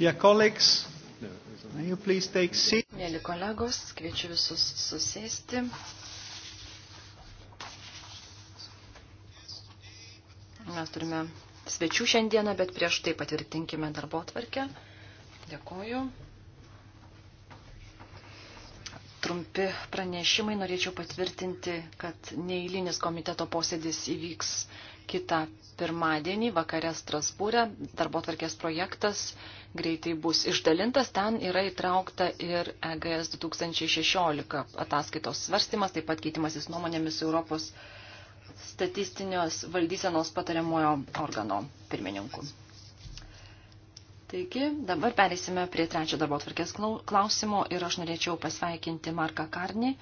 Mėly kolegos, kviečiu visus susėsti. Mes turime svečių šiandieną, bet prieš tai patvirtinkime darbo tvarkę. Dėkoju. Trumpi pranešimai norėčiau patvirtinti, kad neįlinis komiteto posėdis įvyks kitą pirmadienį vakare Strasbūrė darbo tvarkės projektas greitai bus išdalintas. Ten yra įtraukta ir EGS 2016 ataskaitos svarstymas, taip pat keitimasis nuomonėmis Europos statistinės valdysenos patariamojo organo pirmininku. Taigi, dabar pereisime prie trečio darbo tvarkės klausimo ir aš norėčiau pasveikinti Marką Karnį,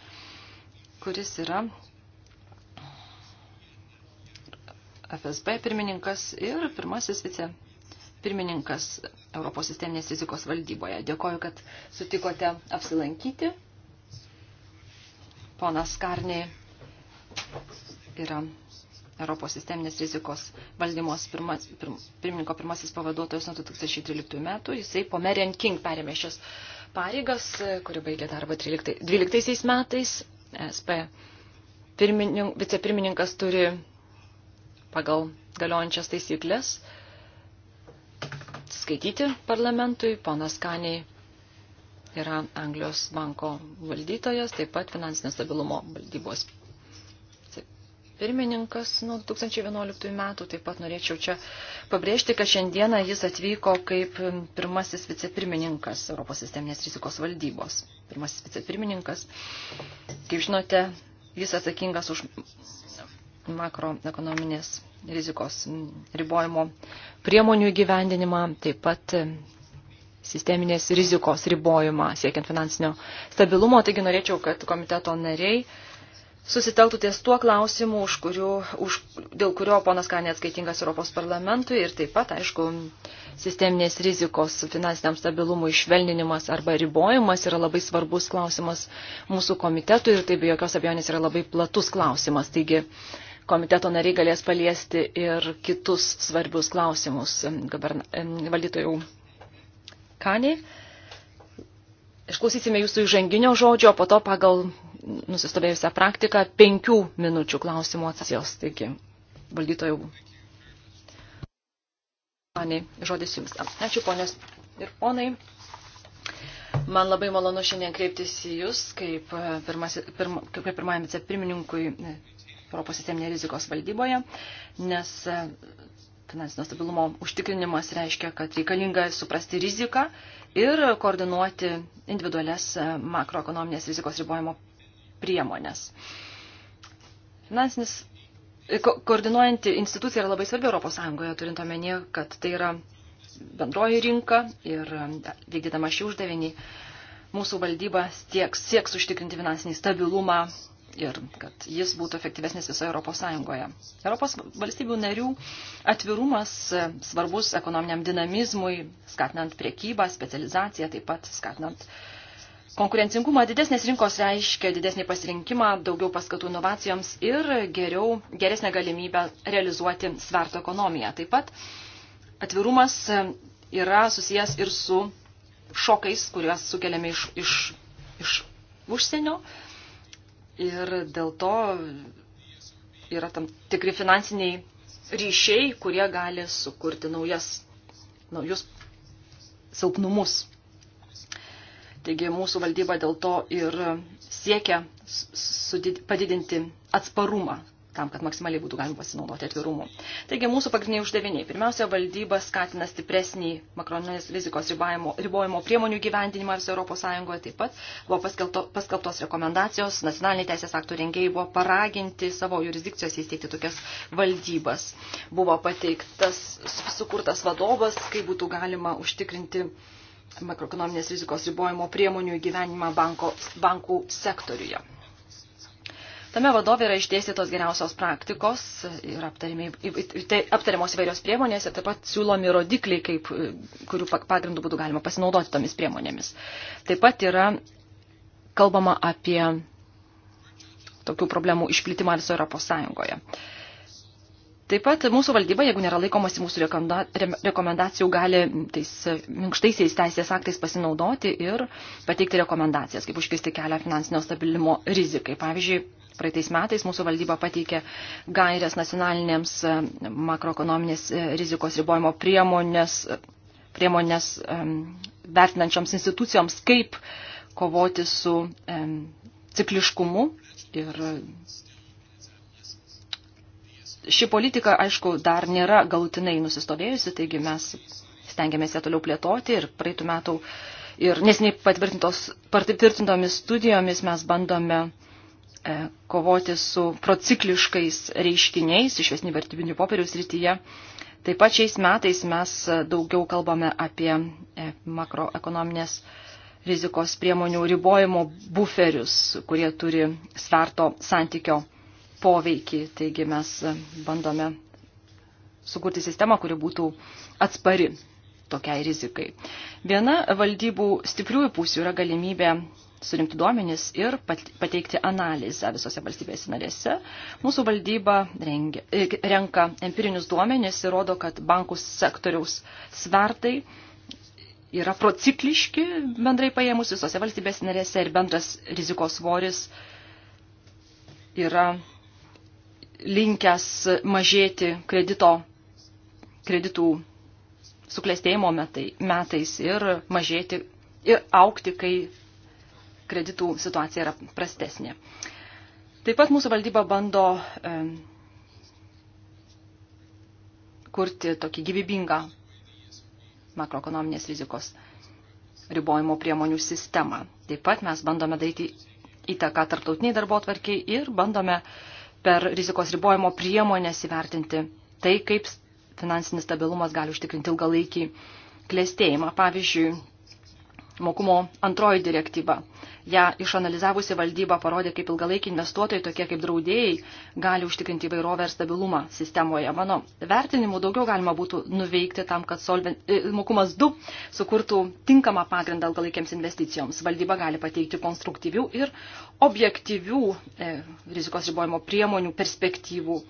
kuris yra FSB pirmininkas ir pirmasis vice pirmininkas Europos sisteminės rizikos valdyboje. Dėkoju, kad sutikote apsilankyti. Ponas Karniai yra Europos sisteminės rizikos valdymos pirmas, pir, pirmininko pirmasis pavaduotojas nuo 2013 metų. Jisai po Marian King perėmė šias pareigas, kuri baigė darbą 13, 12 metais. SP pirmininkas, vicepirmininkas turi pagal galiojančias taisyklės skaityti parlamentui. Ponas Kaniai yra Anglijos banko valdytojas, taip pat finansinės stabilumo valdybos pirmininkas nuo 2011 metų. Taip pat norėčiau čia pabrėžti, kad šiandieną jis atvyko kaip pirmasis vicepirmininkas Europos sisteminės rizikos valdybos. Pirmasis vicepirmininkas. Kaip žinote, jis atsakingas už makroekonominės rizikos ribojimo priemonių įgyvendinimą, taip pat sisteminės rizikos ribojimą siekiant finansinio stabilumo. Taigi norėčiau, kad komiteto nariai susitelktų ties tuo klausimu, už kurių, už, dėl kurio ponas Kanė atskaitingas Europos parlamentui ir taip pat, aišku, sisteminės rizikos finansiniam stabilumui švelninimas arba ribojimas yra labai svarbus klausimas mūsų komitetui ir tai be jokios abejonės yra labai platus klausimas. Taigi, uh, komiteto nariai galės paliesti ir kitus svarbius klausimus valdytojų kaniai. Išklausysime jūsų įžanginio žodžio, po to pagal nusistovėjusią praktiką penkių minučių klausimų atsijos. Taigi, valdytojų. Anei, žodis jums. Ačiū, ponios ir ponai. Man labai malonu šiandien kreiptis į jūs, kaip, e, pirmas, pirma, kaip pirmajam vicepirmininkui Europos sisteminė rizikos valdyboje, nes e, finansinio stabilumo užtikrinimas reiškia, kad reikalinga suprasti riziką ir koordinuoti individualias e, makroekonominės rizikos ribojimo priemonės. Finansinis e, ko koordinuojanti institucija yra labai svarbi Europos Sąjungoje, turint omenyje, kad tai yra bendroji rinka ir vykdydama šį uždavinį mūsų valdyba tiek, sieks užtikrinti finansinį stabilumą ir kad jis būtų efektyvesnis visoje Europos Sąjungoje. Europos valstybių narių atvirumas e, svarbus ekonominiam dinamizmui, skatinant priekybą, specializaciją, taip pat skatinant konkurencingumą. Didesnės rinkos reiškia didesnį pasirinkimą, daugiau paskatų inovacijoms ir geriau, geresnę galimybę realizuoti sverto ekonomiją. Taip pat atvirumas e, yra susijęs ir su šokais, kuriuos sukeliame iš, iš, iš užsienio. Uh, ir dėl to yra tam tikri finansiniai ryšiai, kurie gali sukurti naujas, naujus silpnumus. Taigi mūsų valdyba dėl to ir siekia padidinti atsparumą tam, kad maksimaliai būtų galima pasinaudoti atvirumu. Taigi mūsų pagrindiniai uždaviniai. Pirmiausia, valdyba skatina stipresnį makroninės rizikos ribojimo, ribojimo priemonių gyvendinimą visoje Europos Sąjungoje. Taip pat buvo paskelto, paskeltos rekomendacijos, nacionaliniai teisės aktų rengėjai buvo paraginti savo jurisdikcijos įsteigti tokias valdybas. Buvo pateiktas, sukurtas vadovas, kaip būtų galima užtikrinti makroekonominės rizikos ribojimo priemonių įgyvenimą banko, bankų sektoriuje. Tame vadovė yra išdėstytos geriausios praktikos ir tai aptariamos įvairios priemonės ir taip pat siūlomi rodikliai, kaip, kurių pagrindų būtų galima pasinaudoti tomis priemonėmis. Taip pat yra kalbama apie tokių problemų išplitimą viso Europos Sąjungoje. Taip pat mūsų valdyba, jeigu nėra laikomasi mūsų rekomendacijų, gali tais minkštaisiais teisės aktais pasinaudoti ir pateikti rekomendacijas, kaip užkisti kelią finansinio stabilumo rizikai. Pavyzdžiui, Praeitais metais mūsų valdyba pateikė gairias nacionalinėms e, makroekonominės e, rizikos ribojimo priemonės, e, priemonės vertinančioms institucijoms, kaip kovoti su cikliškumu ir ši politika, aišku, dar nėra galutinai nusistovėjusi, taigi mes stengiamės ją toliau plėtoti ir praeitų metų ir nesiniai patvirtintomis studijomis mes bandome E, kovoti su procikliškais reiškiniais iš esmės vertybinių popierių srityje. Taip pat šiais metais mes daugiau kalbame apie e, makroekonominės rizikos priemonių ribojimo buferius, kurie turi sverto santykio poveikį. Taigi mes bandome sukurti sistemą, kuri būtų atspari tokiai rizikai. Viena valdybų stipriųjų pusių yra galimybė surinkti duomenis ir pateikti analizę visose valstybėse narėse. Mūsų valdyba rengia, e, renka empirinius duomenis ir rodo, kad bankų sektoriaus svertai yra procikliški bendrai paėmus visose valstybės narėse ir bendras rizikos svoris yra linkęs mažėti kredito, kreditų suklestėjimo metai, metais ir mažėti ir aukti, kai kreditų situacija yra prastesnė. Taip pat mūsų valdyba bando kurti tokį gyvybingą makroekonominės rizikos ribojimo priemonių sistemą. Taip pat mes bandome daryti įtaką tarptautiniai darbo tvarkiai ir bandome per rizikos ribojimo priemonės įvertinti tai, kaip finansinis stabilumas gali užtikrinti ilgalaikį klėstėjimą. Pavyzdžiui, mokumo antroji direktyva. Ja išanalizavusi valdyba parodė, kaip ilgalaikiai investuotojai, tokie kaip draudėjai, gali užtikrinti įvairovę ir stabilumą sistemoje. Mano vertinimu daugiau galima būtų nuveikti tam, kad solven... E, mokumas 2 sukurtų tinkamą pagrindą ilgalaikiams investicijoms. Valdyba gali pateikti konstruktyvių ir objektyvių e, rizikos ribojimo priemonių perspektyvų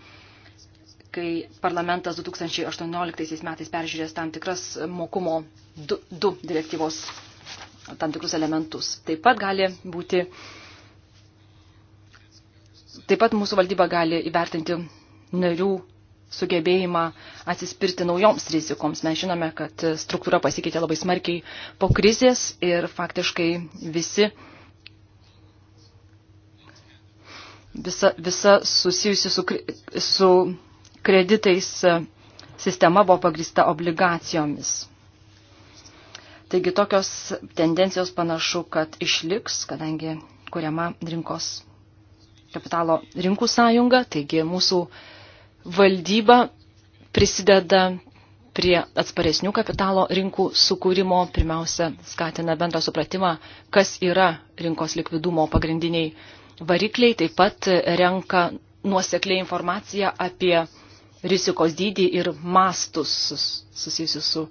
kai parlamentas 2018 metais peržiūrės tam tikras mokumo 2 direktyvos tam tikrus elementus. Taip pat gali būti, taip pat mūsų valdyba gali įvertinti narių sugebėjimą atsispirti naujoms rizikoms. Mes žinome, kad struktūra pasikeitė labai smarkiai po krizės ir faktiškai visi visa, visa susijusi su, su kreditais sistema buvo pagrįsta obligacijomis. Taigi tokios tendencijos panašu, kad išliks, kadangi kuriama rinkos kapitalo rinkų sąjunga, taigi mūsų valdyba prisideda prie atsparesnių kapitalo rinkų sukūrimo, pirmiausia, skatina bendrą supratimą, kas yra rinkos likvidumo pagrindiniai varikliai, taip pat renka nuosekliai informaciją apie rizikos dydį ir mastus susijusius su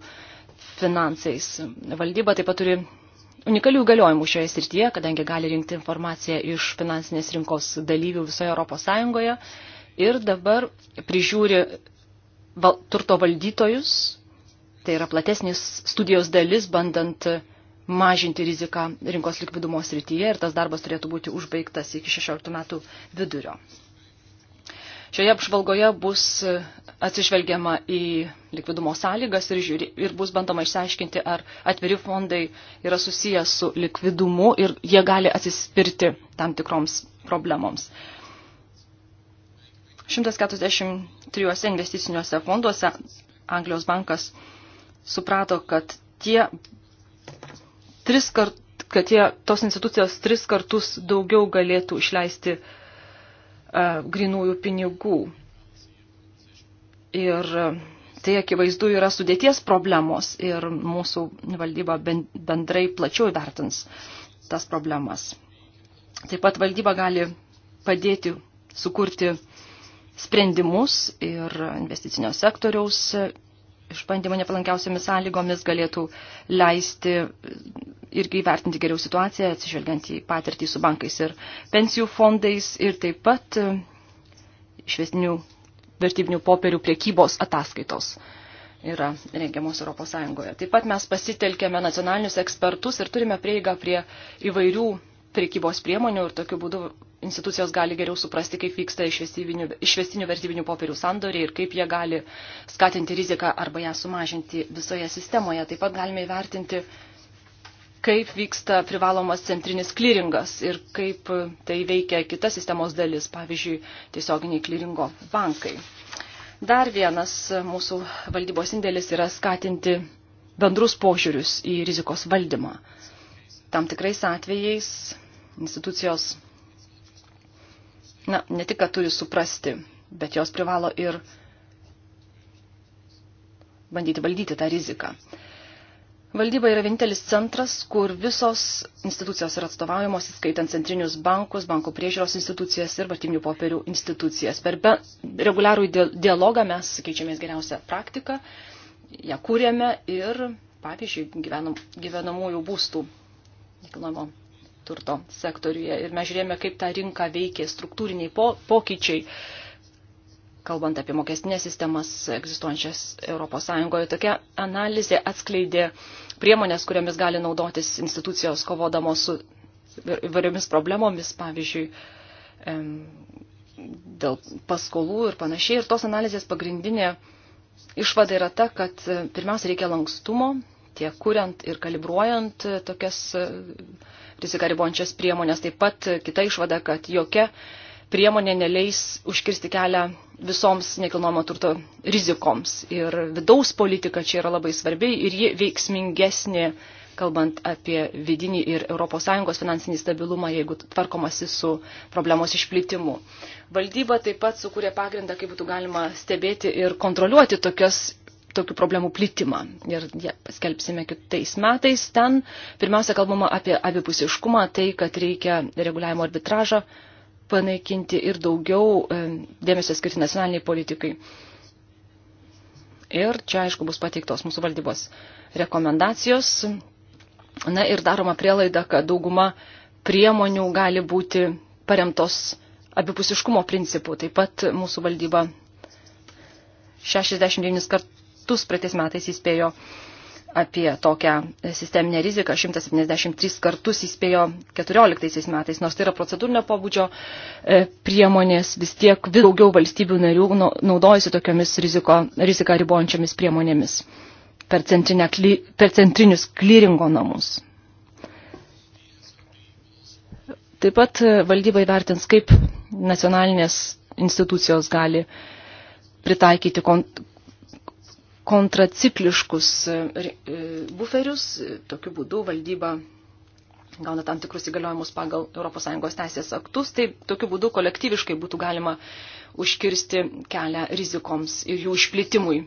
finansais. Valdyba taip pat turi unikalių įgaliojimų šioje srityje, kadangi gali rinkti informaciją iš finansinės rinkos dalyvių visoje Europos Sąjungoje ir dabar prižiūri val, turto valdytojus, tai yra platesnis studijos dalis, bandant mažinti riziką rinkos likvidumo srityje ir tas darbas turėtų būti užbaigtas iki 16 metų vidurio. Šioje apžvalgoje bus e, atsižvelgiama į likvidumo sąlygas ir, žiūri, ir bus bandoma išsiaiškinti, ar atviri fondai yra susiję su likvidumu ir jie gali atsispirti tam tikroms problemoms. 143 investiciniuose fonduose Anglijos bankas suprato, kad tie tris kart, kad tie, tos institucijos tris kartus daugiau galėtų išleisti E, grinųjų pinigų. Ir tai akivaizdu yra sudėties problemos ir mūsų valdyba bendrai plačiau vertins tas problemas. Taip pat valdyba gali padėti sukurti sprendimus ir investicinio sektoriaus išbandymo nepalankiausiamis sąlygomis galėtų leisti irgi įvertinti geriau situaciją, atsižvelgiant į patirtį su bankais ir pensijų fondais ir taip pat e, išvestinių vertybinių popierių priekybos ataskaitos yra rengiamos ES. Taip pat mes pasitelkėme nacionalinius ekspertus ir turime prieigą prie įvairių priekybos priemonių ir tokiu būdu institucijos gali geriau suprasti, kaip vyksta išvestinių vertybinių popierių sandoriai ir kaip jie gali skatinti riziką arba ją sumažinti visoje sistemoje. Taip pat galime įvertinti kaip vyksta privalomas centrinis kliringas ir kaip tai veikia kita sistemos dalis, pavyzdžiui, tiesioginiai kliringo bankai. Dar vienas mūsų valdybos indėlis yra skatinti bendrus požiūrius į rizikos valdymą. Tam tikrais atvejais institucijos na, ne tik, kad turi suprasti, bet jos privalo ir bandyti valdyti tą riziką. Valdyba yra vienintelis centras, kur visos institucijos yra atstovaujamos, įskaitant centrinius bankus, banko priežiūros institucijas ir vartinių popierių institucijas. Per be, reguliarų dialogą mes keičiamės geriausią praktiką, ją kūrėme ir, pavyzdžiui, gyvenam, gyvenamųjų būstų nekilnojamo turto sektoriuje. Ir mes žiūrėjome, kaip tą rinką veikia struktūriniai po, pokyčiai kalbant apie mokestinės sistemas egzistuojančias ES. Tokia analizė atskleidė priemonės, kuriomis gali naudotis institucijos kovodamos su įvairiomis problemomis, pavyzdžiui, dėl paskolų ir panašiai. Ir tos analizės pagrindinė išvada yra ta, kad e, pirmiausia reikia lankstumo tiek kuriant ir kalibruojant e, tokias e, riziką ribojančias priemonės. Taip pat kita išvada, kad jokia priemonė neleis užkirsti kelią visoms nekilnojamo turto rizikoms. Ir vidaus politika čia yra labai svarbi ir ji veiksmingesnė, kalbant apie vidinį ir ES finansinį stabilumą, jeigu tvarkomasi su problemos išplitimu. Valdyba taip pat sukūrė pagrindą, kaip būtų galima stebėti ir kontroliuoti tokias tokių problemų plitimą. Ir ja, paskelbsime kitais metais ten. Pirmiausia, kalbama apie abipusiškumą, tai, kad reikia reguliavimo arbitražą panaikinti ir daugiau e, dėmesio skirti nacionaliniai politikai. Ir čia, aišku, bus pateiktos mūsų valdybos rekomendacijos. Na ir daroma prielaida, kad dauguma priemonių gali būti paremtos abipusiškumo principų. Taip pat mūsų valdyba 69 kartus praeitais metais įspėjo apie tokią sisteminę riziką 173 kartus įspėjo 14 metais, nors tai yra procedūrinio pobūdžio e, priemonės, vis tiek vis daugiau valstybių narių naudojasi tokiomis riziko, riziką ribojančiomis priemonėmis per, kly, per centrinius klyringo namus. Taip pat e, valdyba įvertins, kaip nacionalinės institucijos gali pritaikyti kontracikliškus e, e, buferius. Tokiu būdu valdyba gauna tam tikrus įgaliojimus pagal ES teisės aktus. Tai tokiu būdu kolektyviškai būtų galima užkirsti kelią rizikoms ir jų išplitimui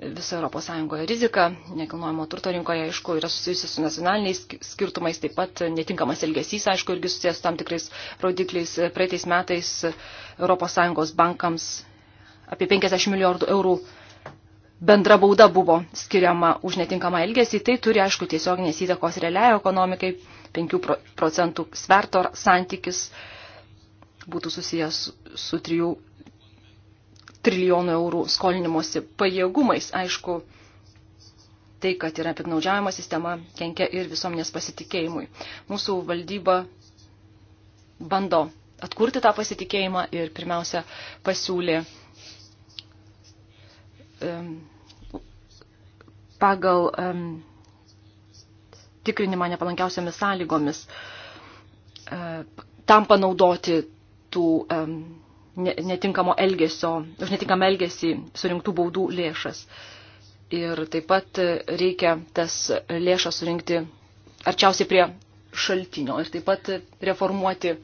viso ES. Rizika nekilnojamo turto rinkoje, aišku, yra susijusi su nacionaliniais skirtumais, taip pat netinkamas elgesys, aišku, irgi susijęs su tam tikrais rodikliais. Praeitais metais ES bankams apie 50 milijardų eurų bendra bauda buvo skiriama už netinkamą elgesį, tai turi, aišku, tiesioginės įtakos realiai ekonomikai, 5 procentų sverto santykis būtų susijęs su 3 trilijonų eurų skolinimuose pajėgumais. Aišku, tai, kad yra piknaudžiavimo sistema, kenkia ir visuomenės pasitikėjimui. Mūsų valdyba bando atkurti tą pasitikėjimą ir pirmiausia pasiūlė pagal tikrinimą nepalankiausiamis sąlygomis e, tam panaudoti tų netinkamo elgesio, už netinkamą elgesį surinktų baudų lėšas. Ir taip pat reikia tas lėšas surinkti arčiausiai prie šaltinio ir taip pat reformuoti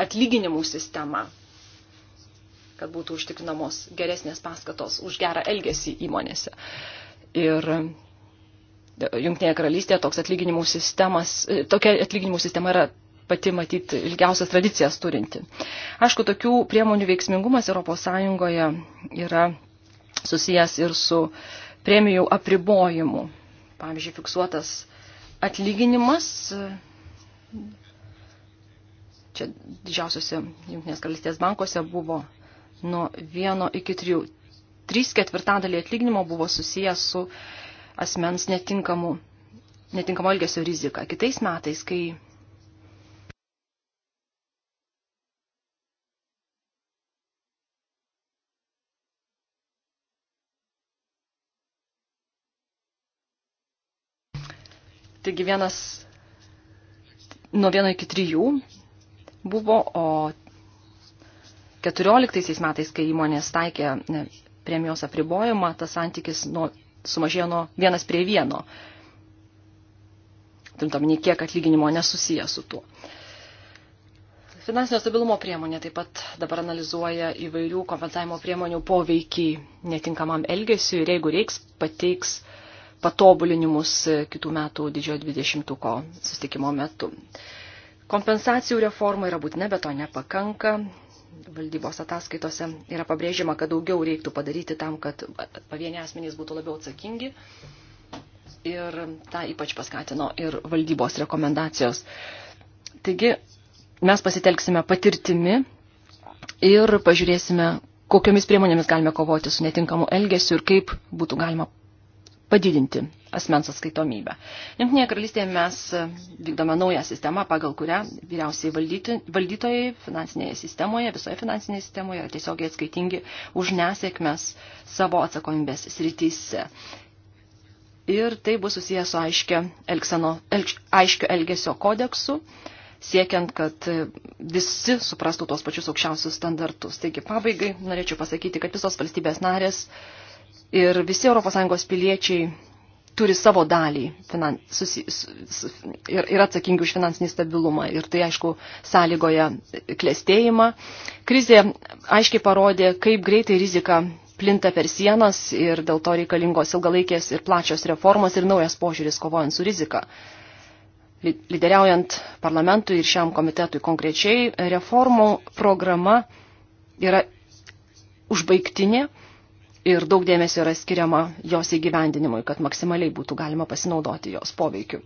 atlyginimų sistemą kad būtų užtikrinamos geresnės paskatos už gerą elgesį įmonėse. Ir e, Junktinėje karalystėje toks atlyginimų sistemas, e, tokia atlyginimų sistema yra pati matyti ilgiausias tradicijas turinti. Aišku, tokių priemonių veiksmingumas ES yra susijęs ir su premijų apribojimu. Pavyzdžiui, fiksuotas atlyginimas e, čia didžiausiose Junktinės karalystės bankuose buvo nuo vieno iki trijų. Trys ketvirtadaliai atlyginimo buvo susijęs su asmens netinkamu, netinkamo elgesio rizika. Kitais metais, kai Taigi vienas nuo vieno iki trijų buvo, o 14 metais, kai įmonės taikė premijos apribojimą, tas santykis nuo, sumažėjo nuo vienas prie vieno. Turintam, nei kiek atlyginimo nesusiję su tuo. Finansinio stabilumo priemonė taip pat dabar analizuoja įvairių kompensavimo priemonių poveikį netinkamam elgesiu ir jeigu reiks, pateiks patobulinimus kitų metų didžiojo 20-ko sustikimo metu. Kompensacijų reforma yra būtina, bet to nepakanka valdybos ataskaitose yra pabrėžima, kad daugiau reiktų padaryti tam, kad pavieni asmenys būtų labiau atsakingi. Ir tą ypač paskatino ir valdybos rekomendacijos. Taigi, mes pasitelksime patirtimi ir pažiūrėsime, kokiomis priemonėmis galime kovoti su netinkamu elgesiu ir kaip būtų galima padidinti asmens atskaitomybę. Junktinėje karalystėje mes e, vykdome naują sistemą, pagal kurią vyriausiai valdyti, valdytojai finansinėje sistemoje, visoje finansinėje sistemoje yra tiesiogiai atskaitingi už nesėkmes savo atsakomybės srityse. Ir tai bus susijęs su aiškia, elkseno, elk, aiškiu elgesio kodeksu, siekiant, kad e, visi suprastų tos pačius aukščiausius standartus. Taigi pabaigai norėčiau pasakyti, kad visos valstybės narės ir visi ES piliečiai turi savo dalį finan, susi, su, ir yra atsakingi už finansinį stabilumą. Ir tai, aišku, sąlygoja klėstėjimą. Krizė aiškiai parodė, kaip greitai rizika plinta per sienas ir dėl to reikalingos ilgalaikės ir plačios reformos ir naujas požiūris kovojant su rizika. Lyderiaujant parlamentui ir šiam komitetui konkrečiai, reformų programa yra užbaigtinė ir daug dėmesio yra skiriama jos įgyvendinimui, kad maksimaliai būtų galima pasinaudoti jos poveikiu.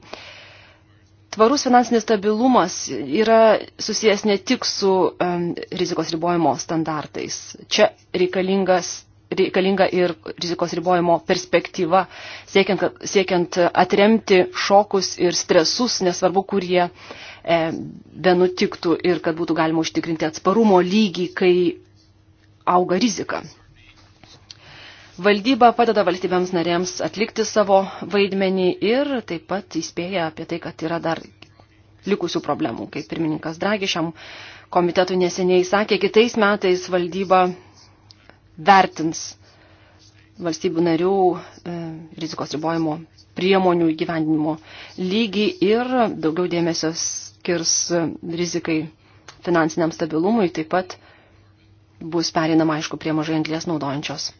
Tvarus finansinis stabilumas yra susijęs ne tik su um, rizikos ribojimo standartais. Čia reikalingas reikalinga ir rizikos ribojimo perspektyva, siekiant, siekiant atremti šokus ir stresus, nesvarbu, kur jie e, benutiktų ir kad būtų galima užtikrinti atsparumo lygį, kai auga rizika Valdyba padeda valstybėms narėms atlikti savo vaidmenį ir taip pat įspėja apie tai, kad yra dar likusių problemų. Kaip pirmininkas Dragi šiam komitetui neseniai sakė, kitais metais valdyba vertins valstybių narių e, rizikos ribojimo priemonių įgyvendinimo lygį ir daugiau dėmesio skirs rizikai finansiniam stabilumui, taip pat bus perinama, aišku, prie mažai anglės naudojančios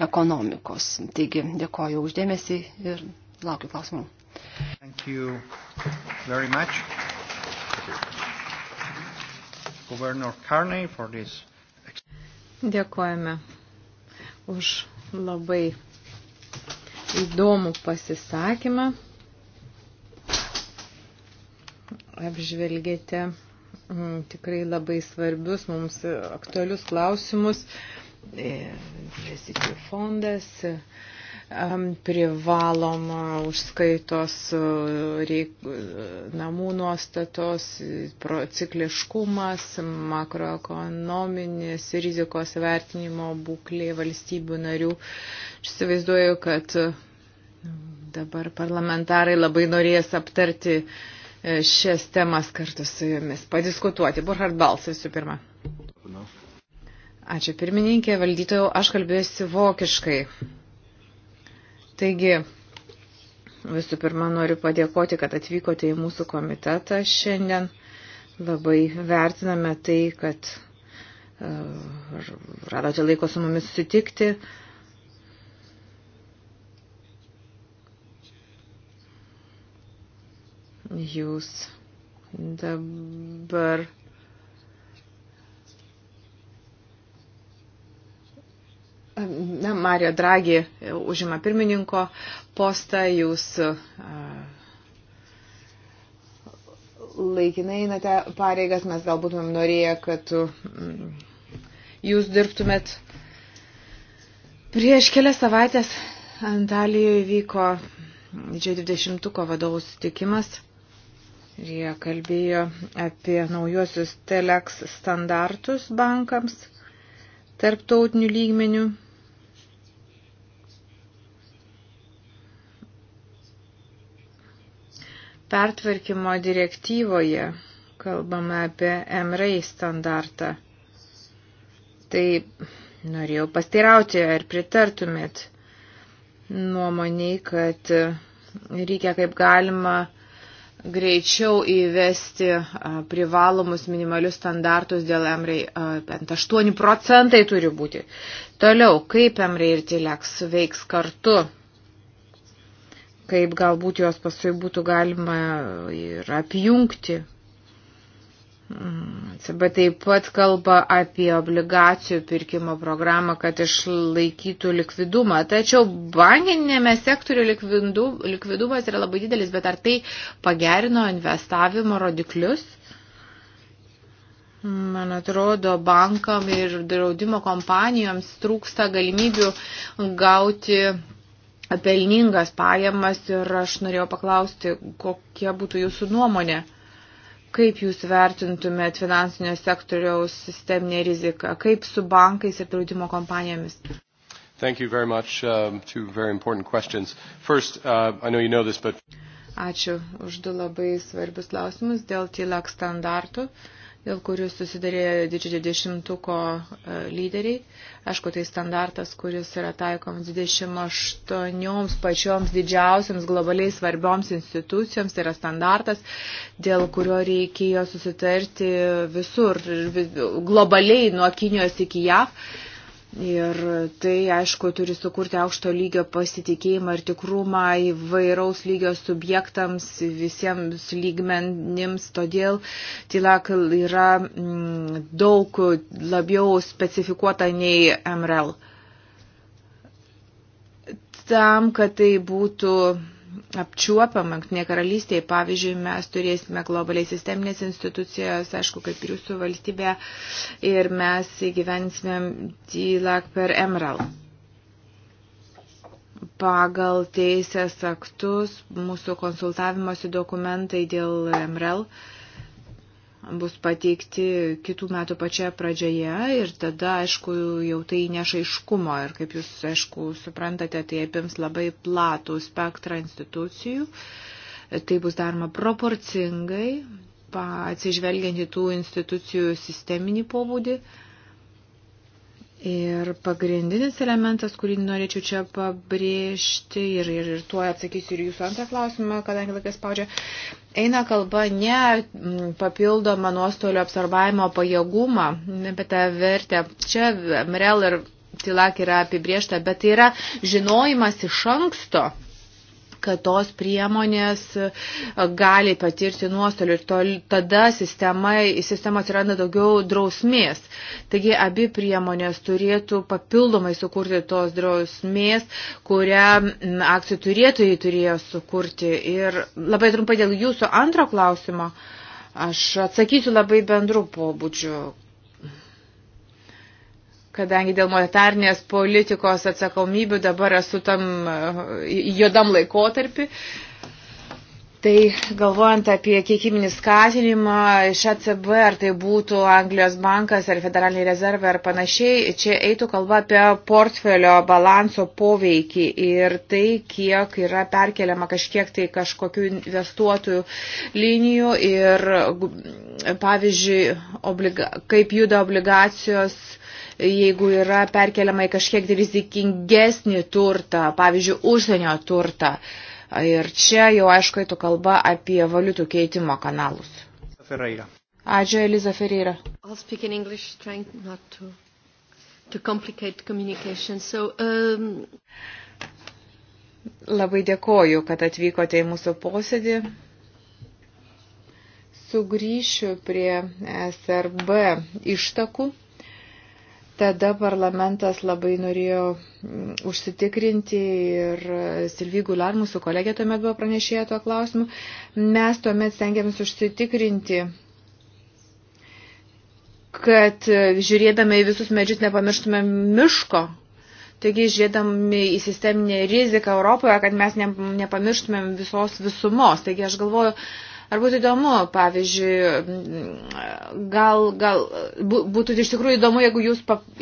ekonomikos. Taigi dėkoju uždėmesį ir laukiu klausimų. Thank you very much. Governor Carney for this. Dėkojame už labai įdomų pasisakymą. Apžvelgėte mm, tikrai labai svarbius mums aktualius klausimus. E, investicijų fondas e, privaloma užskaitos e, reik, namų nuostatos, procikliškumas, makroekonominis rizikos vertinimo būklė valstybių narių. Aš įsivaizduoju, kad dabar parlamentarai labai norės aptarti šias temas kartu su jumis, padiskutuoti. Burhard Balsas visų pirma. No. Ačiū pirmininkė, valdytojau, aš kalbėsiu vokiškai. Taigi, visų pirma, noriu padėkoti, kad atvykote į mūsų komitetą šiandien. Labai vertiname tai, kad uh, radote laiko su mumis sutikti. Jūs dabar Na, Mario Draghi užima pirmininko postą, jūs laikinai einate pareigas, mes galbūt mums norėję, kad mm, jūs dirbtumėt. Prieš kelias savaitės Antalijoje vyko didžiojo dvidešimtuko vadovų sutikimas ir jie kalbėjo apie naujuosius Telex standartus bankams tarptautinių lygmenių pertvarkymo direktyvoje kalbame apie MRAI standartą. Tai norėjau pasteirauti, ar pritartumėt nuomoniai, kad reikia kaip galima greičiau įvesti privalomus minimalius standartus dėl MRAI, bent 8 procentai turi būti. Toliau, kaip MRAI ir TILEX veiks kartu kaip galbūt juos paskui būtų galima ir apjungti. Mm, CB taip pat kalba apie obligacijų pirkimo programą, kad išlaikytų likvidumą. Tačiau bankinėme sektoriu likvidu, likvidumas yra labai didelis, bet ar tai pagerino investavimo rodiklius? Man atrodo, bankam ir draudimo kompanijoms trūksta galimybių gauti pelningas pajamas ir aš norėjau paklausti, kokia būtų jūsų nuomonė. Kaip jūs vertintumėt finansinio sektoriaus sisteminę riziką? Kaip su bankais ir draudimo kompanijomis? Thank you very much. Um, two very important questions. First, uh, I know you know this, but... Ačiū už du labai svarbius klausimus dėl TILAK e standartų. Uh, dėl kurių susidarė didžiojo dešimtuko e, lyderiai. Aišku, tai standartas, kuris yra taikomas 28 pačioms didžiausiams globaliai svarbioms institucijoms, tai yra standartas, dėl kurio reikėjo susitarti visur, globaliai nuo Kinijos iki JAV. Ir tai, aišku, turi sukurti aukšto lygio pasitikėjimą ir tikrumą įvairaus lygio subjektams, visiems lygmenims. Todėl TILAK yra m, mm, daug labiau specifikuota nei MRL. Tam, kad tai būtų apčiuopiama, ne karalystėje, pavyzdžiui, mes turėsime globaliai sisteminės institucijos, aišku, kaip ir jūsų valstybė, ir mes įgyvensime DILAC per Emerald. Pagal teisės aktus mūsų konsultavimosi dokumentai dėl MRL bus pateikti kitų metų pačioje pradžioje ir tada, aišku, jau tai nešaiškumo ir kaip jūs, aišku, suprantate, tai apims labai platų spektrą institucijų. Tai bus daroma proporcingai, atsižvelgiant į tų institucijų sisteminį pobūdį. Uh, Ir pagrindinis elementas, kurį norėčiau čia pabrėžti, ir, ir, ir tuo atsakysiu ir jūsų antrą klausimą, kadangi laikas spaudžia, eina kalba ne mm, papildomą nuostolio apsarbavimo pajėgumą, bet tą vertę. Čia MREL ir TILAK yra apibriešta, bet tai yra žinojimas iš anksto, kad tos priemonės e, gali patirti nuostolių ir tol, tada sistema, sistema atsiranda daugiau drausmės. Taigi abi priemonės turėtų papildomai sukurti tos drausmės, kurią akcijų turėtojai turėjo sukurti. Ir labai trumpai dėl jūsų antro klausimo. Aš atsakysiu labai bendrų pobūdžių kadangi dėl monetarnės politikos atsakomybių dabar esu tam e, juodam laikotarpį. Tai galvojant apie kiekyminį skatinimą iš ECB, ar tai būtų Anglijos bankas, ar federaliniai rezervai, ar panašiai, čia eitų kalba apie portfelio balanso poveikį ir tai, kiek yra perkeliama kažkiek tai kažkokių investuotojų linijų ir, pavyzdžiui, obliga, kaip juda obligacijos jeigu yra perkeliama į kažkiek tai rizikingesnį turtą, pavyzdžiui, užsienio turtą. Ir čia jau aišku, tu kalba apie valiutų keitimo kanalus. Ferreira. Ačiū, Eliza Ferreira. I'll speak in English, trying not to, to complicate communication. So, um... Labai dėkoju, kad atvykote į mūsų posėdį sugrįšiu prie SRB ištakų. Tada parlamentas labai norėjo mm, užsitikrinti ir Silvy Gular, mūsų kolegė tuomet buvo pranešėję tuo klausimu, mes tuomet stengiamės užsitikrinti kad žiūrėdami į visus medžius nepamirštume miško. Taigi, žiūrėdami į sisteminę riziką Europoje, kad mes nepamirštumėm visos visumos. Taigi, aš galvoju, Ar būtų įdomu, pavyzdžiui, gal, gal būtų iš tikrųjų įdomu, jeigu jūs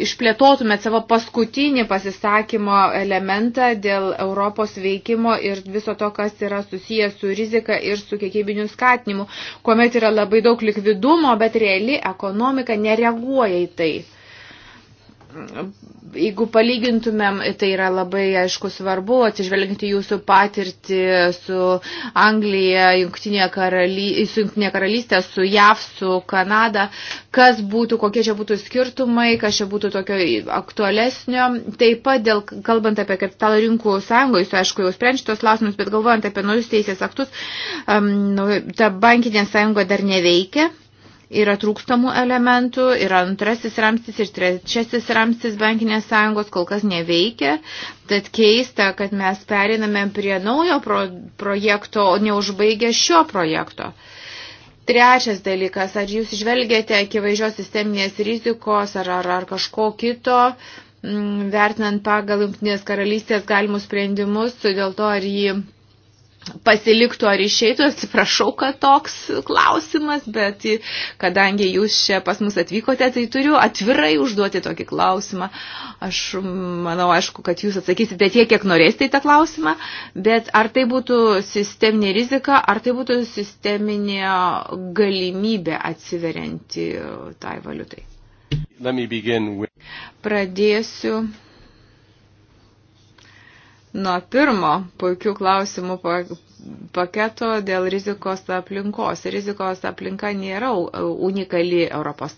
išplėtotumėt savo paskutinį pasisakymo elementą dėl Europos veikimo ir viso to, kas yra susijęs su rizika ir su kiekybiniu skatinimu, kuomet yra labai daug likvidumo, bet reali ekonomika nereaguoja į tai jeigu palygintumėm, tai yra labai aišku svarbu atsižvelginti jūsų patirtį su Anglija, Junktinė karaly, su Junktinė karalystė, su JAV, su Kanada, kas būtų, kokie čia būtų skirtumai, kas čia būtų tokio aktualesnio. Taip pat, dėl, kalbant apie kapitalo rinkų sąjungą, jūs aišku jau sprendžiate tos klausimus, bet galvojant apie naujus teisės aktus, um, ta bankinė sąjunga dar neveikia Yra trūkstamų elementų, yra antrasis ramstis ir trečiasis ramstis bankinės sąjungos kol kas neveikia. Tad keista, kad mes periname prie naujo pro projekto, o neužbaigę šio projekto. Trečias dalykas, ar jūs žvelgiate akivaizdžios sisteminės rizikos ar, ar, ar kažko kito, m, mm, vertinant pagal Junktinės karalystės galimus sprendimus, dėl to ar jį pasiliktų ar išeitų, atsiprašau, kad toks klausimas, bet kadangi jūs čia pas mus atvykote, tai turiu atvirai užduoti tokį klausimą. Aš manau, aišku, kad jūs atsakysite tiek, kiek norėsite į tą klausimą, bet ar tai būtų sisteminė rizika, ar tai būtų sisteminė galimybė atsiverianti tai valiutai? With... Pradėsiu nuo pirmo puikių klausimų paketo dėl rizikos aplinkos. Rizikos aplinka nėra unikali ES.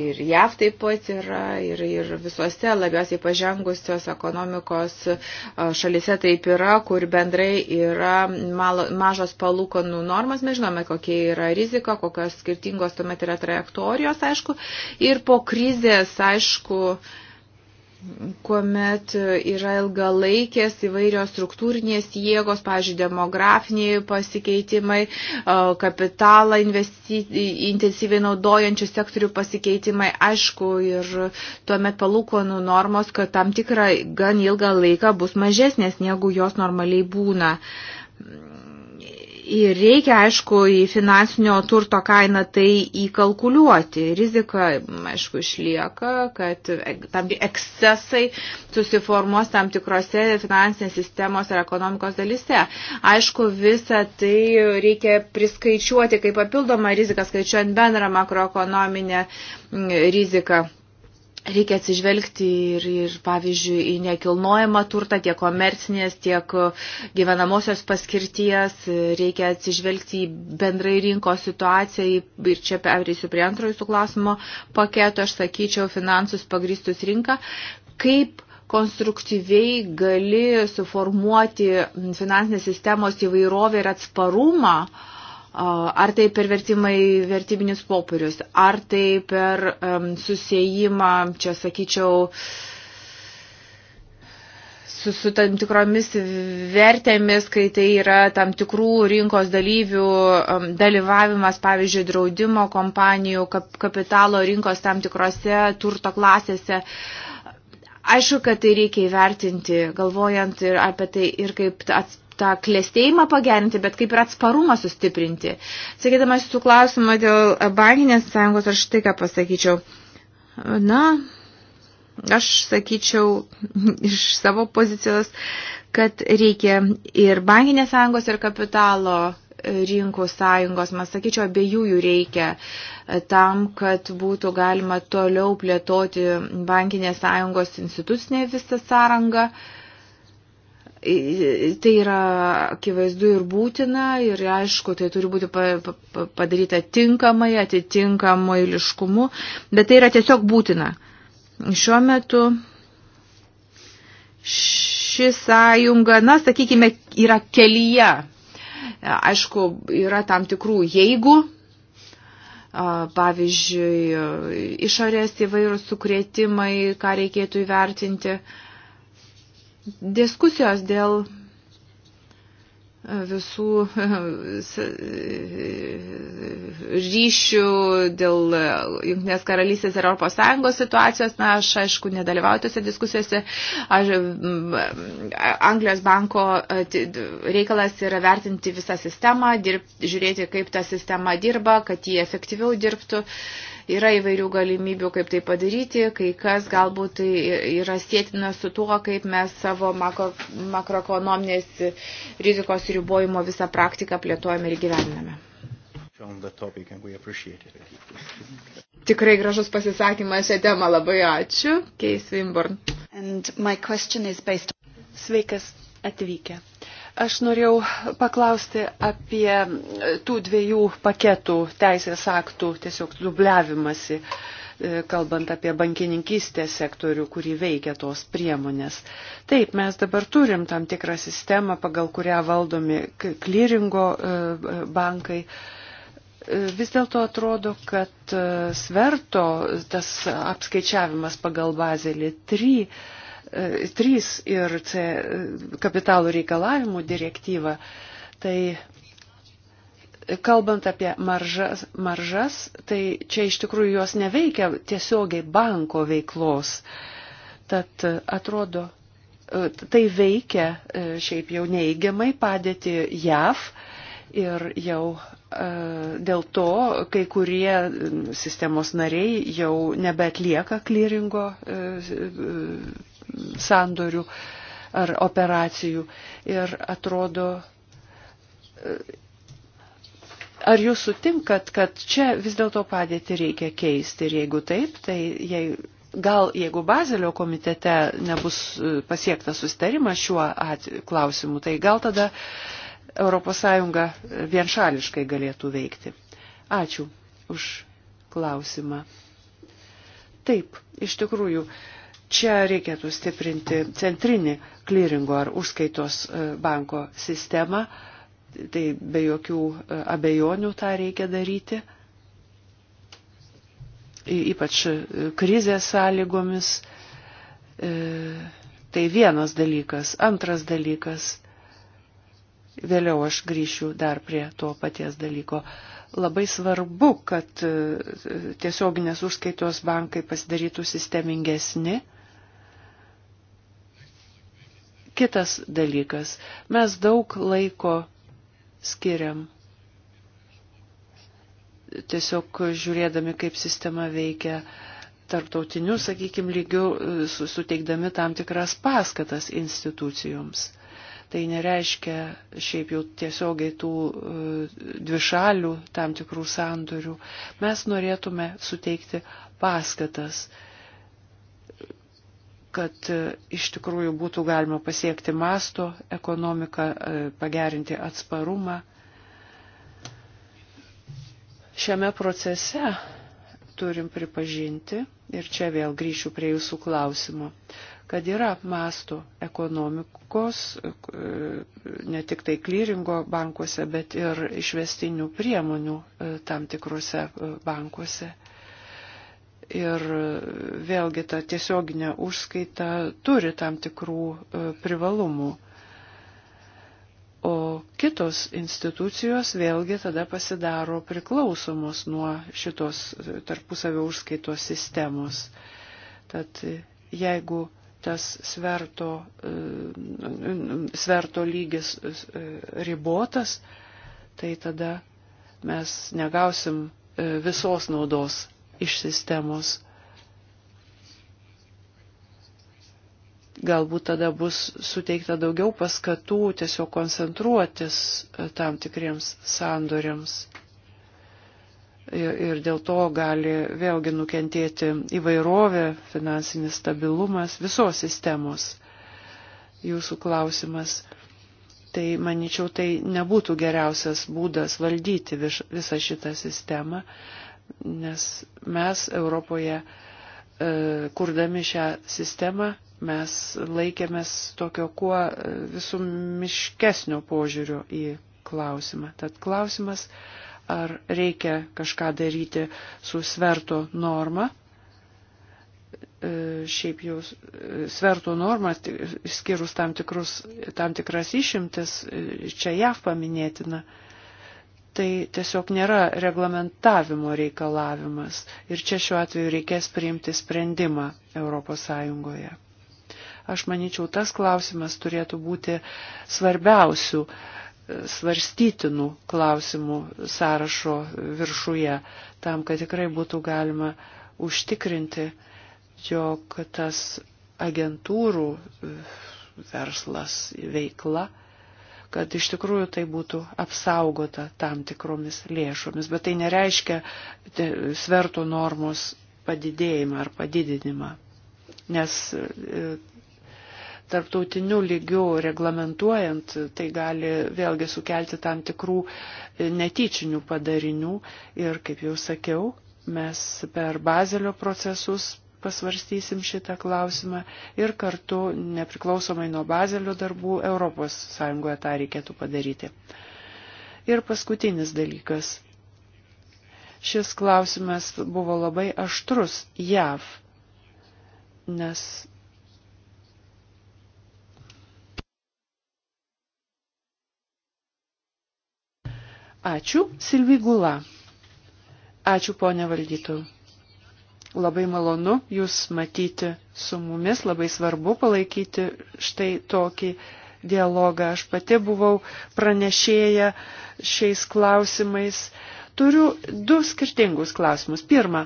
Ir JAV taip pat yra, ir, ir visuose labiausiai pažengusios ekonomikos šalise taip yra, kur bendrai yra malo, mažos palūkonų normas. Mes žinome, kokia yra rizika, kokios skirtingos tuomet yra trajektorijos, aišku. Ir po krizės, aišku, uh, kuomet yra ilgalaikės įvairios struktūrinės jėgos, pavyzdžiui, demografiniai pasikeitimai, kapitalą intensyviai naudojančių sektorių pasikeitimai, aišku, ir tuomet palūkonų normos, kad tam tikrą gan ilgą laiką bus mažesnės, negu jos normaliai būna Ir reikia, aišku, į finansinio turto kainą tai įkalkuliuoti. Rizika, aišku, išlieka, kad tam ekscesai susiformuos tam tikrose finansinės sistemos ir ekonomikos dalise. Aišku, visą tai reikia priskaičiuoti kaip papildomą riziką, skaičiuojant bendrą makroekonominę riziką. Reikia atsižvelgti ir, ir, pavyzdžiui, į nekilnojamą turtą, tiek komercinės, tiek e, gyvenamosios paskirties, reikia atsižvelgti į bendrai rinkos situaciją ir čia perėsiu prie antrojo jūsų klausimo paketo, aš sakyčiau, finansus pagristus rinką. Kaip konstruktyviai gali suformuoti finansinės sistemos įvairovę ir atsparumą uh, ar tai per vertimai vertybinius popierius, ar tai per um, susijimą, čia sakyčiau, su, su tam tikromis vertėmis, kai tai yra tam tikrų rinkos dalyvių um, dalyvavimas, pavyzdžiui, draudimo kompanijų, kap, kapitalo rinkos tam tikrose turto klasėse. Aišku, kad tai reikia įvertinti, galvojant ir apie tai ir kaip ats, tą klėstėjimą pagerinti, bet kaip ir atsparumą sustiprinti. Sakydamas su klausimą dėl bankinės sąjungos, aš tai ką pasakyčiau. Na, aš sakyčiau iš savo pozicijos, kad reikia ir bankinės sąjungos, ir kapitalo e, rinkų sąjungos, man sakyčiau, abiejų jų reikia e, tam, kad būtų galima toliau plėtoti bankinės sąjungos institucinę visą sąrangą. Uh, Tai yra akivaizdu ir būtina ir aišku, tai turi būti padaryta tinkamai, atitinkamai liškumu, bet tai yra tiesiog būtina. Šiuo metu ši sąjunga, na, sakykime, yra kelyje. Aišku, yra tam tikrų jeigu, pavyzdžiui, išorės įvairūs sukretimai, ką reikėtų įvertinti. Diskusijos dėl e, visų e, e, ryšių dėl Junktinės karalystės ir Europos Sąjungos situacijos. Na, aš aišku nedalyvauju tose diskusijose. Aš, Anglijos banko reikalas yra vertinti visą sistemą, dirb, žiūrėti, kaip ta sistema dirba, kad jie efektyviau dirbtų. Uh, Yra įvairių galimybių, kaip tai padaryti, kai kas galbūt tai yra sėtina su tuo, kaip mes savo makro, makroekonominės rizikos ribojimo visą praktiką plėtojame ir gyvename. Tikrai gražus pasisakymas šią temą, labai ačiū. Keis Wimborn. Based... Sveikas atvykę. Aš norėjau paklausti apie tų dviejų paketų teisės aktų tiesiog dubliavimasi, e, kalbant apie bankininkystės sektorių, kurį veikia tos priemonės. Taip, mes dabar turim tam tikrą sistemą, pagal kurią valdomi klyringo e, e, bankai vis dėlto atrodo, kad sverto tas apskaičiavimas pagal bazelį 3 3 ir C kapitalų reikalavimų direktyvą, tai kalbant apie maržas, maržas, tai čia iš tikrųjų jos neveikia tiesiogiai banko veiklos. Tad atrodo, tai veikia e, šiaip jau neįgiamai padėti JAV ir jau e, dėl to kai kurie sistemos nariai jau nebeatlieka klyringo e, sandorių ar operacijų. Ir atrodo, ar jūs sutinkat, kad čia vis dėlto padėti reikia keisti ir jeigu taip, tai jei, gal jeigu Bazelio komitete nebus e, pasiektas sustarimas šiuo klausimu, tai gal tada ES e, vienšališkai galėtų veikti. Ačiū už klausimą. Taip, iš tikrųjų, uh, Čia reikėtų stiprinti centrinį klyringo ar užskaitos e, banko sistemą, tai be jokių e, abejonių tą reikia daryti, ypač e, krizės sąlygomis. Tai vienas dalykas. Antras dalykas, vėliau aš grįšiu dar prie to paties dalyko. Labai svarbu, kad tiesioginės užskaitos bankai pasidarytų sistemingesni Kitas dalykas, mes daug laiko skiriam tiesiog žiūrėdami, kaip sistema veikia tarptautiniu, sakykime, lygiu, suteikdami tam tikras paskatas institucijoms. Tai nereiškia šiaip jau tiesiogiai tų e, dvišalių tam tikrų sandorių. Mes norėtume suteikti paskatas kad e, iš tikrųjų būtų galima pasiekti masto ekonomiką, e, pagerinti atsparumą. Šiame procese turim pripažinti, ir čia vėl grįšiu prie jūsų klausimo, kad yra masto ekonomikos, e, ne tik tai klyringo bankuose, bet ir išvestinių priemonių tam tikrose bankuose. Ir vėlgi ta tiesioginė užskaita turi tam tikrų e, privalumų. O kitos institucijos vėlgi tada pasidaro priklausomos nuo šitos e, tarpusavio užskaitos sistemos. Tad e, jeigu tas sverto, sverto lygis ribotas, tai tada mes negausim visos naudos iš sistemos. Galbūt tada bus suteikta daugiau paskatų tiesiog koncentruotis e, tam tikriems sandoriams. Ir, ir dėl to gali vėlgi nukentėti įvairovė, finansinis stabilumas visos sistemos. Jūsų klausimas tai manyčiau, tai nebūtų geriausias būdas valdyti viš, visą šitą sistemą nes mes Europoje, e, kurdami šią sistemą, mes laikėmės tokio kuo e, visumiškesnio požiūrio į klausimą. Tad klausimas, ar reikia kažką daryti su sverto norma. E, šiaip jau sverto norma, išskyrus tam, tikrus, tam tikras išimtis, čia JAV paminėtina, tai tiesiog nėra reglamentavimo reikalavimas. Ir čia šiuo atveju reikės priimti sprendimą ES. Aš manyčiau, tas klausimas turėtų būti svarbiausių e, svarstytinų klausimų sąrašo viršuje, tam, kad tikrai būtų galima užtikrinti, jog tas agentūrų e, verslas veikla kad iš tikrųjų tai būtų apsaugota tam tikromis lėšomis, bet tai nereiškia e, svertų normos padidėjimą ar padidinimą, nes e, tarptautiniu lygiu reglamentuojant, tai gali vėlgi sukelti tam tikrų e, netyčinių padarinių ir, kaip jau sakiau, mes per bazelio procesus pasvarstysim šitą klausimą ir kartu nepriklausomai nuo bazelio darbų ES tą reikėtų padaryti. Ir paskutinis dalykas. Šis klausimas buvo labai aštrus JAV, nes Ačiū, Silvi Gula. Ačiū, ponė valdytojų. Labai malonu Jūs matyti su mumis, labai svarbu palaikyti štai tokį dialogą. Aš pati buvau pranešėję šiais klausimais. Turiu du skirtingus klausimus. Pirma,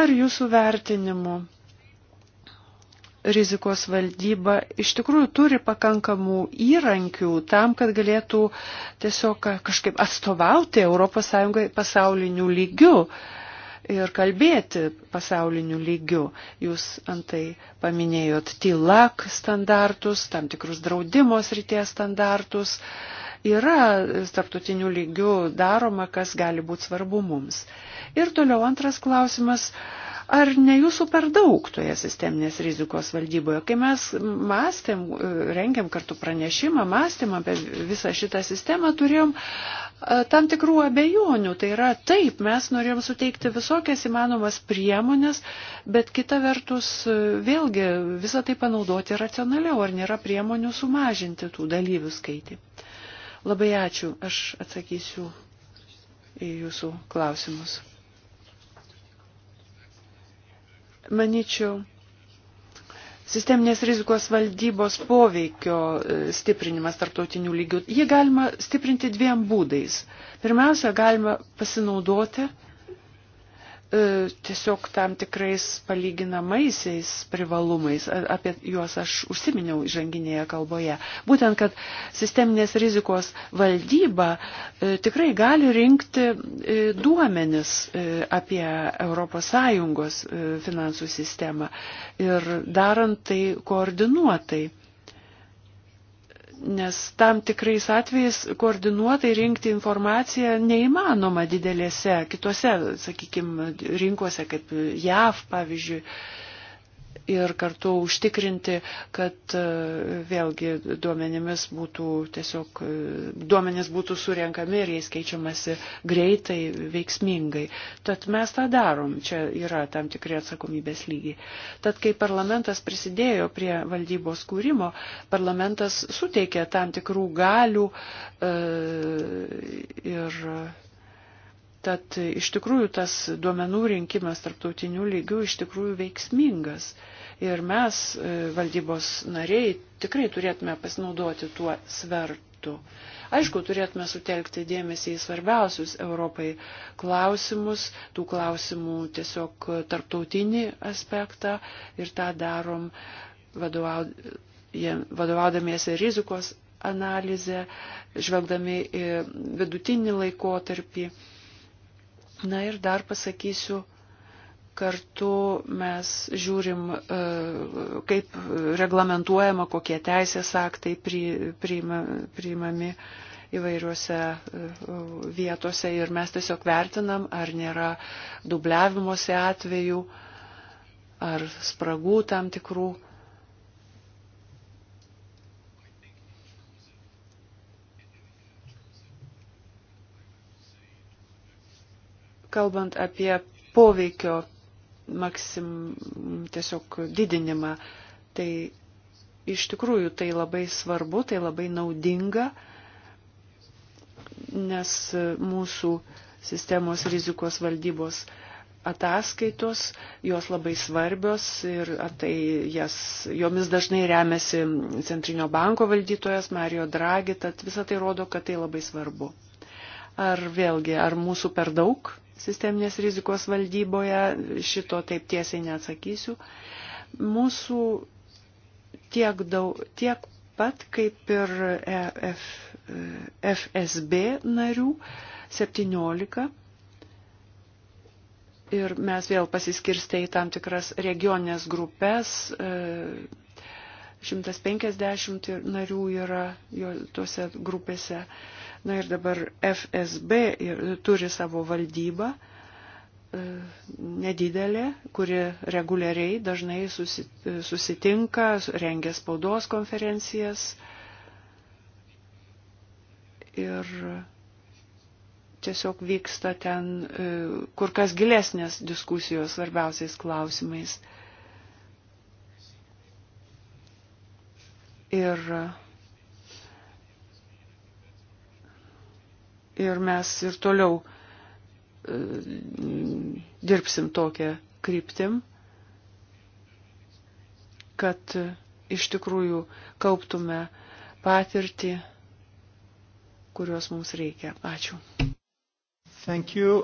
ar Jūsų vertinimu rizikos valdyba iš tikrųjų turi pakankamų įrankių tam, kad galėtų tiesiog kažkaip atstovauti ES pasauliniu lygiu ir kalbėti pasauliniu lygiu. Jūs antai paminėjot TILAK standartus, tam tikrus draudimos ryties standartus. Yra tarptautinių lygių daroma, kas gali būti svarbu mums. Ir toliau antras klausimas. Ar ne jūsų per daug toje sisteminės rizikos valdyboje? Kai mes mąstėm, rengiam kartu pranešimą, mąstėm apie visą šitą sistemą, turėjom uh, E, tam tikrų abejonių. Tai yra taip, mes norėjom suteikti visokias įmanomas priemonės, bet kita vertus e, vėlgi visą tai panaudoti racionaliau, ar nėra priemonių sumažinti tų dalyvių skaitį. Labai ačiū, aš atsakysiu į jūsų klausimus. Maničiau, sisteminės rizikos valdybos poveikio e, stiprinimas tarptautinių lygių. Jį galima stiprinti dviem būdais. Pirmiausia, galima pasinaudoti E, tiesiog tam tikrais palyginamaisiais privalumais, apie juos aš užsiminiau įžanginėje kalboje. Būtent, kad sisteminės rizikos valdyba e, tikrai gali rinkti e, duomenis apie ES finansų sistemą ir darant tai koordinuotai nes tam tikrais atvejais koordinuotai rinkti informaciją neįmanoma didelėse, kitose, sakykime, rinkose, kaip JAV, pavyzdžiui, ir kartu užtikrinti, kad e, vėlgi duomenimis būtų tiesiog, e, duomenis būtų surenkami ir jais keičiamasi greitai, veiksmingai. Tad mes tą darom, čia yra tam tikri atsakomybės lygiai. Tad kai parlamentas prisidėjo prie valdybos kūrimo, parlamentas suteikė tam tikrų galių e, ir Tad iš tikrųjų tas duomenų rinkimas tarptautinių lygių iš tikrųjų veiksmingas. Ir mes, e, valdybos nariai, tikrai turėtume pasinaudoti tuo svertu. Aišku, turėtume sutelkti dėmesį į svarbiausius Europai klausimus, tų klausimų tiesiog tarptautinį aspektą ir tą darom vadovaudamiesi rizikos analizę, žvelgdami į vidutinį laikotarpį. Na ir dar pasakysiu, kartu mes žiūrim, e, kaip reglamentuojama, kokie teisės aktai priima, priimami įvairiuose e, vietose ir mes tiesiog vertinam, ar nėra dubliavimuose atvejų, ar spragų tam tikrų kalbant apie poveikio maksim, tiesiog didinimą, tai iš tikrųjų tai labai svarbu, tai labai naudinga, nes mūsų sistemos rizikos valdybos ataskaitos, jos labai svarbios ir tai jas, jomis dažnai remiasi Centrinio banko valdytojas Mario Draghi, tad visą tai rodo, kad tai labai svarbu. Ar vėlgi, ar mūsų per daug sisteminės rizikos valdyboje, šito taip tiesiai neatsakysiu. Mūsų tiek, daug, tiek pat kaip ir EF, e, FSB narių 17. Ir mes vėl pasiskirstė į tam tikras regioninės grupės. 150 e, narių yra jo, tuose grupėse. Na ir dabar FSB turi savo valdybą e, nedidelė, kuri reguliariai dažnai susitinka, rengia spaudos konferencijas. Ir tiesiog vyksta ten e, kur kas gilesnės diskusijos svarbiausiais klausimais. Ir ir mes ir toliau e, dirbsim tokią kryptim, kad iš tikrųjų kauptume patirtį, kurios mums reikia. Ačiū. Thank you.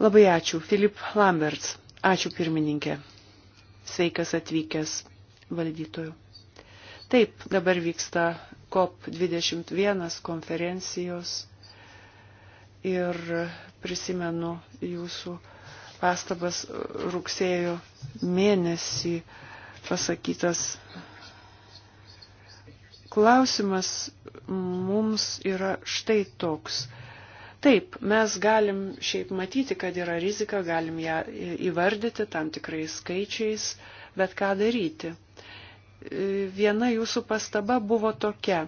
Labai ačiū. Filip Lamberts. Ačiū pirmininkė. Sveikas atvykęs valdytojų. Taip, dabar vyksta COP21 konferencijos ir prisimenu jūsų pastabas rugsėjo mėnesį pasakytas klausimas mums yra štai toks. Taip, mes galim šiaip matyti, kad yra rizika, galim ją įvardyti tam tikrais skaičiais, bet ką daryti viena jūsų pastaba buvo tokia.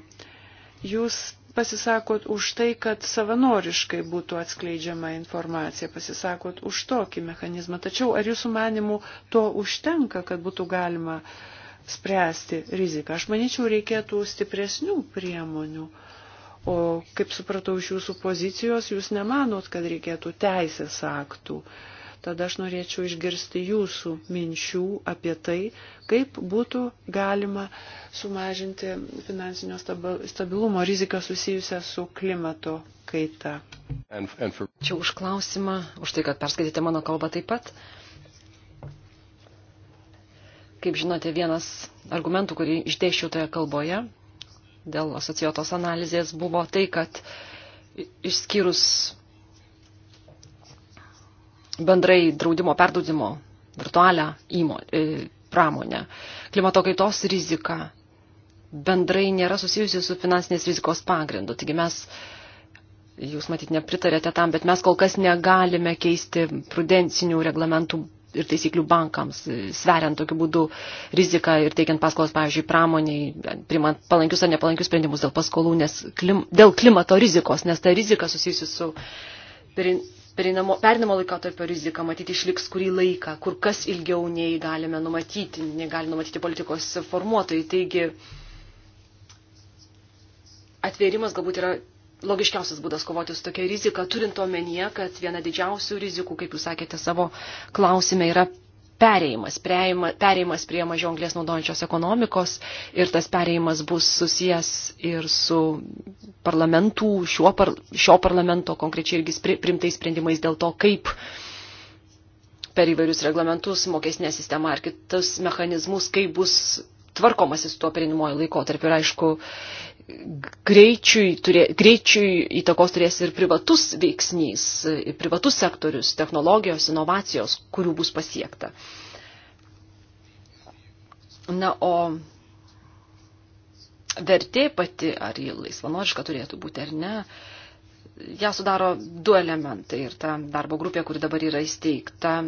Jūs pasisakot už tai, kad savanoriškai būtų atskleidžiama informacija, pasisakot už tokį mechanizmą. Tačiau ar jūsų manimų to užtenka, kad būtų galima spręsti riziką? Aš manyčiau, reikėtų stipresnių priemonių. O kaip supratau iš jūsų pozicijos, jūs nemanot, kad reikėtų teisės aktų. Uh, Tada aš norėčiau išgirsti jūsų minčių apie tai, kaip būtų galima sumažinti finansinio stabilumo riziką susijusią su klimato kaita. Čia už klausimą, už tai, kad perskaitėte mano kalbą taip pat. Kaip žinote, vienas argumentų, kurį išdėšiau toje kalboje dėl asociuotos analizės buvo tai, kad išskyrus bendrai draudimo perdaudimo virtualią įmonę, e, pramonę. Klimato kaitos rizika bendrai nėra susijusi su finansinės rizikos pagrindu. Taigi mes, jūs matyt, nepritarėte tam, bet mes kol kas negalime keisti prudencinių reglamentų ir taisyklių bankams, e, sveriant tokiu būdu riziką ir teikiant paskolas, pavyzdžiui, pramoniai, primant palankius ar nepalankius sprendimus dėl paskolų, nes klim, dėl klimato rizikos, nes ta rizika susijusi su perinamo laikotarpio rizika matyti išliks kurį laiką, kur kas ilgiau nei galime numatyti, nei gali numatyti politikos formuotojai. Taigi atvėrimas galbūt yra logiškiausias būdas kovoti su tokia rizika, turint omenyje, kad viena didžiausių rizikų, kaip jūs sakėte savo klausime, yra perėjimas, perėjimas prie mažiau anglės naudojančios ekonomikos ir tas perėjimas bus susijęs ir su parlamentų, šio, par, šio parlamento konkrečiai irgi primtais sprendimais dėl to, kaip per įvairius reglamentus, mokesnė sistema ar kitus mechanizmus, kaip bus tvarkomasi su tuo perienimuoju laikotarpiu. Ir aišku, greičiui, turė, greičiui įtakos turės ir privatus veiksnys, ir privatus sektorius, technologijos, inovacijos, kurių bus pasiekta. Na, o vertė pati, ar ji laisvanoriška turėtų būti ar ne, ją sudaro du elementai. Ir ta darbo grupė, kuri dabar yra įsteigta,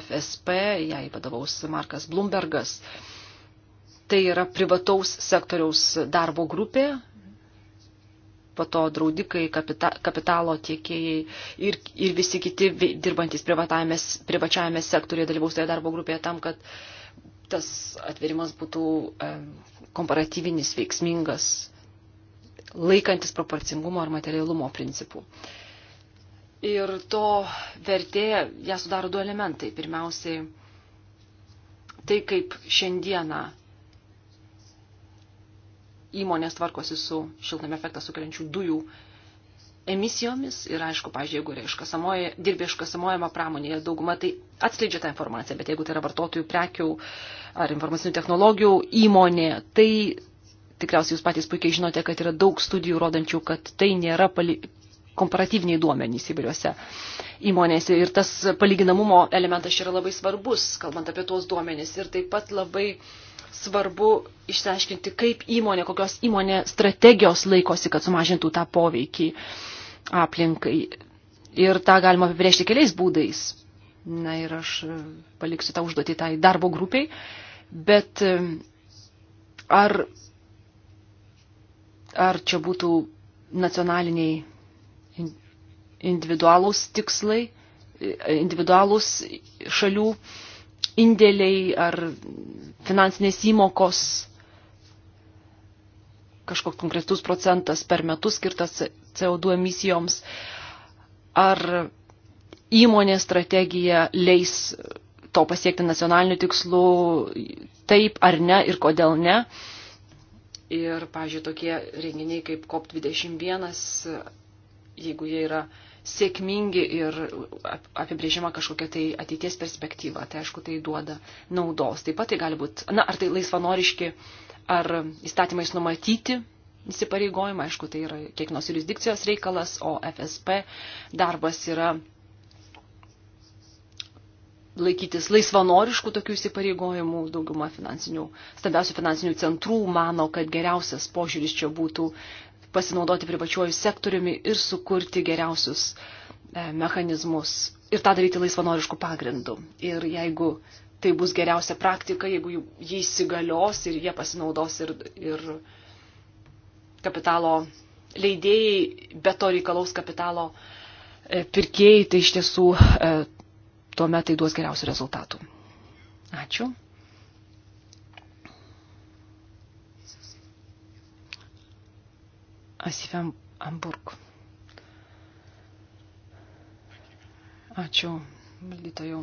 FSP, jai vadovaus Markas Blumbergas. Uh, Tai yra privataus sektoriaus darbo grupė, po to draudikai, kapita, kapitalo tiekėjai ir, ir visi kiti dirbantis privačiajame sektorėje dalyvaus toje darbo grupėje tam, kad tas atverimas būtų e, komparatyvinis, veiksmingas, laikantis proporcingumo ar materialumo principų. Ir to vertė, ją sudaro du elementai. Pirmiausiai, tai kaip šiandieną įmonės tvarkosi su šiltnamio efektą sukeliančių dujų emisijomis ir aišku, pažiūrėjau, jeigu yra iškasamoje, dirbė iškasamojama pramonėje dauguma, tai atskleidžia tą informaciją, bet jeigu tai yra vartotojų prekių ar informacinių technologijų įmonė, tai tikriausiai jūs patys puikiai žinote, kad yra daug studijų rodančių, kad tai nėra pali komparatyviniai duomenys įvairiuose įmonėse ir tas palyginamumo elementas yra labai svarbus, kalbant apie tuos duomenys ir taip pat labai uh, svarbu išsiaiškinti, kaip įmonė, kokios įmonė strategijos laikosi, kad sumažintų tą poveikį aplinkai. Ir tą galima apibrėžti keliais būdais. Na ir aš e, paliksiu tą užduotį tai darbo grupiai. Bet e, ar, ar čia būtų nacionaliniai individualūs tikslai, e, individualūs šalių indėliai ar finansinės įmokos kažkoks konkretus procentas per metus skirtas CO2 emisijoms, ar įmonės strategija leis to pasiekti nacionaliniu tikslu taip ar ne ir kodėl ne. Ir, pažiūrėjau, tokie renginiai kaip COP21, jeigu jie yra sėkmingi ir apibrėžima kažkokia tai ateities perspektyva. Tai aišku, tai duoda naudos. Taip pat tai gali būti, na, ar tai laisvanoriški, ar įstatymais numatyti įsipareigojimą, aišku, tai yra kiekvienos jurisdikcijos reikalas, o FSP darbas yra laikytis laisvanoriškų tokių įsipareigojimų, dauguma finansinių, stambiausių finansinių centrų mano, kad geriausias požiūris čia būtų pasinaudoti privačiuoju sektoriumi ir sukurti geriausius e, mechanizmus ir tą daryti laisvanoriškų pagrindų. Ir jeigu tai bus geriausia praktika, jeigu jį įsigalios ir jie pasinaudos ir, ir kapitalo leidėjai, be to reikalaus kapitalo e, pirkėjai, tai iš tiesų e, tuo metu tai duos geriausių rezultatų. Ačiū. Asif Amburg. Ačiū, valdytojų.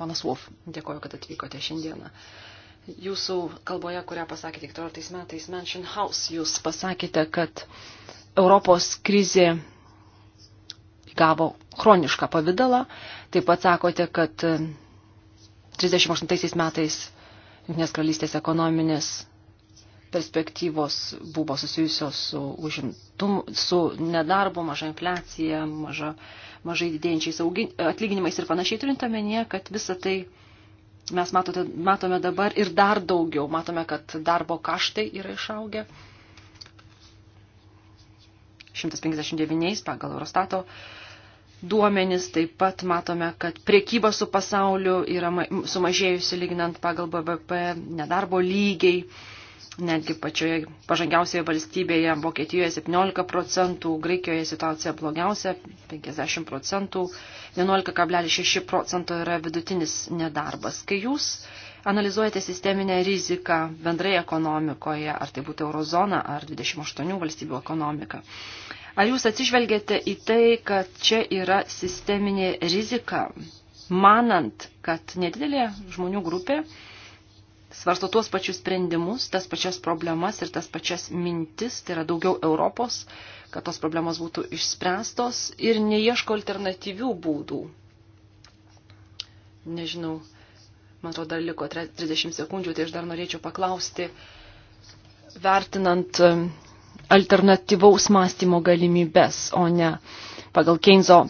Panas Wolf, dėkoju, kad atvykote šiandieną. Jūsų kalboje, kurią pasakėte 14 metais Mansion House, jūs pasakėte, kad Europos krizė gavo chronišką pavydalą. Taip pat sakote, kad 38 metais Junknės karalystės ekonominės perspektyvos buvo susijusios su, užimtum, su nedarbu, maža infliacija, maža, mažai didėjančiais augin, atlyginimais ir panašiai turint omenyje, kad visą tai mes matote, matome dabar ir dar daugiau. Matome, kad darbo kaštai yra išaugę 159 pagal Eurostato duomenis. Taip pat matome, kad priekyba su pasauliu yra sumažėjusi lyginant pagal BVP, nedarbo lygiai Netgi pačioje pažangiausioje valstybėje Vokietijoje 17 procentų, Graikijoje situacija blogiausia 50 procentų, 11,6 procento yra vidutinis nedarbas. Kai jūs analizuojate sisteminę riziką bendrai ekonomikoje, ar tai būtų eurozona, ar 28 valstybių ekonomika, ar jūs atsižvelgiate į tai, kad čia yra sisteminė rizika, manant, kad nedidelė žmonių grupė, svarsto tuos pačius sprendimus, tas pačias problemas ir tas pačias mintis, tai yra daugiau Europos, kad tos problemos būtų išspręstos ir neieško alternatyvių būdų. Nežinau, man atrodo, liko 30 sekundžių, tai aš dar norėčiau paklausti, vertinant um, alternatyvaus mąstymo galimybės, o ne pagal Keinzo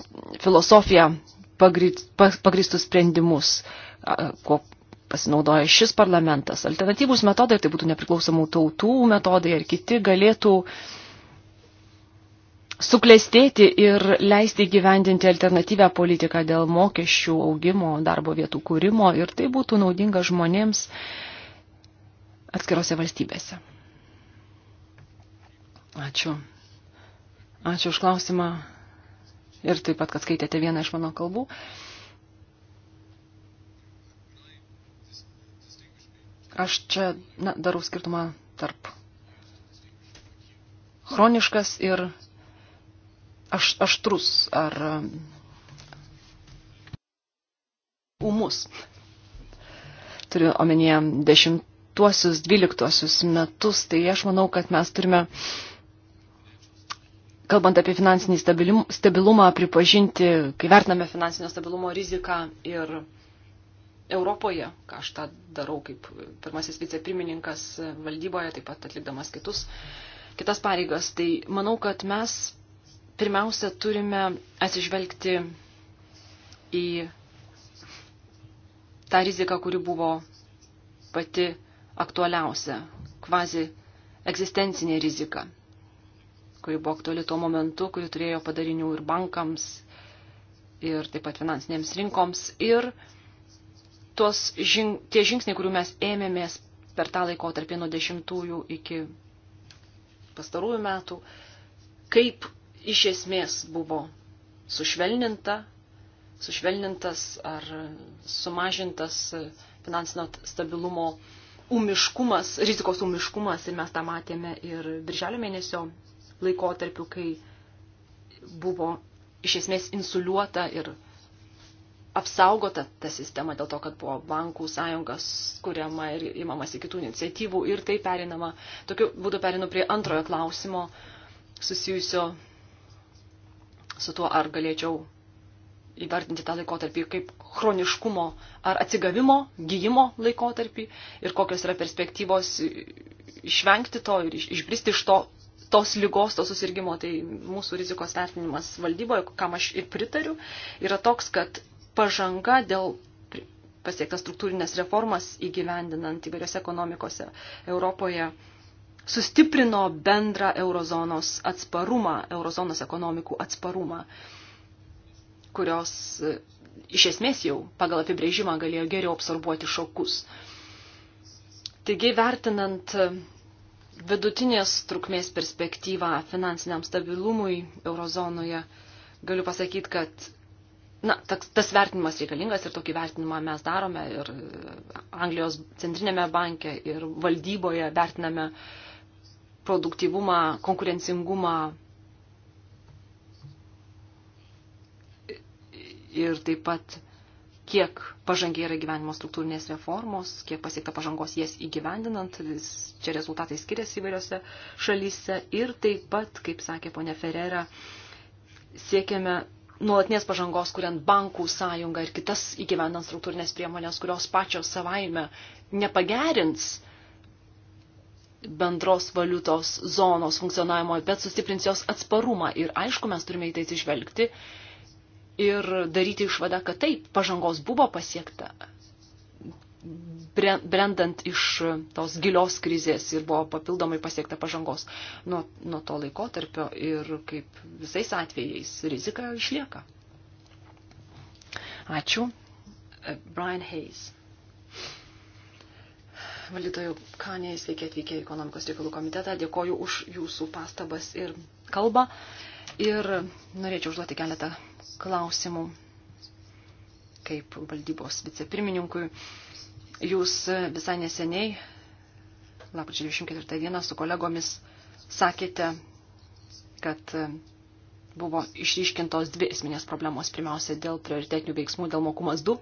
filosofiją pagristus sprendimus, ko, pasinaudoja šis parlamentas. Alternatyvūs metodai, tai būtų nepriklausomų tautų metodai ar kiti, galėtų suklestėti ir leisti gyvendinti alternatyvę politiką dėl mokesčių augimo, darbo vietų kūrimo ir tai būtų naudinga žmonėms atskirose valstybėse. Ačiū. Ačiū už klausimą ir taip pat, kad skaitėte vieną iš mano kalbų. Aš čia na, darau skirtumą tarp chroniškas ir aš, aštrus ar um, ūmus. Turiu omenyje dešimtuosius, dvyliktuosius metus, tai aš manau, kad mes turime, kalbant apie finansinį stabilumą, pripažinti, kai vertiname finansinio stabilumo riziką ir Europoje, ką aš tą darau kaip pirmasis vicepirmininkas valdyboje, taip pat atlikdamas kitus, kitas pareigas, tai manau, kad mes pirmiausia turime atsižvelgti į tą riziką, kuri buvo pati aktualiausia, kvazi egzistencinė rizika, kuri buvo aktuali tuo momentu, kuri turėjo padarinių ir bankams, ir taip pat finansinėms rinkoms, ir rinkoms tos, žing, tie žingsniai, kurių mes ėmėmės per tą laikotarpį nuo dešimtųjų iki pastarųjų metų, kaip iš esmės buvo sušvelninta, sušvelnintas ar sumažintas finansinio stabilumo umiškumas, rizikos umiškumas ir mes tą matėme ir birželio mėnesio laikotarpiu, kai buvo iš esmės insuliuota ir apsaugota ta sistema dėl to, kad buvo bankų sąjungas kuriama ir imamasi kitų iniciatyvų ir tai perinama. Tokiu būdu perinu prie antrojo klausimo susijusio su tuo, ar galėčiau įvardinti tą laikotarpį kaip chroniškumo ar atsigavimo, gyjimo laikotarpį ir kokios yra perspektyvos išvengti to ir išbristi iš to, tos lygos, to susirgymo. Tai mūsų rizikos vertinimas valdyboje, kam aš ir pritariu, yra toks, kad pažanga dėl pasiektas struktūrinės reformas įgyvendinant įvairiose ekonomikose Europoje sustiprino bendrą eurozonos atsparumą, eurozonos ekonomikų atsparumą, kurios e, iš esmės jau pagal apibrėžimą galėjo geriau absorbuoti šokus. Taigi, vertinant vidutinės trukmės perspektyvą finansiniam stabilumui eurozonoje, galiu pasakyti, kad na, tas, tas vertinimas reikalingas ir tokį vertinimą mes darome ir e, Anglijos centrinėme banke ir valdyboje vertiname produktyvumą, konkurencingumą ir taip pat kiek pažangiai yra gyvenimo struktūrinės reformos, kiek pasiekta pažangos jas įgyvendinant, čia rezultatai skiriasi įvairiose šalyse ir taip pat, kaip sakė ponia Ferrera, siekiame nuolatinės pažangos, kuriant bankų sąjungą ir kitas įgyvendant struktūrinės priemonės, kurios pačios savaime nepagerins bendros valiutos zonos funkcionavimo, bet sustiprins jos atsparumą. Ir aišku, mes turime į tai atsižvelgti ir daryti išvadą, kad taip, pažangos buvo pasiekta brendant iš tos gilios krizės ir buvo papildomai pasiekta pažangos nuo, nuo to laikotarpio ir kaip visais atvejais rizika išlieka. Ačiū. E, Brian Hayes. Valytojų Kanė, sveiki atvykę į ekonomikos reikalų komitetą. Dėkoju už jūsų pastabas ir kalbą. Ir norėčiau užduoti keletą klausimų kaip valdybos vicepirmininkui. pirmininkui Jūs e, visai neseniai, lapkričio 24 dieną, su kolegomis sakėte, kad e, buvo išryškintos dvi esminės problemos. Pirmiausia, dėl prioritetinių veiksmų, dėl mokumas 2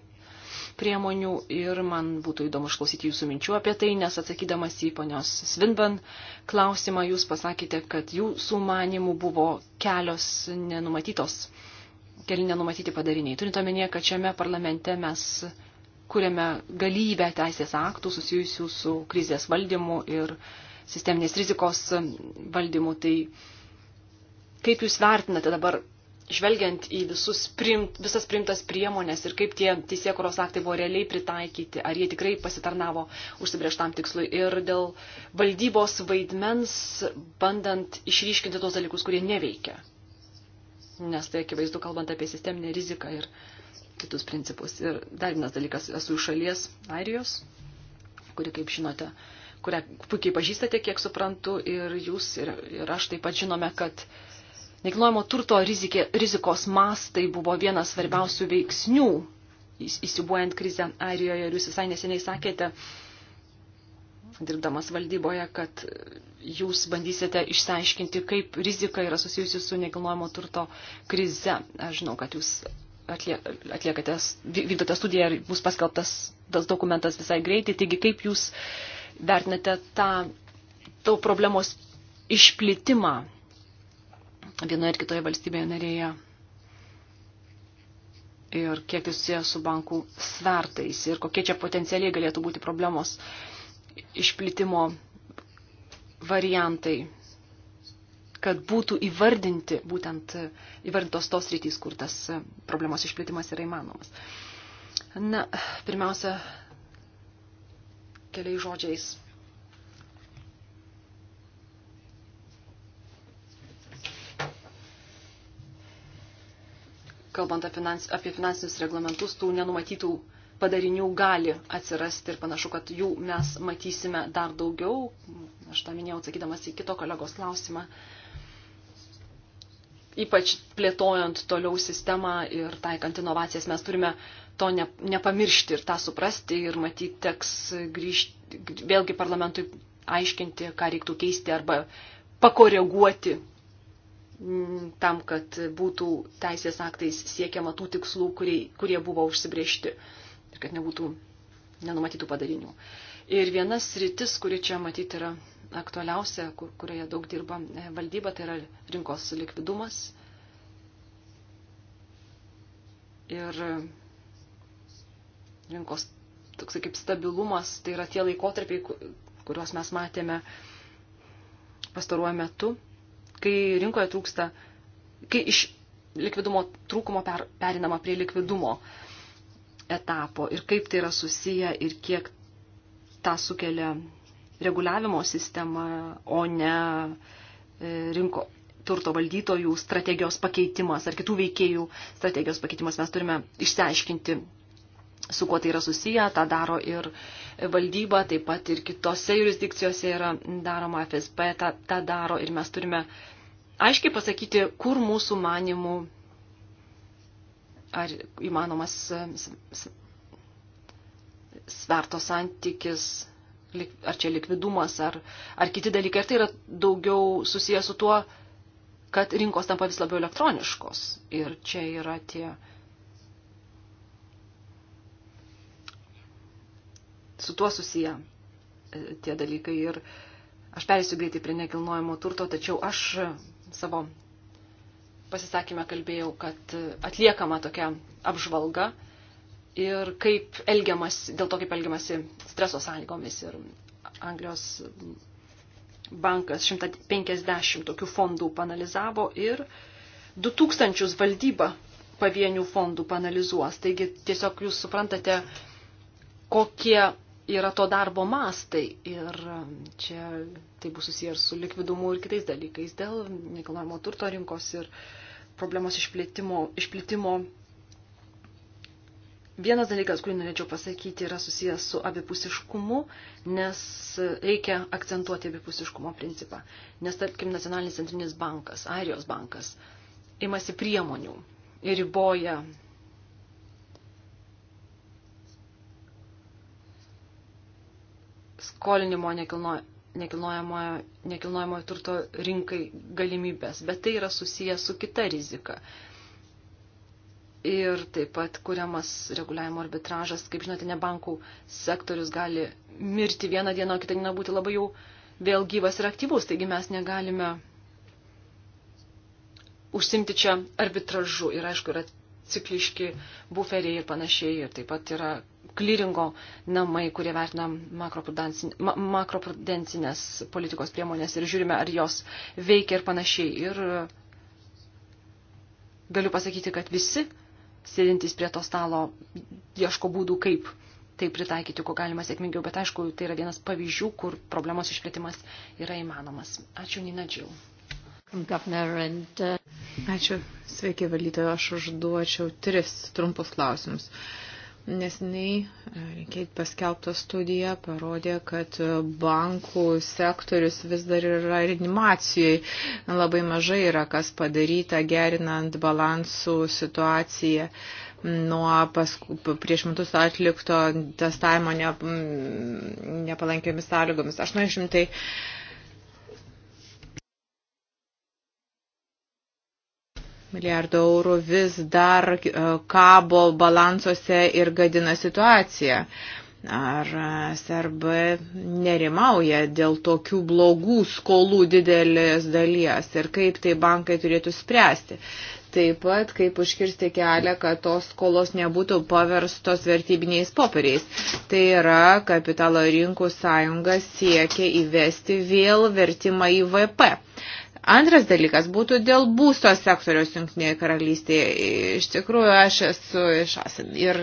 priemonių ir man būtų įdomu išklausyti jūsų minčių apie tai, nes atsakydamas į ponios Svinban klausimą, jūs pasakėte, kad jūsų manimų buvo kelios nenumatytos, keli nenumatyti padariniai. Turint omenyje, kad šiame parlamente mes kuriame galybę teisės aktų susijusių su krizės valdymu ir sisteminės rizikos um, valdymu. Tai kaip jūs vertinate dabar, žvelgiant į visus primt, visas primtas priemonės ir kaip tie teisėkuros aktai buvo realiai pritaikyti, ar jie tikrai pasitarnavo užsibrieštam tikslui ir dėl valdybos vaidmens, bandant išryškinti tos dalykus, kurie neveikia. Nes tai akivaizdu, kalbant apie sisteminę riziką ir kitus principus. Ir dar vienas dalykas, esu iš šalies Airijos, kuri, kaip žinote, kurią puikiai pažįstate, kiek suprantu, ir jūs ir, ir aš taip pat žinome, kad nekilnojamo turto rizikė, rizikos mastai buvo vienas svarbiausių veiksnių įsibuojant krizę Airijoje ir jūs visai neseniai sakėte, dirbdamas valdyboje, kad jūs bandysite išsiaiškinti, kaip rizika yra susijusi su nekilnojamo turto krize. Aš žinau, kad jūs atlie, atliekate, vykdote studiją ir bus paskelbtas tas dokumentas visai greitai. Taigi, kaip jūs vertinate tą, tą problemos išplitimą vienoje ir kitoje valstybėje narėje? Ir kiek tai susiję su bankų svertais ir kokie čia potencialiai galėtų būti problemos išplitimo variantai kad būtų įvardinti būtent įvardintos tos rytys, kur tas e, problemos išplėtimas yra įmanomas. Na, pirmiausia, keliais žodžiais. Kalbant apie, finans, apie finansinius reglamentus, tų nenumatytų padarinių gali atsirasti ir panašu, kad jų mes matysime dar daugiau. Aš tą minėjau, atsakydamas į kito kolegos klausimą. Uh, ypač plėtojant toliau sistemą ir taikant inovacijas, mes turime to ne, nepamiršti ir tą suprasti ir matyt teks grįžti, vėlgi parlamentui aiškinti, ką reiktų keisti arba pakoreguoti mm, tam, kad būtų teisės aktais siekiama tų tikslų, kurie, kurie buvo užsibriežti ir kad nebūtų nenumatytų padarinių. Ir vienas rytis, kuri čia matyti yra aktualiausia, kur, kurioje daug dirba e, valdyba, tai yra rinkos likvidumas. Ir rinkos toksai kaip stabilumas, tai yra tie laikotarpiai, kuriuos mes matėme pastaruoju metu, kai rinkoje trūksta, kai iš likvidumo trūkumo per, perinama prie likvidumo etapo ir kaip tai yra susiję ir kiek tą sukelia reguliavimo sistema, o ne e, rinko turto valdytojų strategijos pakeitimas ar kitų veikėjų strategijos pakeitimas. Mes turime išsiaiškinti, su kuo tai yra susiję, tą daro ir valdyba, taip pat ir kitose jurisdikcijose yra daroma FSP, tą, tą daro ir mes turime aiškiai pasakyti, kur mūsų manimų ar įmanomas sverto santykis ar čia likvidumas, ar, ar kiti dalykai. Ir tai yra daugiau susijęs su tuo, kad rinkos tampa vis labiau elektroniškos. Ir čia yra tie. Su tuo susiję e, tie dalykai. Ir aš perėsiu greitai prie nekilnojamo turto, tačiau aš savo pasisakymę kalbėjau, kad e, atliekama tokia apžvalga ir kaip elgiamas, dėl to kaip elgiamasi streso sąlygomis. Ir Anglijos bankas 150 tokių fondų panalizavo ir 2000 valdyba pavienių fondų panalizuos. Taigi tiesiog jūs suprantate, kokie yra to darbo mastai ir čia tai bus susiję ir su likvidumu ir kitais dalykais dėl nekilnojamo turto rinkos ir problemos išplėtimo, išplėtimo Vienas dalykas, kurį norėčiau pasakyti, yra susijęs su abipusiškumu, nes reikia akcentuoti abipusiškumo principą. Nes, tarkim, Nacionalinis centrinis bankas, Airijos bankas, imasi priemonių ir riboja skolinimo nekilno, nekilnojamojo, nekilnojamojo turto rinkai galimybės, bet tai yra susijęs su kita rizika ir taip pat kuriamas reguliavimo arbitražas. Kaip žinote, ne bankų sektorius gali mirti vieną dieną, o kitą dieną būti labai jau vėl gyvas ir aktyvus, taigi mes negalime užsimti čia arbitražu. Ir aišku, yra cikliški buferiai ir panašiai. Ir taip pat yra klyringo namai, kurie vertina makroprudencinės politikos priemonės ir žiūrime, ar jos veikia ir panašiai. Ir galiu pasakyti, kad visi sėdintys prie to stalo ieško būdų, kaip tai pritaikyti, kuo galima sėkmingiau. Bet aišku, tai yra vienas pavyzdžių, kur problemos išplėtimas yra įmanomas. Ačiū, Nina Džil. Uh, Ačiū. Sveiki, valytojo. Aš užduočiau tris trumpus klausimus. Uh, Nesnai e, reikiai paskelbta studija parodė, kad e, bankų sektorius vis dar yra reanimacijai. Labai mažai yra kas padaryta gerinant balansų situaciją nuo pasku, prieš metus atlikto testavimo nepalankiomis sąlygomis. 800 milijardo eurų vis dar e, kabo balansuose ir gadina situaciją. Ar e, SRB nerimauja dėl tokių blogų skolų didelės dalies ir kaip tai bankai turėtų spręsti? taip pat kaip užkirsti kelią, kad tos skolos nebūtų paverstos vertybiniais popieriais. Tai yra kapitalo rinkų sąjunga siekia įvesti vėl vertimą į VP. Antras dalykas būtų dėl būsto sektoriaus Junktinėje karalystėje. Iš tikrųjų, aš esu iš Asim. Ir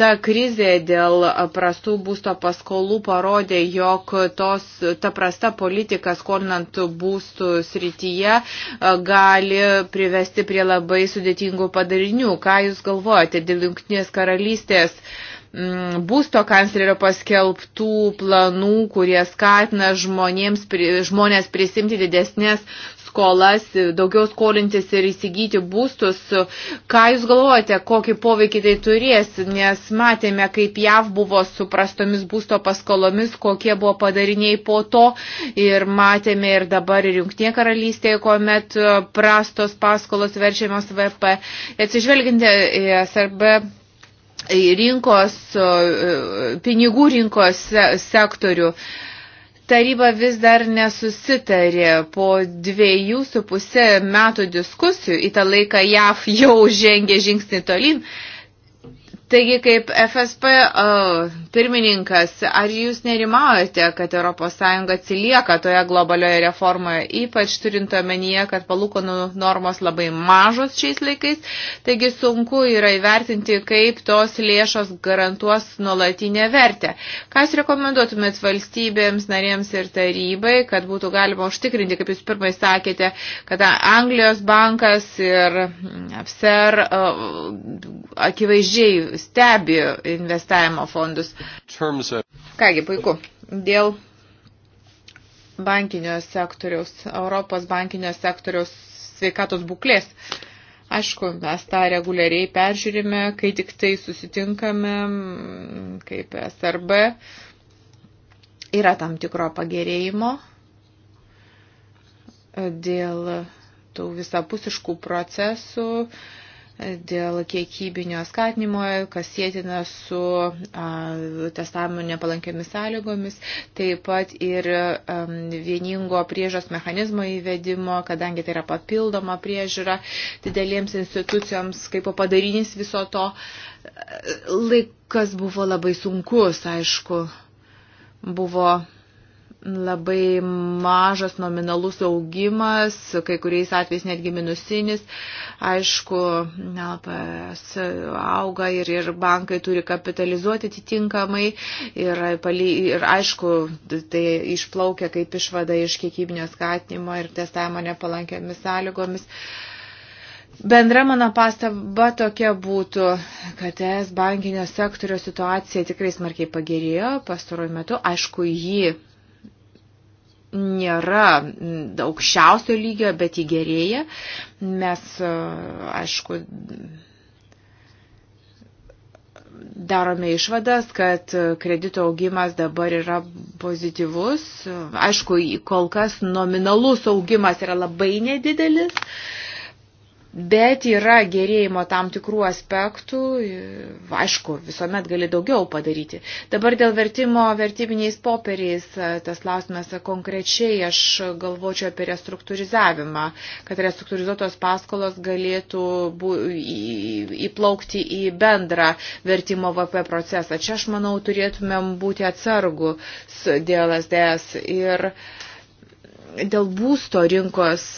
ta krizė dėl prastų būsto paskolų parodė, jog tos, ta prasta politika skolinant būstų srityje gali privesti prie labai sudėtingų padarinių. Ką Jūs galvojate dėl Junktinės karalystės? Uh, Mm, būsto kanclerio paskelbtų planų, kurie skatina žmonėms, žmonės prisimti didesnės skolas, daugiau skolintis ir įsigyti būstus. Ką Jūs galvojate, kokį poveikį tai turės, nes matėme, kaip JAV buvo su prastomis būsto paskolomis, kokie buvo padariniai po to ir matėme ir dabar ir Junktinė karalystėje, kuomet prastos paskolos verčiamos VP. Atsižvelginti į SRB rinkos, e, pinigų rinkos sektorių. Taryba vis dar nesusitarė po dviejų su pusė metų diskusijų. Į tą laiką JAF jau žengė žingsnį tolin. Uh, Taigi, kaip FSP uh, pirmininkas, ar jūs nerimaujate, kad ES atsilieka toje globalioje reformoje, ypač turint omenyje, kad palūkonų normos labai mažos šiais laikais, taigi sunku yra įvertinti, kaip tos lėšos garantuos nuolatinę vertę. Ką jūs rekomenduotumėt valstybėms, narėms ir tarybai, kad būtų galima užtikrinti, kaip jūs pirmai sakėte, kad Anglijos bankas ir FSR uh, akivaizdžiai stebi investavimo fondus. Kągi, puiku. Dėl bankinio sektoriaus, Europos bankinio sektoriaus sveikatos būklės. Aišku, mes tą reguliariai peržiūrime, kai tik tai susitinkame, kaip SRB, yra tam tikro pagerėjimo dėl tų visapusiškų procesų, dėl kiekybinio skatinimo, kas sėtina su a, testavimo nepalankiamis sąlygomis, taip pat ir a, vieningo priežos mechanizmo įvedimo, kadangi tai yra papildoma priežiūra didelėms institucijoms, kaip padarinys viso to. Laikas buvo labai sunkus, aišku, buvo labai mažas nominalus augimas, kai kuriais atvejais netgi minusinis. Aišku, LPS auga ir, ir bankai turi kapitalizuoti atitinkamai ir, ir aišku, tai išplaukia kaip išvada iš kiekybinio skatinimo ir testavimo nepalankiamis sąlygomis. Bendra mano pastaba tokia būtų, kad es bankinio sektorio situacija tikrai smarkiai pagerėjo pastaruoju metu. Aišku, jį nėra mm, aukščiausio lygio, bet jį gerėja. Mes, e, aišku, darome išvadas, kad kredito augimas dabar yra pozityvus. Aišku, kol kas nominalus augimas yra labai nedidelis. Uh, Bet yra gerėjimo tam tikrų aspektų, aišku, visuomet gali daugiau padaryti. Dabar dėl vertimo vertybiniais popieriais, tas klausimas konkrečiai, aš galvočiau apie restruktūrizavimą, kad restruktūrizuotos paskolos galėtų bū, į, įplaukti į bendrą vertimo VP procesą. Čia aš manau turėtumėm būti atsargų dėl SDS ir dėl būsto rinkos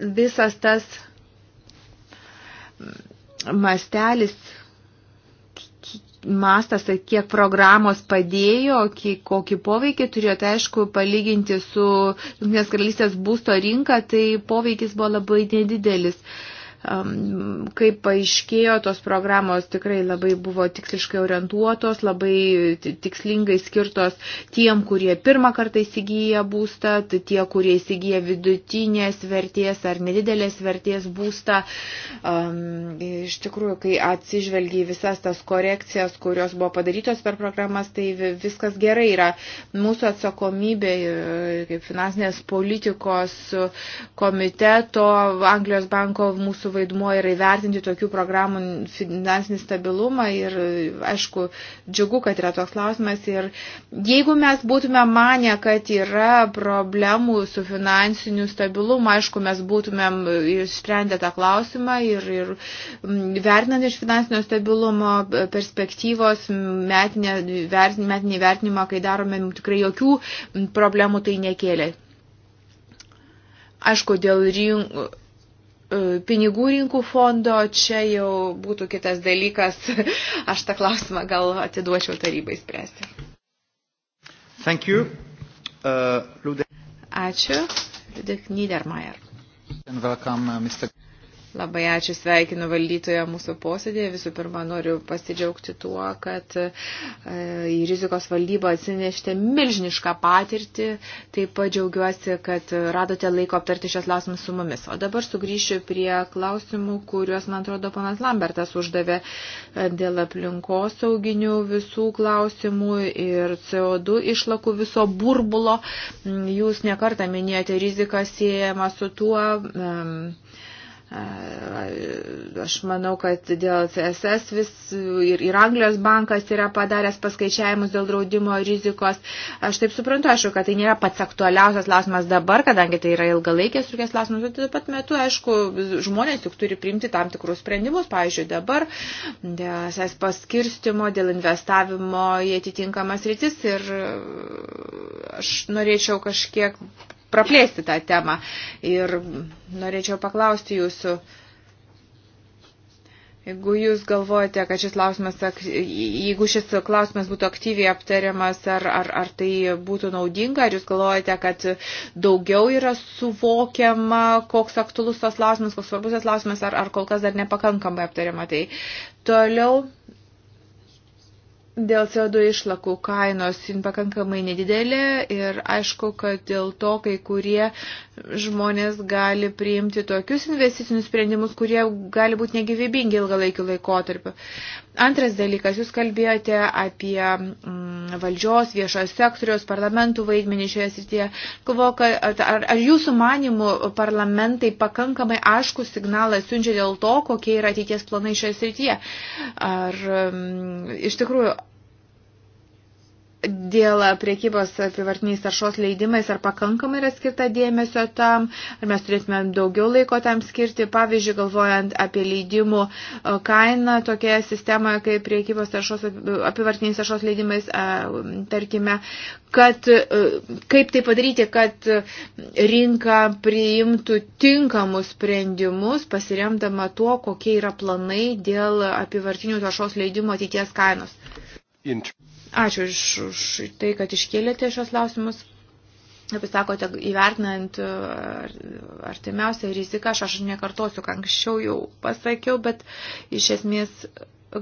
visas tas mastelis, mastas, tai kiek programos padėjo, kiek, kokį poveikį turėjo, tai aišku, palyginti su Junktinės karalystės būsto rinka, tai poveikis buvo labai nedidelis. Uh, Kaip paaiškėjo, tos programos tikrai labai buvo tiksliškai orientuotos, labai tikslingai skirtos tiem, kurie pirmą kartą įsigyja būstą, tie, kurie įsigyja vidutinės vertės ar nedidelės vertės būstą. Iš tikrųjų, kai atsižvelgiai visas tas korekcijas, kurios buvo padarytos per programas, tai viskas gerai yra. Mūsų atsakomybė e, kaip finansinės politikos komiteto, Anglijos banko, mūsų mūsų vaidmuo yra įvertinti tokių programų finansinį stabilumą ir, aišku, džiugu, kad yra toks klausimas. Ir jeigu mes būtume manę, kad yra problemų su finansiniu stabilumu, aišku, mes būtumėm išsprendę tą klausimą ir, ir vertinant iš finansinio stabilumo perspektyvos metinę, metinį vertinimą, kai darome, tikrai jokių problemų tai nekėlė aišku, dėl rinkų E, pinigų rinkų fondo, čia jau būtų kitas dalykas. Aš tą klausimą gal atiduočiau tarybai spręsti. Thank you. Uh, e, Lude... Ačiū. Ludek Niedermayer. And welcome, uh, Mr. Labai ačiū sveikinu valdytoje mūsų posėdėje. Visų pirma, noriu pasidžiaugti tuo, kad e, į rizikos valdybą atsinešti milžinišką patirtį. Taip pat džiaugiuosi, kad radote laiko aptarti šios klausimus su mumis. O dabar sugrįšiu prie klausimų, kuriuos, man atrodo, panas Lambertas uždavė e, dėl aplinkosauginių visų klausimų ir CO2 išlakų viso burbulo. Mm, jūs nekartą minėjote riziką siejama su tuo. Um, Aš manau, kad dėl CSS vis ir, ir Anglijos bankas yra padaręs paskaičiavimus dėl draudimo rizikos. Aš taip suprantu, aišku, kad tai nėra pats aktualiausias klausimas dabar, kadangi tai yra ilgalaikės trukės klausimas, bet taip pat metu, aišku, žmonės juk turi priimti tam tikrus sprendimus, pavyzdžiui, dabar dėl CSS paskirstimo, dėl investavimo į atitinkamas rytis ir aš norėčiau kažkiek praplėsti tą temą. Ir norėčiau paklausti jūsų. Jeigu jūs galvojate, kad šis klausimas, jeigu šis klausimas būtų aktyviai aptariamas, ar, ar, ar tai būtų naudinga, ar jūs galvojate, kad daugiau yra suvokiama, koks aktualus tas klausimas, koks svarbus tas klausimas, ar, ar kol kas dar nepakankamai aptariama. Tai toliau Dėl CO2 išlakų kainos jin pakankamai nedidelė ir aišku, kad dėl to kai kurie žmonės gali priimti tokius investicinius sprendimus, kurie gali būti negyvybingi ilgalaikiu laikotarpiu. Antras dalykas, jūs kalbėjote apie mm, valdžios, viešojo sektoriaus, parlamentų vaidmenį šioje srityje. Galvoju, kad ar, ar jūsų manimų parlamentai pakankamai aišku signalą siunčia dėl to, kokie yra ateities planai šioje srityje? Ar mm, iš tikrųjų dėl priekybos apivartiniais taršos leidimais, ar pakankamai yra skirta dėmesio tam, ar mes turėtume daugiau laiko tam skirti, pavyzdžiui, galvojant apie leidimų e, kainą tokioje sistemoje, kaip priekybos taršos, apivartiniais taršos leidimais, tarkime, kad e, kaip tai padaryti, kad rinka priimtų tinkamus sprendimus, pasiremdama tuo, kokie yra planai dėl apivartinių taršos leidimų ateities kainos. Int Ačiū iš, už tai, kad iškėlėte šios klausimus. Kaip jūs sakote, įvertinant uh, artimiausią riziką, aš, aš nekartosiu, ką anksčiau jau pasakiau, bet iš esmės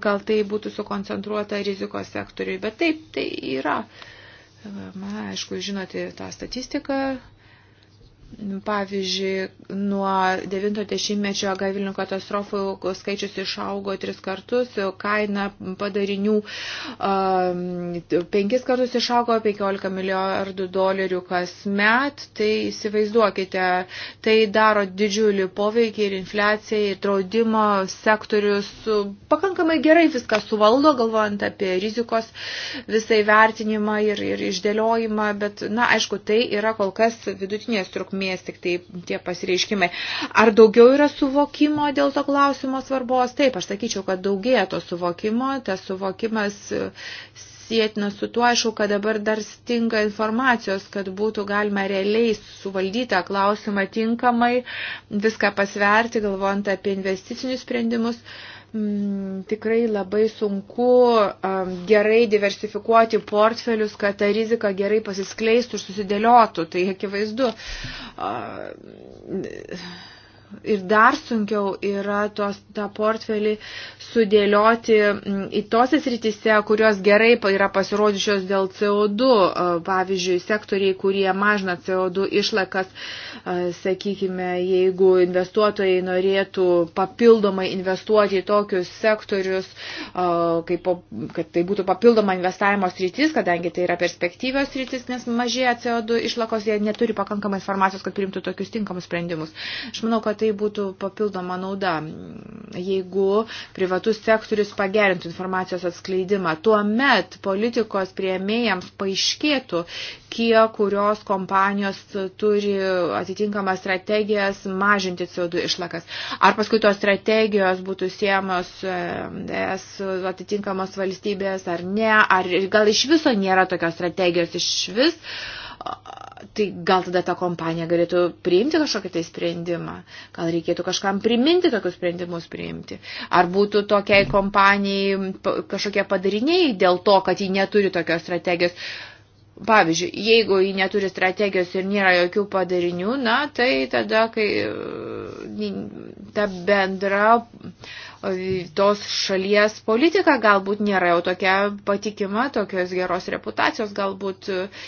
gal tai būtų sukoncentruota rizikos sektoriui. Bet taip, tai yra. Uh, na, aišku, žinote tą statistiką, Pavyzdžiui, nuo 90-mečio gavilnių katastrofų skaičius išaugo tris kartus, kaina padarinių um, penkis kartus išaugo 15 milijardų dolerių kas met. Tai įsivaizduokite, tai daro didžiulį poveikį ir infliacijai, ir draudimo sektorius pakankamai gerai viską suvaldo, galvojant apie rizikos visai vertinimą ir, ir išdėliojimą, bet, na, aišku, tai yra kol kas vidutinės trukmės sėkmės tik tai tie pasireiškimai. Ar daugiau yra suvokimo dėl to klausimo svarbos? Taip, aš sakyčiau, kad daugėja to suvokimo, tas suvokimas sėtina su tuo, aišku, kad dabar dar stinga informacijos, kad būtų galima realiai suvaldytą klausimą tinkamai, viską pasverti, galvojant apie investicinius sprendimus. Uh, m, mm, tikrai labai sunku um, gerai diversifikuoti portfelius, kad ta rizika gerai pasiskleistų ir susidėliotų. Tai akivaizdu. Uh, ir dar sunkiau yra tos, tą portfelį sudėlioti mm, į tose sritise, kurios gerai yra pasirodžiusios dėl CO2, pavyzdžiui, sektoriai, kurie mažina CO2 išlakas, sakykime, jeigu investuotojai norėtų papildomai investuoti į tokius sektorius, kaip, kad tai būtų papildoma investavimo sritis, kadangi tai yra perspektyvios sritis, nes mažėja CO2 išlakos, jie neturi pakankamai informacijos, kad priimtų tokius tinkamus sprendimus. Aš manau, kad kad tai būtų papildoma nauda, jeigu privatus sektorius pagerintų informacijos atskleidimą. Tuomet politikos prieimėjams paaiškėtų, kiek kurios kompanijos turi atitinkamas strategijas mažinti CO2 išlakas. Ar paskui tos strategijos būtų siemos es atitinkamos valstybės ar ne, ar gal iš viso nėra tokios strategijos iš vis. Uh, tai gal tada ta kompanija galėtų priimti kažkokį tai sprendimą, gal reikėtų kažkam priminti tokius sprendimus priimti. Ar būtų tokiai kompanijai kažkokie padariniai dėl to, kad ji neturi tokios strategijos. Pavyzdžiui, jeigu ji neturi strategijos ir nėra jokių padarinių, na, tai tada, kai e, ta bendra e, tos šalies politika galbūt nėra jau tokia patikima, tokios geros reputacijos galbūt uh,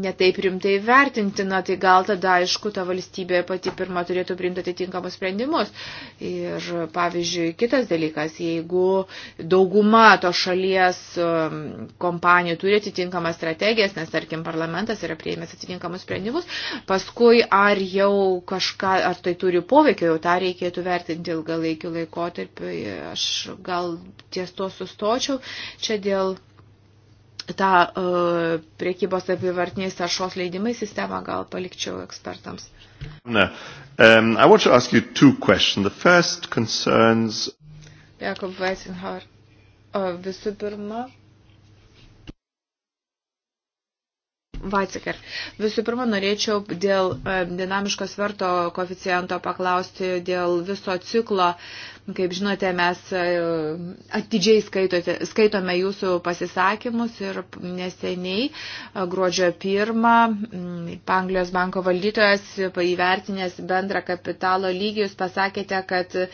netaip rimtai vertintina, tai gal tada, aišku, ta valstybė pati pirma turėtų priimti atitinkamus sprendimus. Ir, pavyzdžiui, kitas dalykas, jeigu dauguma to šalies kompanijų turi atitinkamas strategijas, nes, tarkim, parlamentas yra prieimęs atitinkamus sprendimus, paskui ar jau kažką, ar tai turi poveikio, jau tą reikėtų vertinti ilgalaikiu laikotarpiu. Aš gal ties to sustočiau. Čia dėl tą uh, priekybos apivartiniais taršos leidimai sistemą gal palikčiau ekspertams. No. Um, I want to ask you two questions. The first concerns... Jakob Weisenhauer. Uh, visų pirma, Vatsiker. Visų pirma, norėčiau dėl e, dinamiško sverto koeficiento paklausti dėl viso ciklo Kaip žinote, mes e, atidžiai skaitote, skaitome jūsų pasisakymus ir neseniai e, gruodžio pirmą Anglijos banko valdytojas įvertinęs bendrą kapitalo lygį, jūs pasakėte, kad e,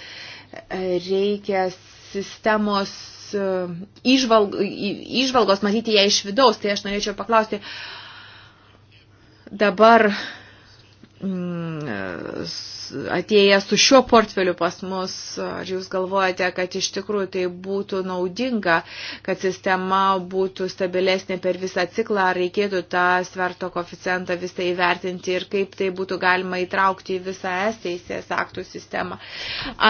reikia sistemos išvalg, išvalgos matyti ją iš vidaus. Tai aš norėčiau paklausti, dabar Mm, e, atėję su šiuo portfeliu pas mus, ar jūs galvojate, kad iš tikrųjų tai būtų naudinga, kad sistema būtų stabilesnė per visą ciklą, ar reikėtų tą sverto koficijantą visą įvertinti ir kaip tai būtų galima įtraukti į visą es teisės aktų sistemą.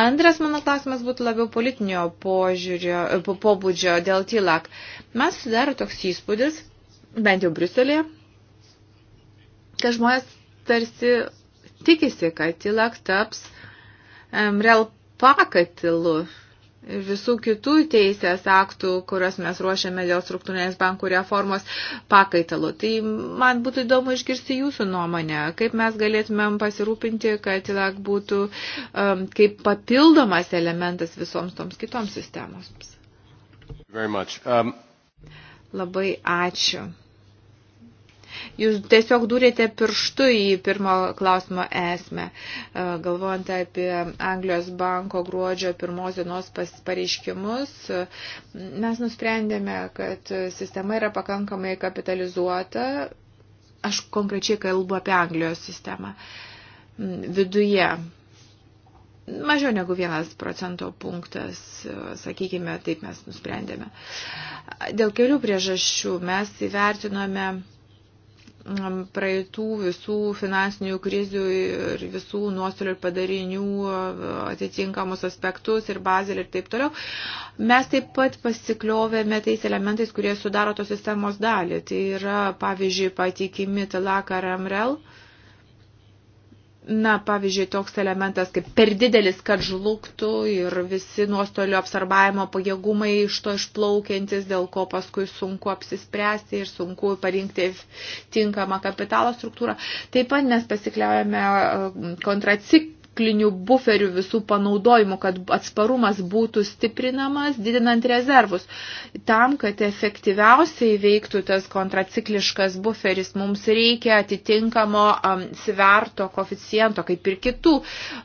Antras mano klausimas būtų labiau politinio požiūrio, po, pobūdžio dėl tylak. Mes dar toks įspūdis, bent jau Briuselėje, kad žmonės tarsi tikisi, kad tilak taps MREL pakatilu ir visų kitų teisės aktų, kuriuos mes ruošiame dėl struktūrinės bankų reformos pakaitalu. Tai man būtų įdomu išgirsti jūsų nuomonę, kaip mes galėtumėm pasirūpinti, kad TILAK būtų um, kaip papildomas elementas visoms toms kitoms sistemoms. Um... Labai ačiū. Jūs tiesiog durėte pirštu į pirmo klausimo esmę, e, galvojant apie Anglijos banko gruodžio pirmos dienos pareiškimus. Mes nusprendėme, kad sistema yra pakankamai kapitalizuota. Aš konkrečiai kalbu apie Anglijos sistemą. Viduje mažiau negu vienas procento punktas, e, sakykime, taip mes nusprendėme. Dėl kelių priežasčių mes įvertinome praeitų visų finansinių krizių ir visų nuostolių ir padarinių e, atitinkamus aspektus ir bazelį ir taip toliau. Mes taip pat pasikliovėme tais elementais, kurie sudaro tos sistemos dalį. Tai yra, pavyzdžiui, patikimi TLAC ar MREL. Uh, na, pavyzdžiui, toks elementas kaip per didelis, kad žlugtų ir visi nuostolių apsarbavimo pajėgumai iš to išplaukiantis, dėl ko paskui sunku apsispręsti ir sunku parinkti tinkamą kapitalo struktūrą. Taip pat mes pasikliaujame e, kontracik tinklinių buferių visų panaudojimų, kad atsparumas būtų stiprinamas, didinant rezervus. Tam, kad efektyviausiai veiktų tas kontracikliškas buferis, mums reikia atitinkamo um, sverto koficiento, kaip ir kitų uh,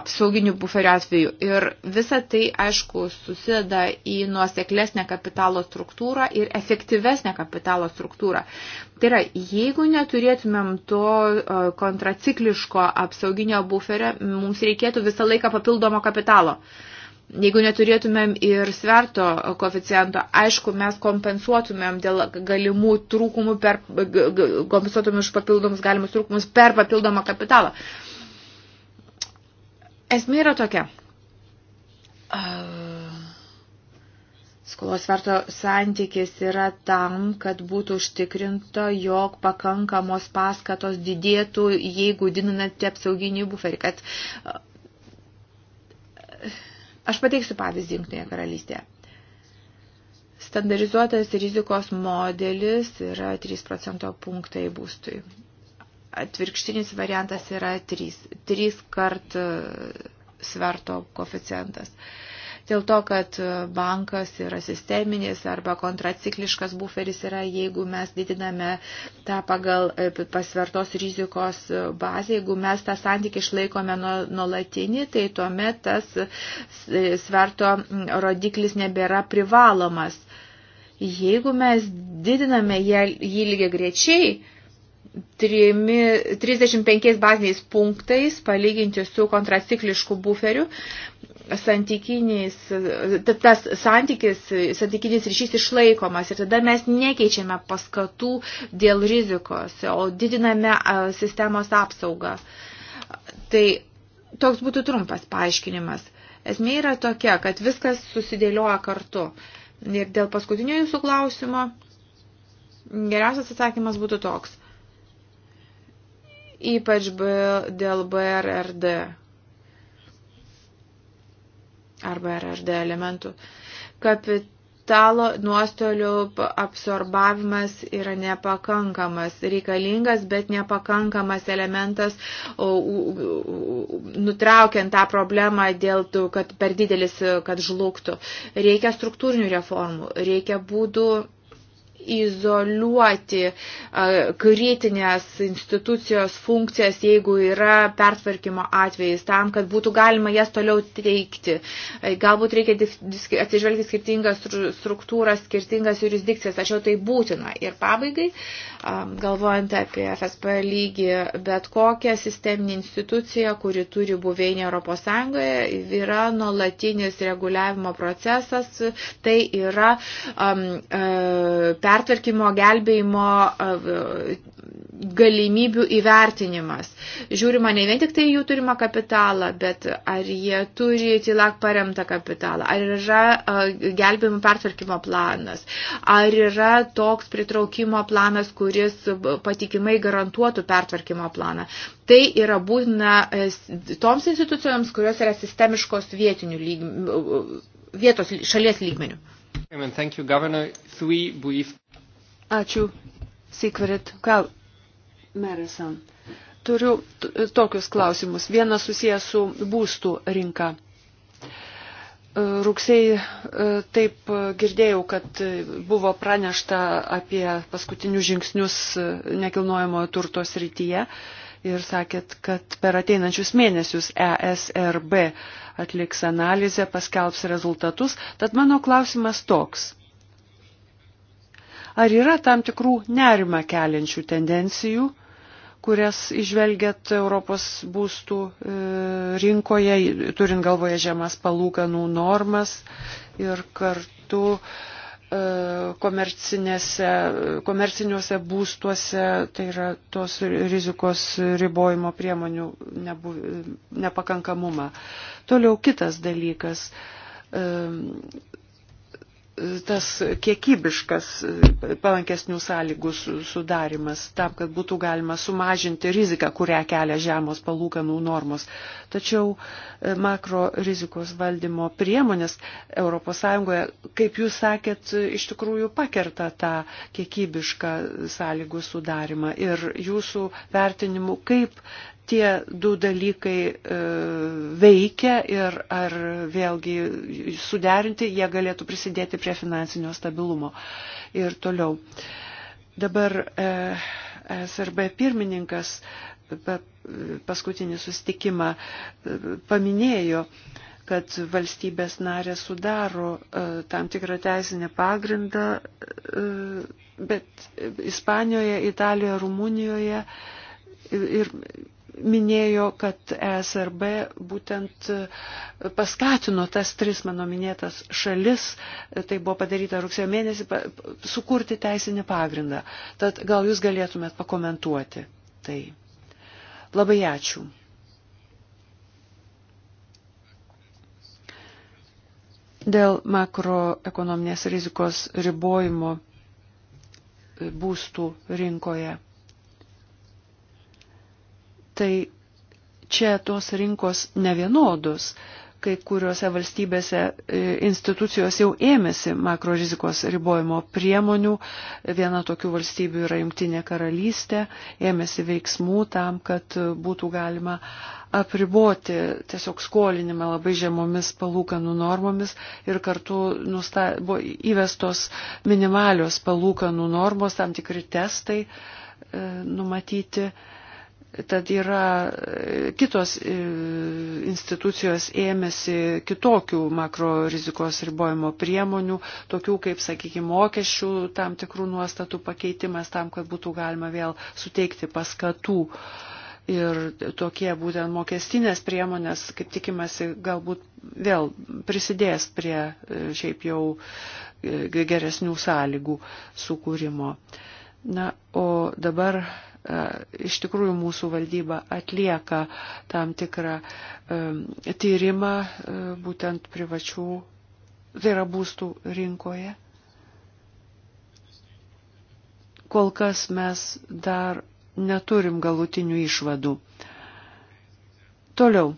apsauginių buferių atveju. Ir visa tai, aišku, susideda į nuoseklesnę kapitalo struktūrą ir efektyvesnę kapitalo struktūrą. Tai yra, jeigu neturėtumėm to e, kontracikliško apsauginio buferio, mums reikėtų visą laiką papildomo kapitalo. Jeigu neturėtumėm ir sverto koeficiento, aišku, mes kompensuotumėm dėl galimų trūkumų per, kompensuotumėm už papildomus galimus trūkumus per papildomą kapitalą. Esmė yra tokia. Uh Skolos verto santykis yra tam, kad būtų užtikrinta, jog pakankamos paskatos didėtų, jeigu didinate apsauginį buferį. Kad... E, aš pateiksiu pavyzdį Junktinėje karalystėje. Standarizuotas rizikos modelis yra 3 procento punktai būstui. Atvirkštinis variantas yra 3, 3 kart e, sverto koficijantas. Uh, dėl to, kad bankas yra sisteminis arba kontracikliškas buferis yra, jeigu mes didiname tą pagal e, pasvertos rizikos bazę, jeigu mes tą santykį išlaikome nuolatinį, tai tuomet tas e, sverto rodiklis nebėra privalomas. Jeigu mes didiname jį lygiai grečiai, 3, 35 baziniais punktais palyginti su kontraciklišku buferiu, santykinis, tas santykis, santykinis ryšys išlaikomas ir tada mes nekeičiame paskatų dėl rizikos, o didiname sistemos apsaugą. Tai toks būtų trumpas paaiškinimas. Esmė yra tokia, kad viskas susidėlioja kartu. Ir dėl paskutinio jūsų klausimo geriausias atsakymas būtų toks. Ypač dėl BRRD arba RRD elementų. Kapitalo nuostolių absorbavimas yra nepakankamas, reikalingas, bet nepakankamas elementas, o, u, u, nutraukiant tą problemą dėl to, kad per didelis, kad žlugtų. Reikia struktūrinių reformų, reikia būdų izoliuoti kritinės institucijos funkcijas, jeigu yra pertvarkymo atvejais, tam, kad būtų galima jas toliau teikti. Galbūt reikia atsižvelgti skirtingas struktūras, skirtingas jurisdikcijas, tačiau tai būtina. Ir pabaigai, galvojant apie FSP lygį, bet kokią sisteminį instituciją, kuri turi buveinį Europos Sąjungoje, yra nuolatinis reguliavimo procesas, tai yra um, uh, pertvarkymo gelbėjimo galimybių įvertinimas. Žiūrima ne vien tik tai jų turimą kapitalą, bet ar jie turi tilak paremtą kapitalą, ar yra gelbėjimo pertvarkymo planas, ar yra toks pritraukimo planas, kuris patikimai garantuotų pertvarkymo planą. Tai yra būtina e, toms institucijoms, kurios yra sistemiškos vietinių lyg, vietos šalies lygmenių. Thank you, Governor. Three brief Ačiū, Sikvaret Kal Meresan. Turiu tokius klausimus. Vienas susijęs su būstų rinka. E, Rugsėjai e, taip e, girdėjau, kad buvo pranešta apie paskutinius žingsnius nekilnojamojo turto srityje ir sakėt, kad per ateinančius mėnesius ESRB atliks analizę, paskelbs rezultatus. Tad mano klausimas toks. Ar yra tam tikrų nerima keliančių tendencijų, kurias išvelgiat Europos būstų e, rinkoje, turint galvoje žemas palūkanų normas ir kartu e, komerciniuose būstuose, tai yra tos rizikos ribojimo priemonių nebu, nepakankamumą. Toliau kitas dalykas e, tas kiekybiškas e, palankesnių sąlygų sudarimas tam, kad būtų galima sumažinti riziką, kurią kelia žemos palūkanų normos. Tačiau e, makro rizikos valdymo priemonės ES, kaip jūs sakėt, iš tikrųjų pakerta tą kiekybišką sąlygų sudarimą. Ir jūsų vertinimu, kaip tie du dalykai e, veikia ir ar vėlgi suderinti jie galėtų prisidėti prie finansinio stabilumo. Ir toliau. Dabar e, SRB pirmininkas paskutinį sustikimą e, paminėjo, kad valstybės narė sudaro tam tikrą teisinę pagrindą, bet Ispanijoje, Italijoje, Rumunijoje ir minėjo, kad ESRB būtent e, paskatino tas tris mano minėtas šalis, e, tai buvo padaryta rugsėjo mėnesį, sukurti teisinį pagrindą. Tad gal jūs galėtumėt pakomentuoti tai. Labai ačiū. Dėl makroekonominės rizikos ribojimo e, būstų rinkoje tai čia tos rinkos nevienodos. Kai kuriuose valstybėse e, institucijos jau ėmėsi makrorizikos ribojimo priemonių. Viena tokių valstybių yra Jungtinė karalystė, ėmėsi veiksmų tam, kad būtų galima apriboti tiesiog skolinimą labai žemomis palūkanų normomis ir kartu nusta, buvo įvestos minimalios palūkanų normos, tam tikri testai e, numatyti. E, Tad yra e, kitos e, institucijos ėmėsi kitokių makro rizikos ribojimo priemonių, tokių kaip, sakykime, mokesčių tam tikrų nuostatų pakeitimas tam, kad būtų galima vėl suteikti paskatų. Ir tokie būtent mokestinės priemonės, kaip tikimasi, galbūt vėl prisidės prie e, šiaip jau geresnių sąlygų sukūrimo. Na, o dabar E, iš tikrųjų mūsų valdyba atlieka tam tikrą e, tyrimą e, būtent privačių, tai yra būstų rinkoje. Kol kas mes dar neturim galutinių išvadų. Toliau.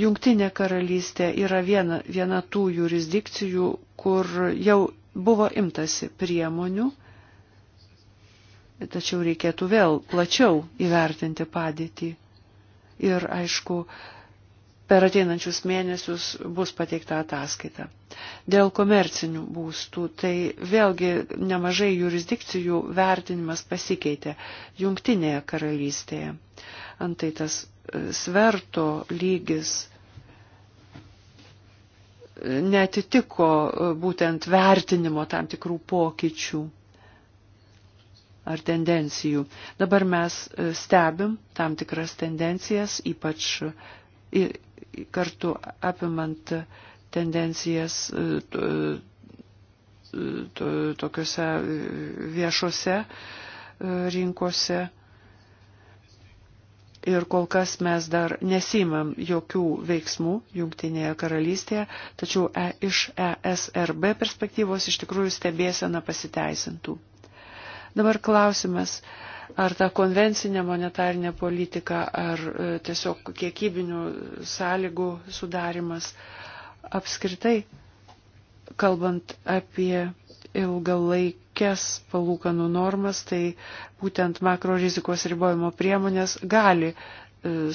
Jungtinė karalystė yra viena, viena tų jurisdikcijų, kur jau buvo imtasi priemonių tačiau reikėtų vėl plačiau įvertinti padėtį. Ir aišku, per ateinančius mėnesius bus pateikta ataskaita. Dėl komercinių būstų, tai vėlgi nemažai jurisdikcijų vertinimas pasikeitė jungtinėje karalystėje. Antai tas e, sverto lygis e, netitiko e, būtent vertinimo tam tikrų pokyčių ar tendencijų. Dabar mes e, stebim tam tikras tendencijas, ypač e, kartu apimant tendencijas e, tokiuose viešuose rinkose. Ir kol kas mes dar nesimam jokių veiksmų Junktinėje karalystėje, tačiau e, iš ESRB perspektyvos iš tikrųjų stebėsena pasiteisintų. Dabar klausimas, ar ta konvencinė monetarinė politika, ar e, tiesiog kiekybinių sąlygų sudarimas apskritai, kalbant apie ilgalaikės palūkanų normas, tai būtent makro rizikos ribojimo priemonės gali e,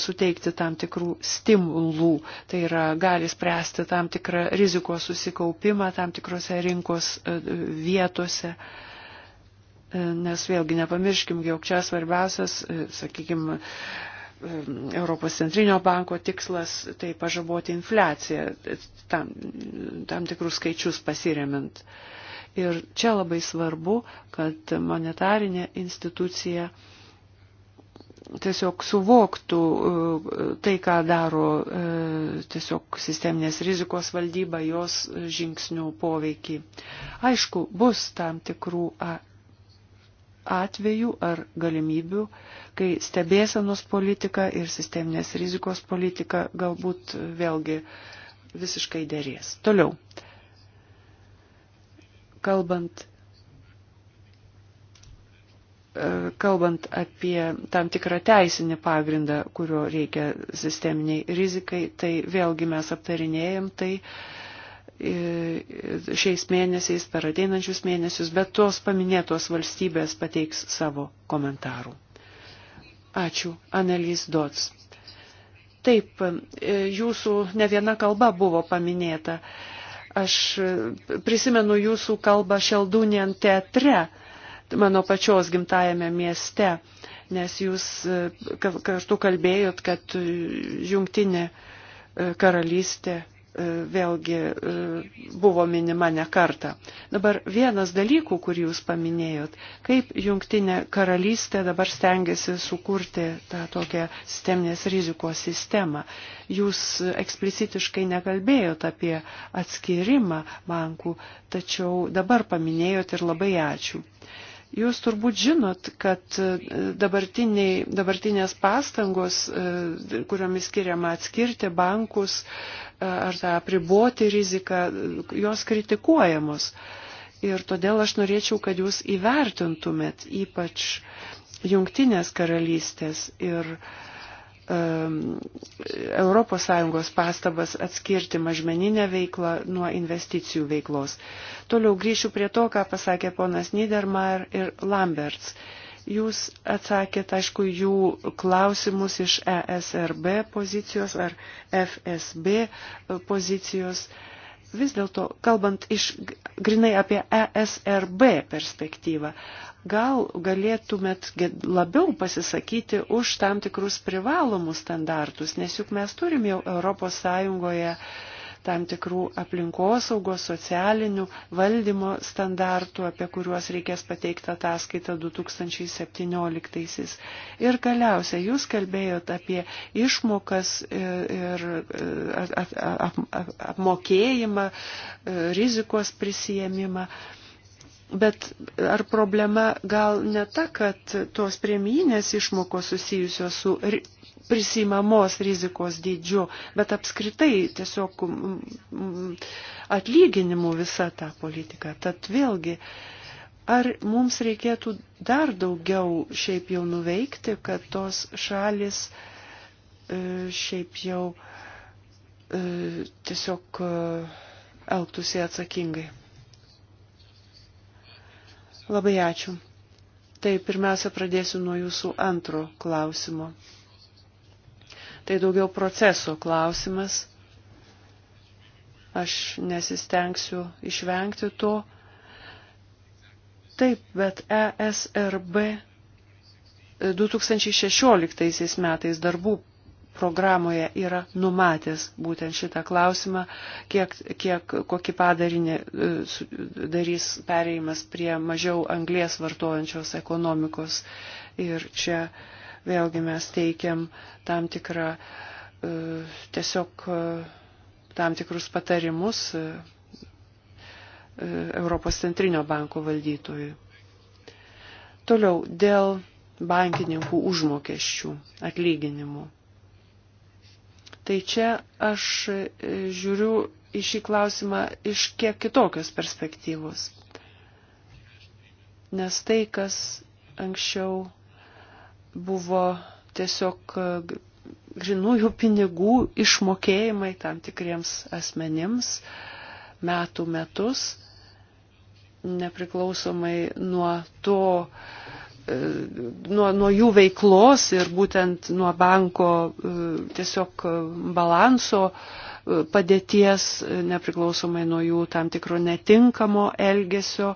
suteikti tam tikrų stimulų, tai yra gali spręsti tam tikrą rizikos susikaupimą tam tikrose rinkos e, vietose. Uh, E, nes vėlgi nepamirškim, jog čia svarbiausias, e, sakykime, Europos centrinio banko tikslas tai pažaboti infliaciją, e, tam, tam tikrus skaičius pasiremiant. Ir čia labai svarbu, kad monetarinė institucija tiesiog suvoktų tai, ką daro tiesiog sisteminės rizikos valdyba, jos žingsnių poveikį. Aišku, bus tam tikrų atvejų ar galimybių, kai stebėsenos politika ir sisteminės rizikos politika galbūt vėlgi visiškai dėrės. Toliau, kalbant, e, kalbant apie tam tikrą teisinį pagrindą, kurio reikia sisteminiai rizikai, tai vėlgi mes aptarinėjom tai, šiais mėnesiais, per ateinančius mėnesius, bet tos paminėtos valstybės pateiks savo komentarų. Ačiū, Annelys Dots. Taip, e, jūsų ne viena kalba buvo paminėta. Aš e, prisimenu jūsų kalbą Šeldūnien teatre, mano pačios gimtajame mieste, nes jūs e, kartu kalbėjot, kad jungtinė karalystė vėlgi e, buvo minima ne kartą. Dabar vienas dalykų, kurį jūs paminėjot, kaip jungtinė karalystė dabar stengiasi sukurti tą tokią sisteminės rizikos sistemą. Jūs eksplicitiškai nekalbėjot apie atskirimą bankų, tačiau dabar paminėjot ir labai ačiū. Jūs turbūt žinot, kad e, dabartinės pastangos, e, kuriomis skiriama atskirti bankus e, ar tą apriboti riziką, jos kritikuojamos. Ir todėl aš norėčiau, kad jūs įvertintumėt ypač jungtinės karalystės ir uh, Um, ES pastabas atskirti mažmeninę veiklą nuo investicijų veiklos. Toliau grįšiu prie to, ką pasakė ponas Niedermayer ir Lamberts. Jūs atsakėte, aišku, jų klausimus iš ESRB pozicijos ar FSB pozicijos. Uh, vis dėlto, kalbant iš grinai apie ESRB perspektyvą, gal galėtumėt labiau pasisakyti už tam tikrus privalomus standartus, nes juk mes turim jau Europos Sąjungoje uh, tam tikrų aplinkosaugos, socialinių valdymo standartų, apie kuriuos reikės pateikti ataskaitą 2017. Ir galiausiai jūs kalbėjot apie išmokas e, ir e, apmokėjimą, e, rizikos prisijėmimą. Bet ar problema gal ne ta, kad tos premijinės išmokos susijusios su prisimamos rizikos dydžiu, bet apskritai tiesiog atlyginimu visa ta politika. Tad vėlgi, ar mums reikėtų dar daugiau šiaip jau nuveikti, kad tos šalis e, šiaip jau e, tiesiog e, elgtųsi atsakingai. Labai ačiū. Tai pirmiausia pradėsiu nuo jūsų antro klausimo tai daugiau procesų klausimas. Aš nesistengsiu išvengti to. Taip, bet ESRB 2016 metais darbų programoje yra numatęs būtent šitą klausimą, kiek, kiek kokį padarinį e, darys pereimas prie mažiau anglės vartojančios ekonomikos. Ir čia vėlgi mes teikiam tam tikrą e, tiesiog e, tam tikrus patarimus e, Europos centrinio banko valdytojui. Toliau dėl bankininkų užmokesčių atlyginimų. Tai čia aš žiūriu į šį klausimą iš kiek kitokios perspektyvos. Nes tai, kas anksčiau buvo tiesiog e, grinųjų pinigų išmokėjimai tam tikriems asmenims metų metus, nepriklausomai nuo to, e, nuo, nuo jų veiklos ir būtent nuo banko e, tiesiog balanso padėties, nepriklausomai nuo jų tam tikro netinkamo elgesio,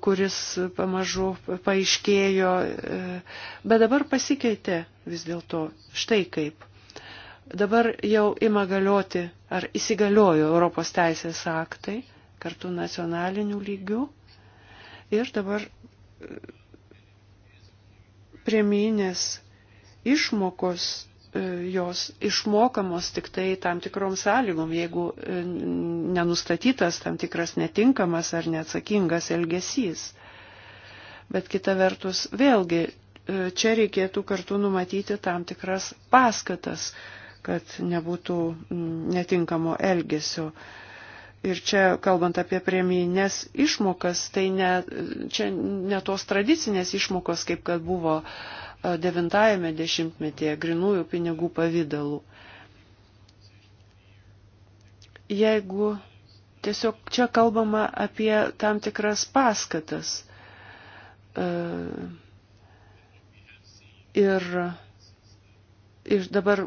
kuris pamažu paaiškėjo, e, bet dabar pasikeitė vis dėlto štai kaip. Dabar jau ima galioti ar įsigaliojo Europos teisės aktai kartu nacionaliniu lygiu ir dabar e, prieminės išmokos E, jos išmokamos tik tai tam tikrom sąlygom, jeigu e, nenustatytas tam tikras netinkamas ar neatsakingas elgesys. Bet kita vertus, vėlgi, e, čia reikėtų kartu numatyti tam tikras paskatas, kad nebūtų netinkamo elgesio. Ir čia, kalbant apie premijinės išmokas, tai ne, čia ne tos tradicinės išmokos, kaip kad buvo uh, devintajame dešimtmetyje grinųjų pinigų pavydalų. Jeigu tiesiog čia kalbama apie tam tikras paskatas e, ir, ir dabar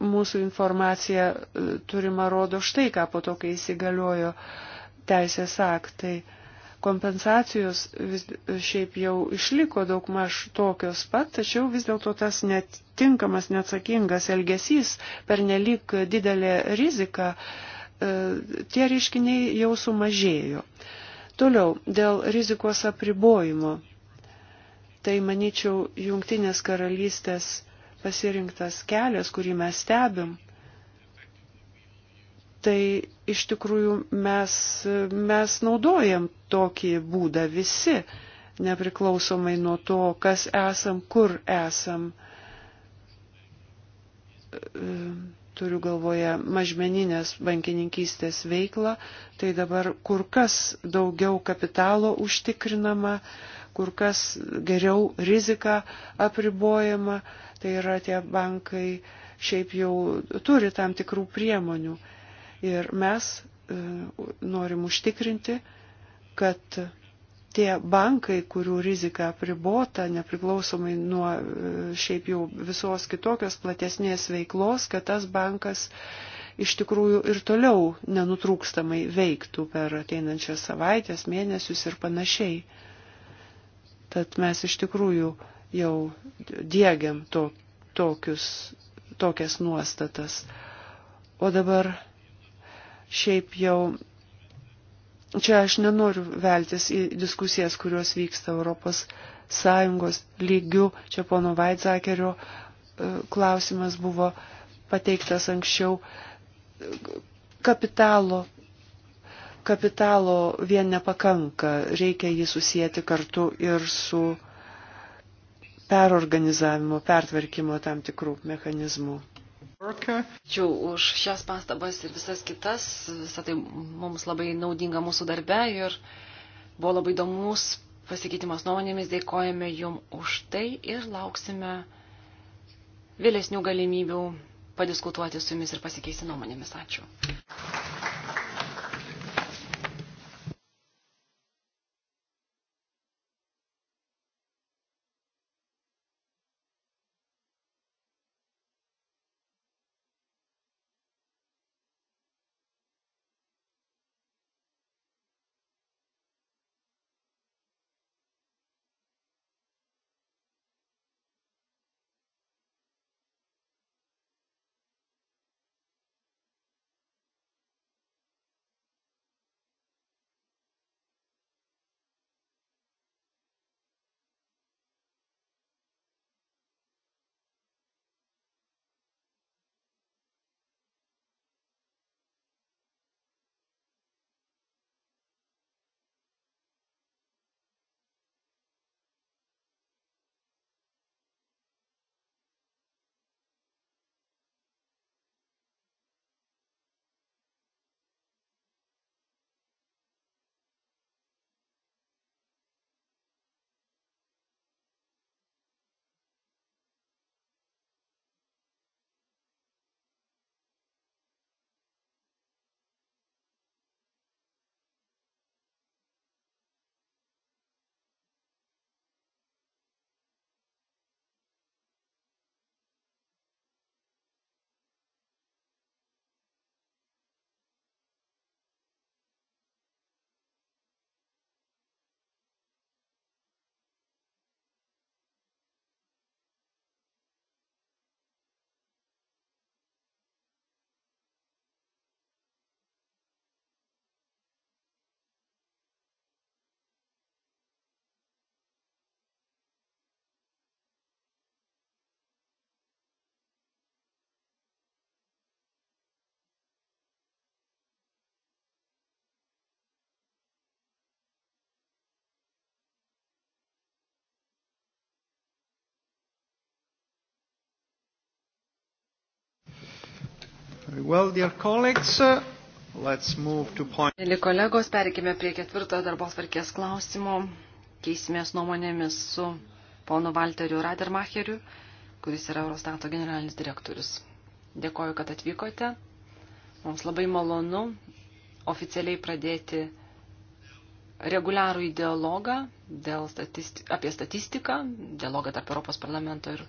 mūsų informacija e, turima rodo štai ką po to, kai įsigaliojo teisės aktai. Tai kompensacijos vis, šiaip jau išliko daug maž tokios pat, tačiau vis dėlto tas netinkamas, neatsakingas elgesys per nelik didelę riziką, e, tie reiškiniai jau sumažėjo. Toliau, dėl rizikos apribojimo. Tai, manyčiau, jungtinės karalystės pasirinktas kelias, kurį mes stebim, tai iš tikrųjų mes, mes naudojam tokį būdą visi, nepriklausomai nuo to, kas esam, kur esam. Turiu galvoje mažmeninės bankininkystės veiklą, tai dabar kur kas daugiau kapitalo užtikrinama, kur kas geriau rizika apribojama, tai yra tie bankai šiaip jau turi tam tikrų priemonių Ir mes e, norim užtikrinti, kad tie bankai, kurių rizika apribota, nepriklausomai nuo e, šiaip jau visos kitokios platesnės veiklos, kad tas bankas iš tikrųjų ir toliau nenutrūkstamai veiktų per ateinančias savaitės, mėnesius ir panašiai. Tad mes iš tikrųjų jau dėgiam to, tokius, tokias nuostatas. O dabar šiaip jau čia aš nenoriu veltis į diskusijas, kurios vyksta Europos Sąjungos lygių. Čia pono Vaidzakerio e, klausimas buvo pateiktas anksčiau. Kapitalo, kapitalo vien nepakanka, reikia jį susijęti kartu ir su perorganizavimo, pertvarkymo tam tikrų mechanizmų. Ačiū už šias pastabas ir visas kitas. Visą tai mums labai naudinga mūsų darbe ir buvo labai įdomus pasikeitimas nuomonėmis. Dėkojame Jum už tai ir lauksime vėlesnių galimybių padiskutuoti su Jumis ir pasikeisti nuomonėmis. Ačiū. Well, dear colleagues, uh, let's move to point. Mėly kolegos, perikime prie ketvirtojo darbos varkės klausimo. Keisimės nuomonėmis su ponu Valteriu Radermacheriu, kuris yra Eurostato generalinis direktorius. Dėkoju, kad atvykote. Mums labai malonu oficialiai pradėti reguliarų dialogą statisti apie statistiką, dialogą tarp Europos parlamento ir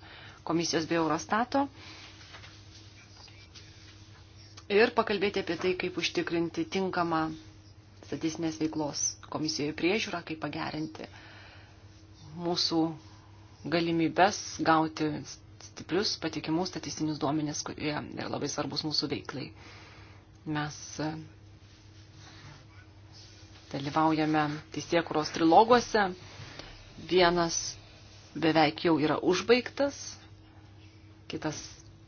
komisijos bei Eurostato ir pakalbėti apie tai, kaip užtikrinti tinkamą statistinės veiklos komisijoje priežiūrą, kaip pagerinti mūsų galimybės gauti stiprius patikimus statistinius duomenis, kurie yra labai svarbus mūsų veiklai. Mes e, dalyvaujame teisėkuros triloguose. Vienas beveik jau yra užbaigtas, kitas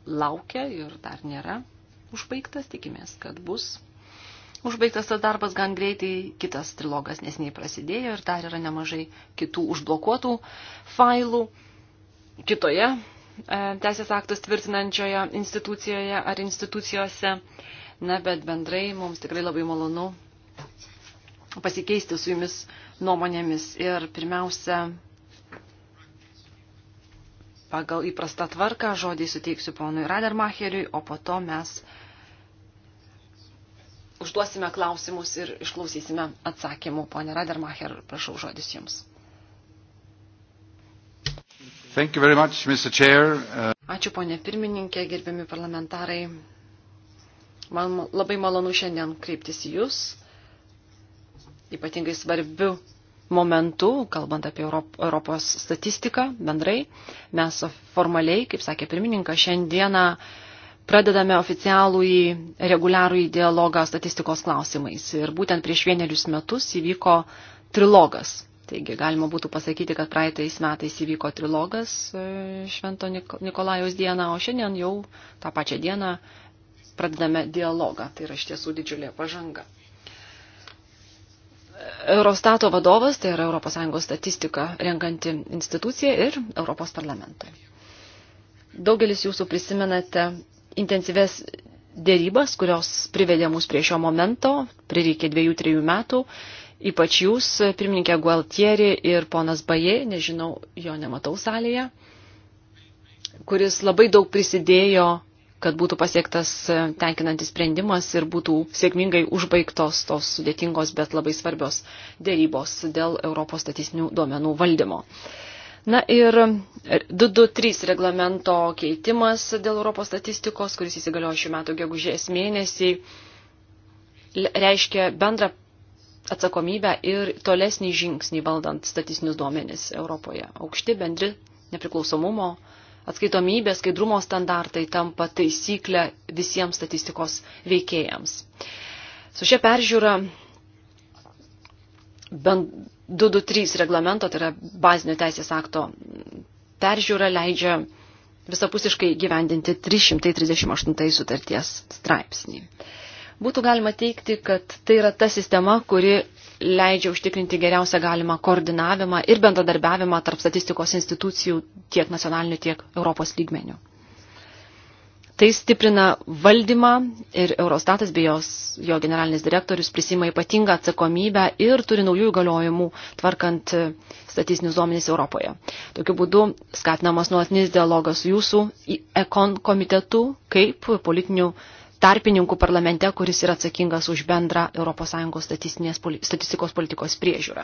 laukia ir dar nėra užbaigtas, tikimės, kad bus Užbaigtas tas darbas gan greitai, kitas trilogas nesiniai prasidėjo ir dar yra nemažai kitų užblokuotų failų kitoje e, teisės aktus tvirtinančioje institucijoje ar institucijose. Na, bet bendrai mums tikrai labai malonu pasikeisti su jumis nuomonėmis ir pirmiausia, pagal įprastą tvarką žodį suteiksiu ponui Radermacheriui, o po to mes užduosime klausimus ir išklausysime atsakymų. Pone Radermacher, prašau žodis Jums. Much, uh... Ačiū, ponė pirmininkė, gerbiami parlamentarai. Man labai malonu šiandien kreiptis į Jūs, ypatingai svarbiu momentu, kalbant apie Europos statistiką bendrai. Mes formaliai, kaip sakė pirmininkas, šiandieną uh, pradedame oficialų į reguliarų į dialogą statistikos klausimais. Ir būtent prieš vienerius metus įvyko trilogas. Taigi galima būtų pasakyti, kad praeitais metais įvyko trilogas e, Švento Nikolajaus dieną, o šiandien jau tą pačią dieną pradedame dialogą. Tai yra iš tiesų didžiulė pažanga. Eurostato vadovas, tai yra ES statistika renkanti institucija ir Europos parlamentai. Daugelis jūsų prisimenate intensyves dėrybas, kurios privedė mus prie šio momento, prireikė dviejų, trijų metų, ypač jūs, pirmininkė Gualtieri ir ponas Baje, nežinau, jo nematau salėje, kuris labai daug prisidėjo, kad būtų pasiektas tenkinantis sprendimas ir būtų sėkmingai užbaigtos tos sudėtingos, bet labai svarbios dėrybos dėl Europos statistinių duomenų valdymo. Uh, Na ir 223 reglamento keitimas dėl Europos statistikos, kuris įsigaliojo šių metų gegužės mėnesį, reiškia bendrą atsakomybę ir tolesnį žingsnį valdant statistinius duomenis Europoje. Aukšti bendri nepriklausomumo, atskaitomybės, skaidrumo standartai tampa taisyklę visiems statistikos veikėjams. Su šia peržiūra bend 223 reglamento, tai yra bazinio teisės akto peržiūra leidžia visapusiškai gyvendinti 338 sutarties straipsnį. Būtų galima teikti, kad tai yra ta sistema, kuri leidžia užtikrinti geriausią galimą koordinavimą ir bendradarbiavimą tarp statistikos institucijų tiek nacionalinių, tiek Europos lygmenių. Tai stiprina valdymą ir Eurostatas bei jos, jo generalinis direktorius prisima ypatingą atsakomybę ir turi naujų įgaliojimų tvarkant e, statistinius duomenys Europoje. Tokiu būdu skatinamas nuolatinis dialogas su jūsų ekon komitetu kaip politinių tarpininkų parlamente, kuris yra atsakingas už bendrą ES statistikos politikos priežiūrą.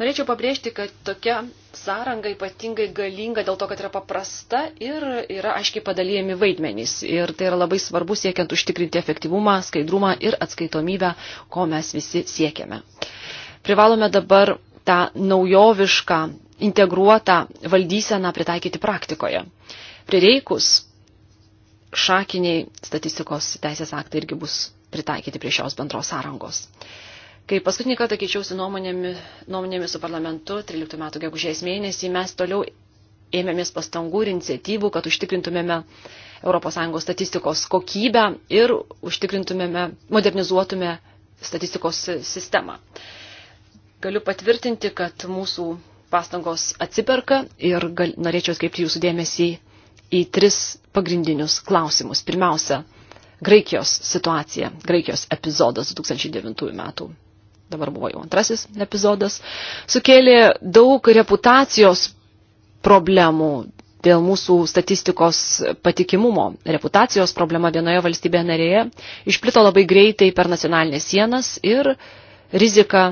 Norėčiau pabrėžti, kad tokia sąranga ypatingai galinga dėl to, kad yra paprasta ir yra aiškiai padalyjami vaidmenys. Ir tai yra labai svarbu siekiant užtikrinti efektyvumą, skaidrumą ir atskaitomybę, ko mes visi siekiame. Privalome dabar tą naujovišką, integruotą valdyseną pritaikyti praktikoje. Prireikus šakiniai statistikos teisės aktai irgi bus pritaikyti prie šios bendros sąrangos. Kai paskutinį kartą keičiausi nuomonėmis, nuomonėmis su parlamentu 13 metų gegužės mėnesį, mes toliau ėmėmės pastangų ir iniciatyvų, kad užtikrintumėme ES statistikos kokybę ir užtikrintumėme, modernizuotume statistikos sistemą. Galiu patvirtinti, kad mūsų pastangos atsiperka ir gal, norėčiau atkreipti jūsų dėmesį į tris pagrindinius klausimus. Pirmiausia, Graikijos situacija, Graikijos epizodas 2009 metų dabar buvo jau antrasis epizodas, sukėlė daug reputacijos problemų dėl mūsų statistikos patikimumo. Reputacijos problema vienoje valstybėje narėje išplito labai greitai per nacionalinės sienas ir rizika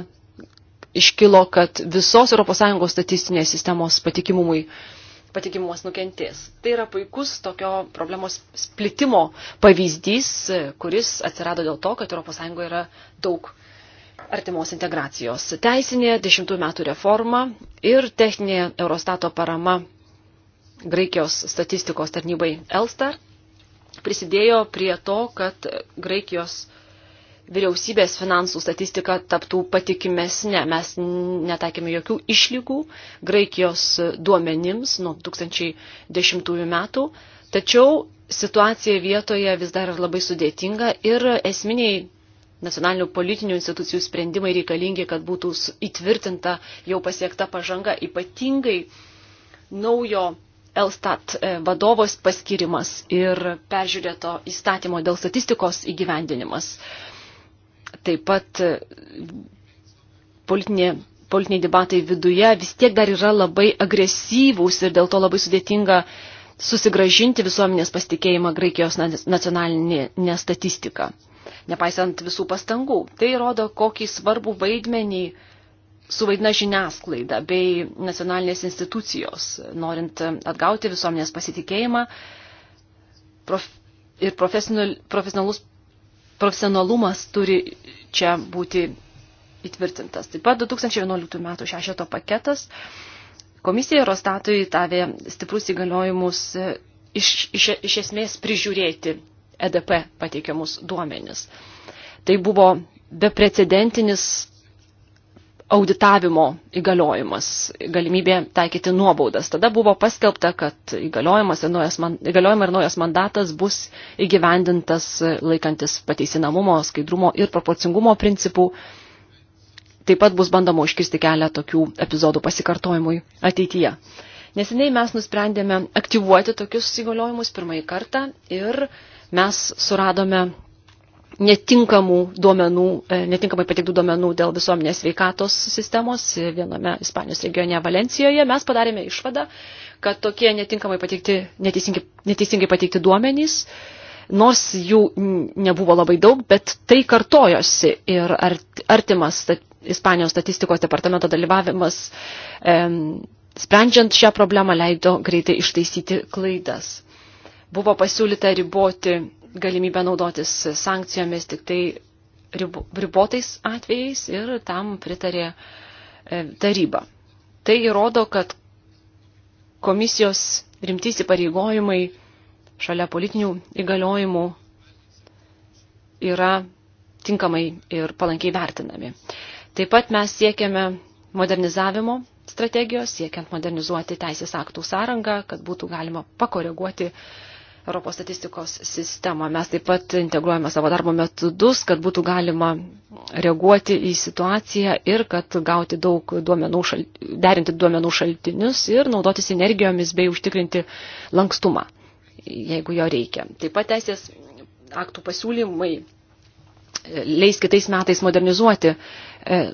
iškilo, kad visos ES statistinės sistemos patikimumui patikimumas nukentės. Tai yra puikus tokio problemos splitimo pavyzdys, kuris atsirado dėl to, kad ES yra daug artimos integracijos. Teisinė 10 metų reforma ir techninė Eurostato parama Graikijos statistikos tarnybai Elstar prisidėjo prie to, kad Graikijos vyriausybės finansų statistika taptų patikimesnė. Mes netaikėme jokių išlygų Graikijos duomenims nuo 2010 metų, tačiau situacija vietoje vis dar yra labai sudėtinga ir esminiai nacionalinių politinių institucijų sprendimai reikalingi, kad būtų įtvirtinta jau pasiekta pažanga, ypatingai naujo Elstat e, vadovos paskirimas ir peržiūrėto įstatymo dėl statistikos įgyvendinimas. Taip pat e, politinė, politiniai debatai viduje vis tiek dar yra labai agresyvūs ir dėl to labai sudėtinga uh, susigražinti visuomenės pasitikėjimą Graikijos nacionalinė statistika, nepaisant visų pastangų. Tai rodo, kokį svarbų vaidmenį suvaidina žiniasklaida bei nacionalinės institucijos, norint atgauti visuomenės pasitikėjimą prof, ir profesionalus, profesionalumas turi čia būti įtvirtintas. Taip pat 2011 m. šešeto paketas Komisija Eurostatui davė stiprus įgaliojimus e, iš, iš, iš esmės prižiūrėti EDP pateikiamus duomenis. Tai buvo beprecedentinis auditavimo įgaliojimas, galimybė taikyti nuobaudas. Tada buvo paskelbta, kad įgaliojimas ir naujas, man, įgaliojimai ir naujas mandatas bus įgyvendintas laikantis pateisinamumo, skaidrumo ir proporcingumo principų taip pat bus bandoma užkirsti kelią tokių epizodų pasikartojimui ateityje. Neseniai mes nusprendėme aktyvuoti tokius įgaliojimus pirmąjį kartą ir mes suradome netinkamų duomenų, e, netinkamai patiktų duomenų dėl visuomenės sveikatos sistemos viename Ispanijos regione Valencijoje. Mes padarėme išvadą, kad tokie netinkamai patikti, neteisingai, neteisingai patikti duomenys, nors jų nebuvo labai daug, bet tai kartojosi ir artimas Ispanijos statistikos departamento dalyvavimas e, sprendžiant šią problemą leido greitai ištaisyti klaidas. Buvo pasiūlyta riboti galimybę naudotis sankcijomis tik tai ribotais atvejais ir tam pritarė e, taryba. Tai įrodo, kad komisijos rimtys įpareigojimai šalia politinių įgaliojimų yra tinkamai ir palankiai vertinami. Taip pat mes siekiame modernizavimo strategijos, siekiant modernizuoti teisės aktų sąrangą, kad būtų galima pakoreguoti Europos statistikos sistemą. Mes taip pat integruojame savo darbo metodus, kad būtų galima reaguoti į situaciją ir kad gauti daug duomenų, šal... derinti duomenų šaltinius ir naudoti sinergijomis bei užtikrinti lankstumą, jeigu jo reikia. Taip pat teisės aktų pasiūlymai leis kitais metais modernizuoti uh, E,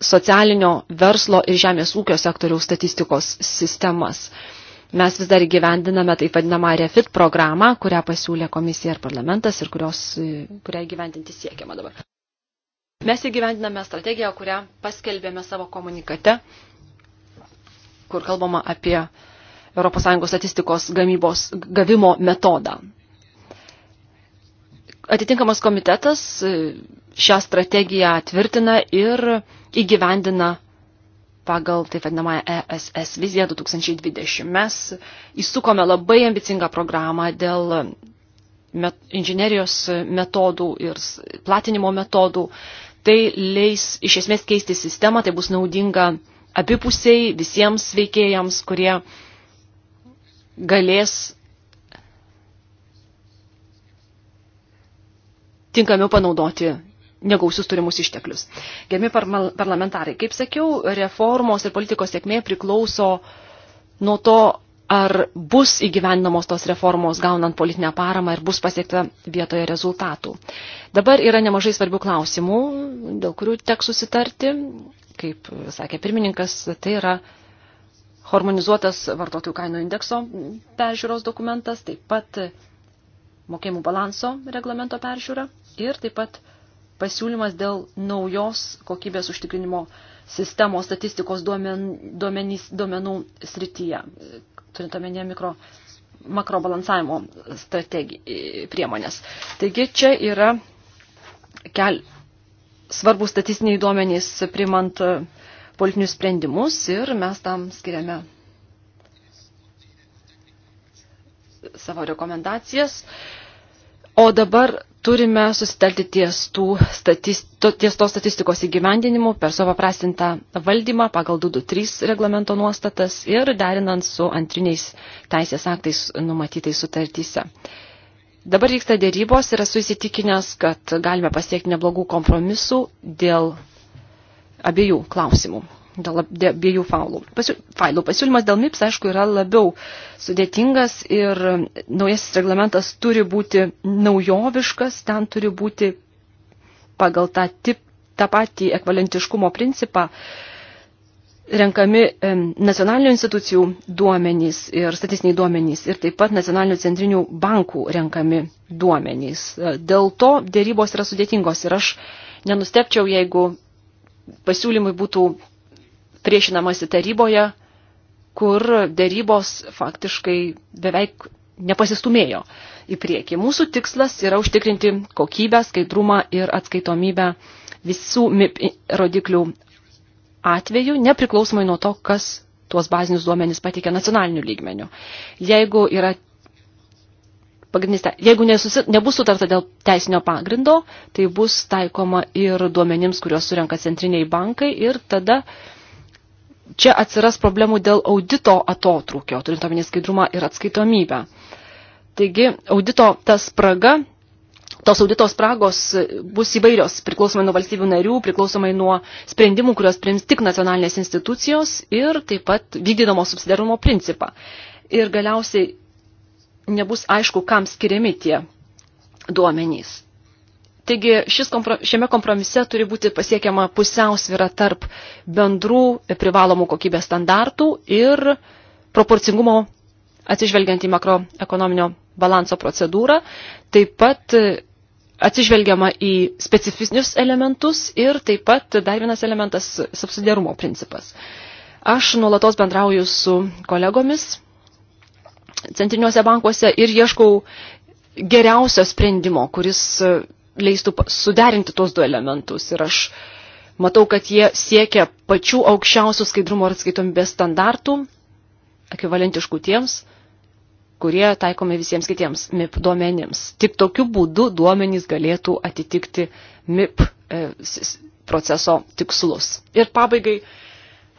socialinio verslo ir žemės ūkio sektoriaus statistikos sistemas. Mes vis dar gyvendiname taip vadinamą REFIT programą, kurią pasiūlė komisija ir parlamentas ir kurios, e, kurią gyvendinti siekiama dabar. Mes įgyvendiname strategiją, kurią paskelbėme savo komunikate, kur kalbama apie ES statistikos gamybos gavimo metodą. Atitinkamas komitetas e, šią strategiją tvirtina ir įgyvendina pagal taip vadinamą ESS viziją 2020. Mes įsukome labai ambicingą programą dėl met, inžinerijos metodų ir platinimo metodų. Tai leis iš esmės keisti sistemą, tai bus naudinga abipusiai visiems veikėjams, kurie galės tinkamiau panaudoti negausius turimus išteklius. Gerbiami parlamentarai, kaip sakiau, reformos ir politikos sėkmė priklauso nuo to, ar bus įgyvendinamos tos reformos gaunant politinę paramą ir bus pasiekta vietoje rezultatų. Dabar yra nemažai svarbių klausimų, dėl kurių teks susitarti. Kaip sakė pirmininkas, tai yra harmonizuotas vartotojų kainų indekso peržiūros dokumentas, taip pat mokėjimų balanso reglamento peržiūra ir taip pat pasiūlymas dėl naujos kokybės užtikrinimo sistemos statistikos duomen, duomenys, duomenų srityje, turint omenyje mikro, makrobalansavimo priemonės. Taigi čia yra kel, svarbus statistiniai duomenys primant politinius sprendimus ir mes tam skiriame savo rekomendacijas. O dabar turime susitelti ties, tų statist, ties tos statistikos įgyvendinimu per savo prastintą valdymą pagal 223 reglamento nuostatas ir derinant su antriniais teisės aktais numatytais sutartyse. Dabar vyksta dėrybos ir esu įsitikinęs, kad galime pasiekti neblogų kompromisų dėl abiejų klausimų dėl abiejų failų. failų. Pasiūlymas dėl MIPS, aišku, yra labiau sudėtingas ir naujasis reglamentas turi būti naujoviškas, ten turi būti pagal tą, tip, tą patį ekvalentiškumo principą renkami nacionalinių institucijų duomenys ir statistiniai duomenys ir taip pat nacionalinių centrinių bankų renkami duomenys. E, dėl to dėrybos yra sudėtingos ir aš nenustepčiau, jeigu pasiūlymai būtų priešinamasi taryboje, kur dėrybos faktiškai beveik nepasistumėjo į priekį. Mūsų tikslas yra užtikrinti kokybę, skaidrumą ir atskaitomybę visų MIP rodiklių atveju, nepriklausomai nuo to, kas tuos bazinius duomenys pateikia nacionaliniu lygmeniu. Jeigu yra pagrindinis, jeigu nesusi, nebus sutarta dėl teisinio pagrindo, tai bus taikoma ir duomenims, kuriuos surenka centriniai bankai ir tada uh, čia atsiras problemų dėl audito atotrūkio, turint omeny skaidrumą ir atskaitomybę. Taigi, audito ta spraga, tos audito spragos bus įvairios, priklausomai nuo valstybių narių, priklausomai nuo sprendimų, kurios priims tik nacionalinės institucijos ir taip pat vykdydamos subsidarumo principą. Ir galiausiai nebus aišku, kam skiriami tie duomenys. Taigi komprom šiame kompromise turi būti pasiekiama pusiausvyra tarp bendrų privalomų kokybės standartų ir proporcingumo atsižvelgiant į makroekonominio balanso procedūrą, taip pat atsižvelgiama į specifinius elementus ir taip pat dar vienas elementas subsidiarumo principas. Aš nuolatos bendrauju su kolegomis centriniuose bankuose ir ieškau geriausio sprendimo, kuris leistų suderinti tuos du elementus. Ir aš matau, kad jie siekia pačių aukščiausių skaidrumo ir atskaitomybės standartų, ekvivalentiškų tiems, kurie taikomi visiems kitiems MIP duomenims. Tik tokiu būdu duomenys galėtų atitikti MIP e, proceso tikslus. Ir pabaigai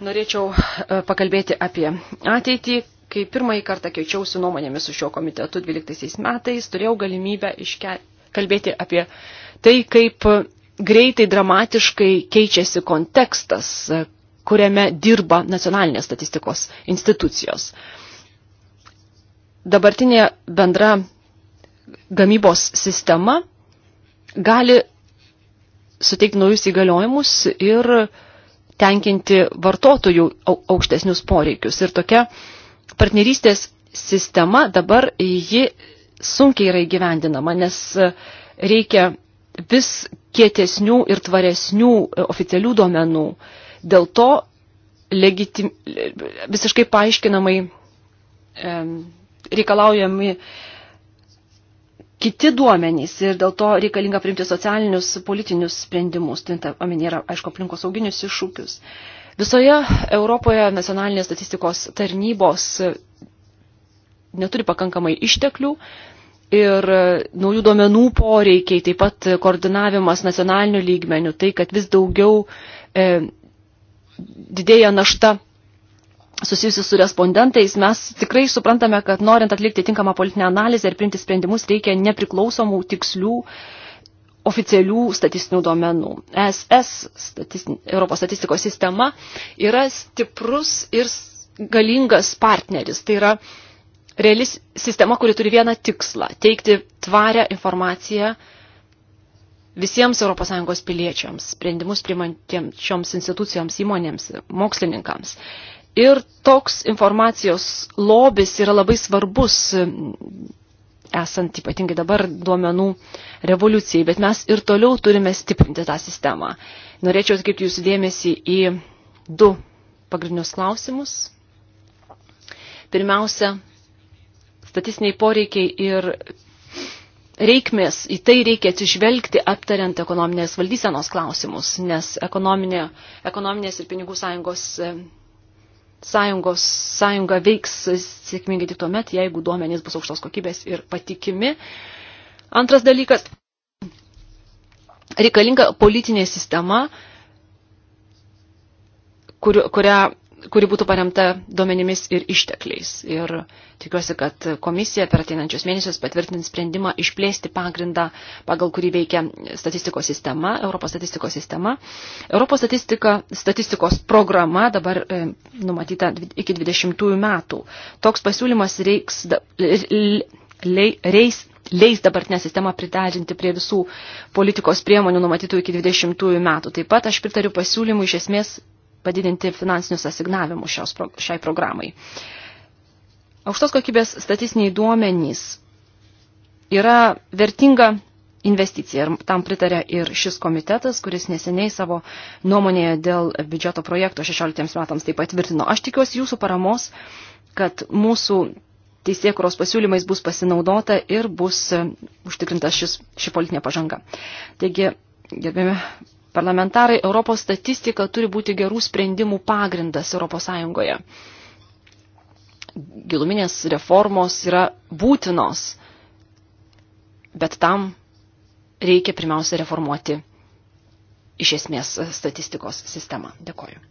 norėčiau e, pakalbėti apie ateitį. Kai pirmąjį kartą keičiausi nuomonėmis su šiuo komitetu 12 metais, turėjau galimybę iške, kalbėti apie tai, kaip greitai, dramatiškai keičiasi kontekstas, kuriame dirba nacionalinės statistikos institucijos. Dabartinė bendra gamybos sistema gali suteikti naujus įgaliojimus ir tenkinti vartotojų aukštesnius poreikius. Ir tokia partnerystės sistema dabar ji sunkiai yra įgyvendinama, nes e, reikia vis kietesnių ir tvaresnių e, oficialių duomenų. Dėl to legitim, e, visiškai paaiškinamai e, reikalaujami kiti duomenys ir dėl to reikalinga priimti socialinius politinius sprendimus, tai omenyje yra, aišku, aplinkos sauginius iššūkius. Visoje Europoje nacionalinės statistikos tarnybos neturi pakankamai išteklių ir e, naujų duomenų poreikiai, taip pat koordinavimas nacionaliniu lygmeniu, tai kad vis daugiau e, didėja našta susijusi su respondentais, mes tikrai suprantame, kad norint atlikti tinkamą politinę analizę ir priimti sprendimus, reikia nepriklausomų tikslių oficialių statistinių duomenų. SS, e statistin, Europos statistikos sistema, yra stiprus ir galingas partneris. Tai yra reali sistema, kuri turi vieną tikslą – teikti tvarią informaciją visiems ES piliečiams, sprendimus primantiems institucijoms, įmonėms, mokslininkams. Ir toks informacijos lobis yra labai svarbus, esant ypatingai dabar duomenų revoliucijai, bet mes ir toliau turime stiprinti tą sistemą. Norėčiau atkreipti jūsų dėmesį į du pagrindinius klausimus. Pirmiausia, statistiniai poreikiai ir reikmės, į tai reikia atsižvelgti aptariant ekonominės valdysenos klausimus, nes ekonominė, ekonominės ir pinigų sąjungos, e, sąjungos sąjunga veiks sėkmingai tik tuomet, jeigu duomenys bus aukštos kokybės ir patikimi. Antras dalykas reikalinga politinė sistema, kur, kurią kuri būtų paremta duomenimis ir ištekliais. Ir tikiuosi, kad komisija per ateinančius mėnesius patvirtins sprendimą išplėsti pagrindą, pagal kurį veikia statistikos sistema, Europos statistikos sistema. Europos statistika, statistikos programa dabar e, numatyta iki 20 metų. Toks pasiūlymas reiks, reis, leis dabartinę sistemą pritažinti prie visų politikos priemonių numatytų iki 20 metų. Taip pat aš pritariu pasiūlymui iš esmės padidinti finansinius asignavimus šios, šiai programai. Aukštos kokybės statistiniai duomenys yra vertinga investicija ir tam pritarė ir šis komitetas, kuris neseniai savo nuomonėje dėl biudžeto projekto 16 metams tai patvirtino. Aš tikiuosi jūsų paramos, kad mūsų teisėkuros pasiūlymais bus pasinaudota ir bus užtikrinta šis, ši politinė pažanga. Taigi, gerbėme Parlamentarai Europos statistika turi būti gerų sprendimų pagrindas Europos Sąjungoje. Giluminės reformos yra būtinos, bet tam reikia pirmiausia reformuoti iš esmės statistikos sistemą. Dėkoju.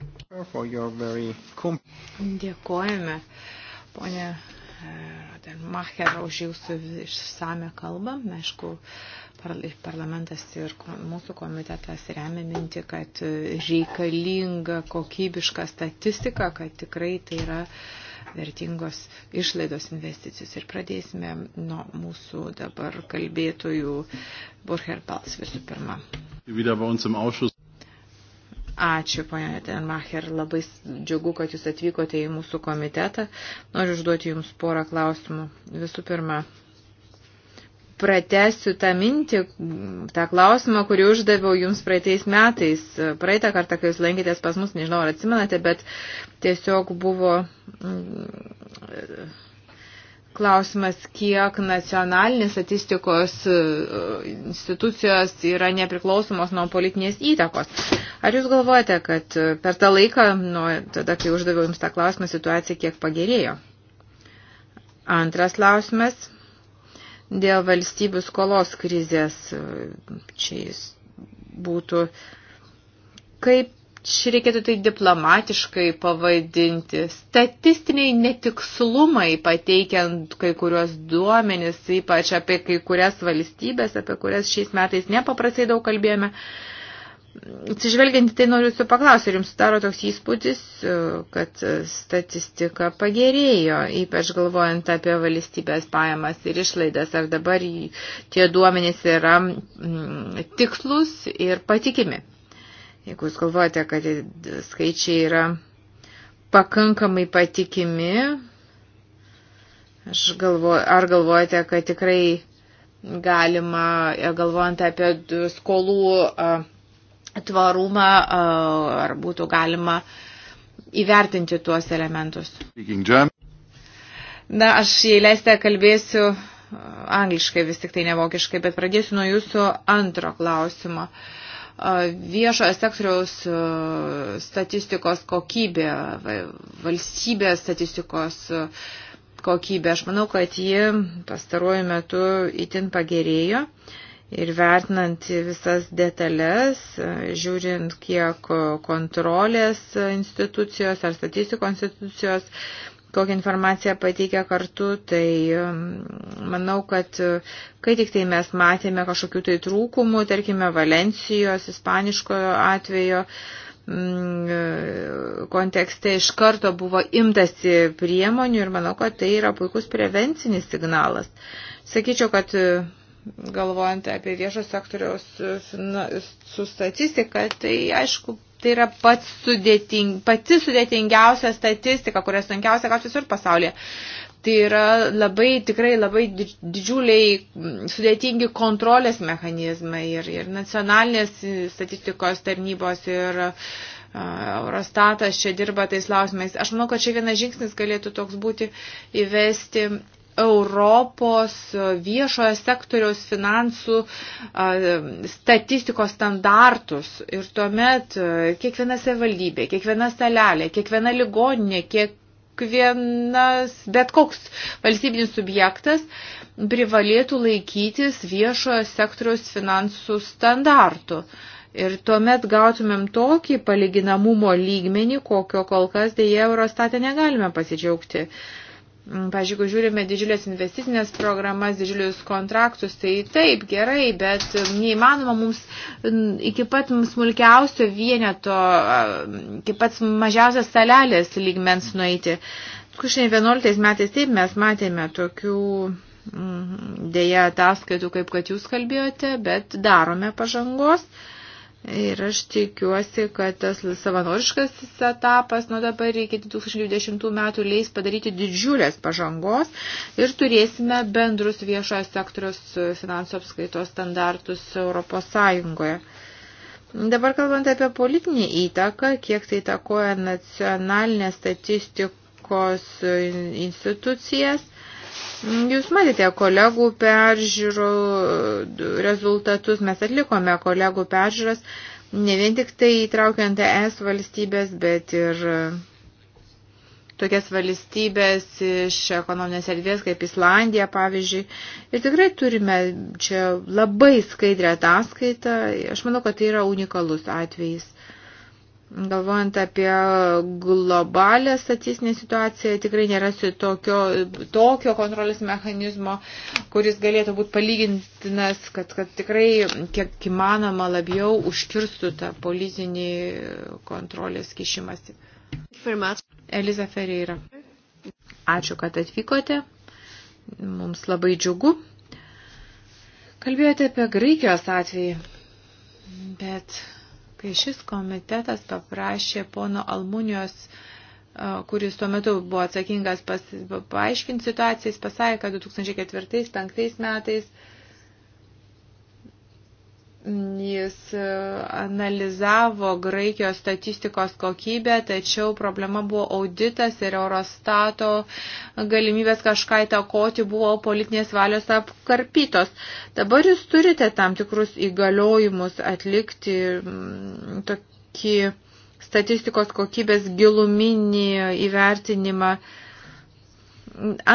Dėkojame, ponė e, Rodenmacher, už jūsų išsame kalbą. Aišku, parlamentas ir mūsų komitetas remia minti, kad reikalinga kokybiška statistika, kad tikrai tai yra vertingos išlaidos investicijos. Ir pradėsime nuo mūsų dabar kalbėtojų Burher Pals visų pirma. Ačiū, ponia Tenmacher, labai džiugu, kad jūs atvykote į mūsų komitetą. Noriu užduoti jums porą klausimų. Visų pirma, pratesiu tą mintį, tą klausimą, kurį uždaviau jums praeitais metais. Praeitą kartą, kai jūs lankėtės pas mus, nežinau, ar atsimenate, bet tiesiog buvo mm, klausimas, kiek nacionalinės statistikos e, institucijos yra nepriklausomos nuo politinės įtakos. Ar jūs galvojate, kad per tą laiką, nuo tada, kai uždaviau jums tą klausimą, situacija kiek pagerėjo? Antras klausimas dėl valstybių skolos krizės. Čia jis būtų. Kaip čia reikėtų tai diplomatiškai pavadinti? Statistiniai netikslumai pateikiant kai kuriuos duomenis, ypač apie kai kurias valstybės, apie kurias šiais metais nepaprastai daug kalbėjome. Uh, atsižvelgiant tai noriu jūsų paklausti, ar jums daro toks įspūdis, e, kad statistika pagerėjo, ypač galvojant apie valstybės pajamas ir išlaidas, ar dabar tie duomenys yra mm, tikslus ir patikimi. Jeigu jūs galvojate, kad skaičiai yra pakankamai patikimi, aš galvoju, ar galvojate, kad tikrai galima, e, galvojant apie skolų tvarumą, ar būtų galima įvertinti tuos elementus. Na, aš jei leistę kalbėsiu angliškai, vis tik tai nevokiškai, bet pradėsiu nuo jūsų antro klausimo. Viešojo sektoriaus statistikos kokybė, valstybės statistikos kokybė, aš manau, kad ji pastaruoju metu itin pagerėjo. Uh, ir vertinant visas detalės, žiūrint, kiek kontrolės institucijos ar statistikos institucijos kokią informaciją pateikia kartu, tai um, manau, kad uh, kai tik tai mes matėme kažkokių tai trūkumų, tarkime, Valencijos, ispaniškojo atvejo, mm, uh, kontekste iš karto buvo imtasi priemonių ir manau, kad tai yra puikus prevencinis signalas. Sakyčiau, kad uh, galvojant apie viešo sektoriaus e, su statistika, tai aišku, tai yra pats sudėting, pati sudėtingiausia statistika, kurią sunkiausia gauti visur pasaulyje. Tai yra labai, tikrai labai didžiuliai sudėtingi kontrolės mechanizmai ir, ir nacionalinės statistikos tarnybos ir uh, Eurostatas čia dirba tais lausimais. Aš manau, kad čia vienas žingsnis galėtų toks būti įvesti Europos viešojo sektoriaus finansų statistikos standartus. Ir tuomet kiekviena savivaldybė, kiekviena salelė, kiekviena ligoninė, kiekvienas, bet koks valstybinis subjektas privalėtų laikytis viešojo sektoriaus finansų standartų. Ir tuomet gautumėm tokį palyginamumo lygmenį, kokio kol kas dėje Eurostate negalime pasidžiaugti. Uh, Mm, pavyzdžiui, jeigu žiūrime didžiulės investicinės programas, didžiulius kontraktus, tai taip, gerai, bet mm, neįmanoma mums mm, iki pat smulkiausio vieneto, iki pat mažiausios salelės lygmens nueiti. 2011 metais taip mes matėme tokių dėja ataskaitų, kaip kad jūs kalbėjote, bet darome pažangos. Ir aš tikiuosi, kad tas savanoriškas etapas nuo dabar iki 2020 metų leis padaryti didžiulės pažangos ir turėsime bendrus viešojo sektoriaus finansų apskaitos standartus Europos Sąjungoje. Dabar kalbant apie politinį įtaką, kiek tai takoja nacionalinės statistikos institucijas, Jūs matėte kolegų peržiūrų rezultatus, mes atlikome kolegų peržiūras, ne vien tik tai įtraukiant ES valstybės, bet ir tokias valstybės iš ekonominės erdvės kaip Islandija, pavyzdžiui. Ir tikrai turime čia labai skaidrę ataskaitą. Aš manau, kad tai yra unikalus atvejis. Galvojant apie globalę statistinę situaciją, tikrai nėra tokio, tokio kontrolės mechanizmo, kuris galėtų būti palygintinas, kad, kad tikrai kiek įmanoma labiau užkirstų tą politinį kontrolės kišimąsi. Eliza Ferreira. Ačiū, kad atvykote. Mums labai džiugu. Kalbėjote apie Graikijos atvejį, bet Kai šis komitetas paprašė pono Almunijos kuris tuo metu buvo atsakingas pas, paaiškinti situaciją, jis pasakė, kad 2004-2005 metais Jis e, analizavo Graikijos statistikos kokybę, tačiau problema buvo auditas ir Eurostato galimybės kažką įtakoti buvo politinės valios apkarpytos. Dabar jūs turite tam tikrus įgaliojimus atlikti mm, tokį statistikos kokybės giluminį įvertinimą.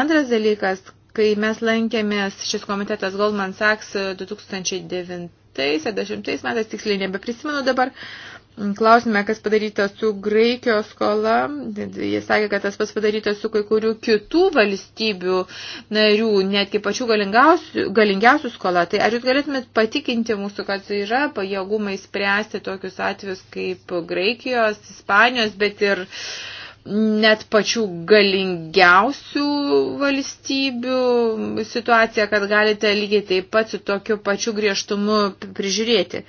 Antras dalykas, kai mes lankėmės šis komitetas Goldman Sachs 2009 e, 2010 metais, tiksliai nebeprisimenu dabar, Klausime, kas padaryta su Graikijos skola. Jis sakė, kad tas pas padaryta su kai kurių kitų valstybių narių, netgi pačių galingiausių, galingiausių skola. Tai ar jūs galėtumėt patikinti mūsų, kad yra pajėgumai spręsti tokius atvejus kaip Graikijos, Ispanijos, bet ir uh, net pačių galingiausių valstybių situaciją, kad galite lygiai taip pat su tokiu pačiu griežtumu prižiūrėti.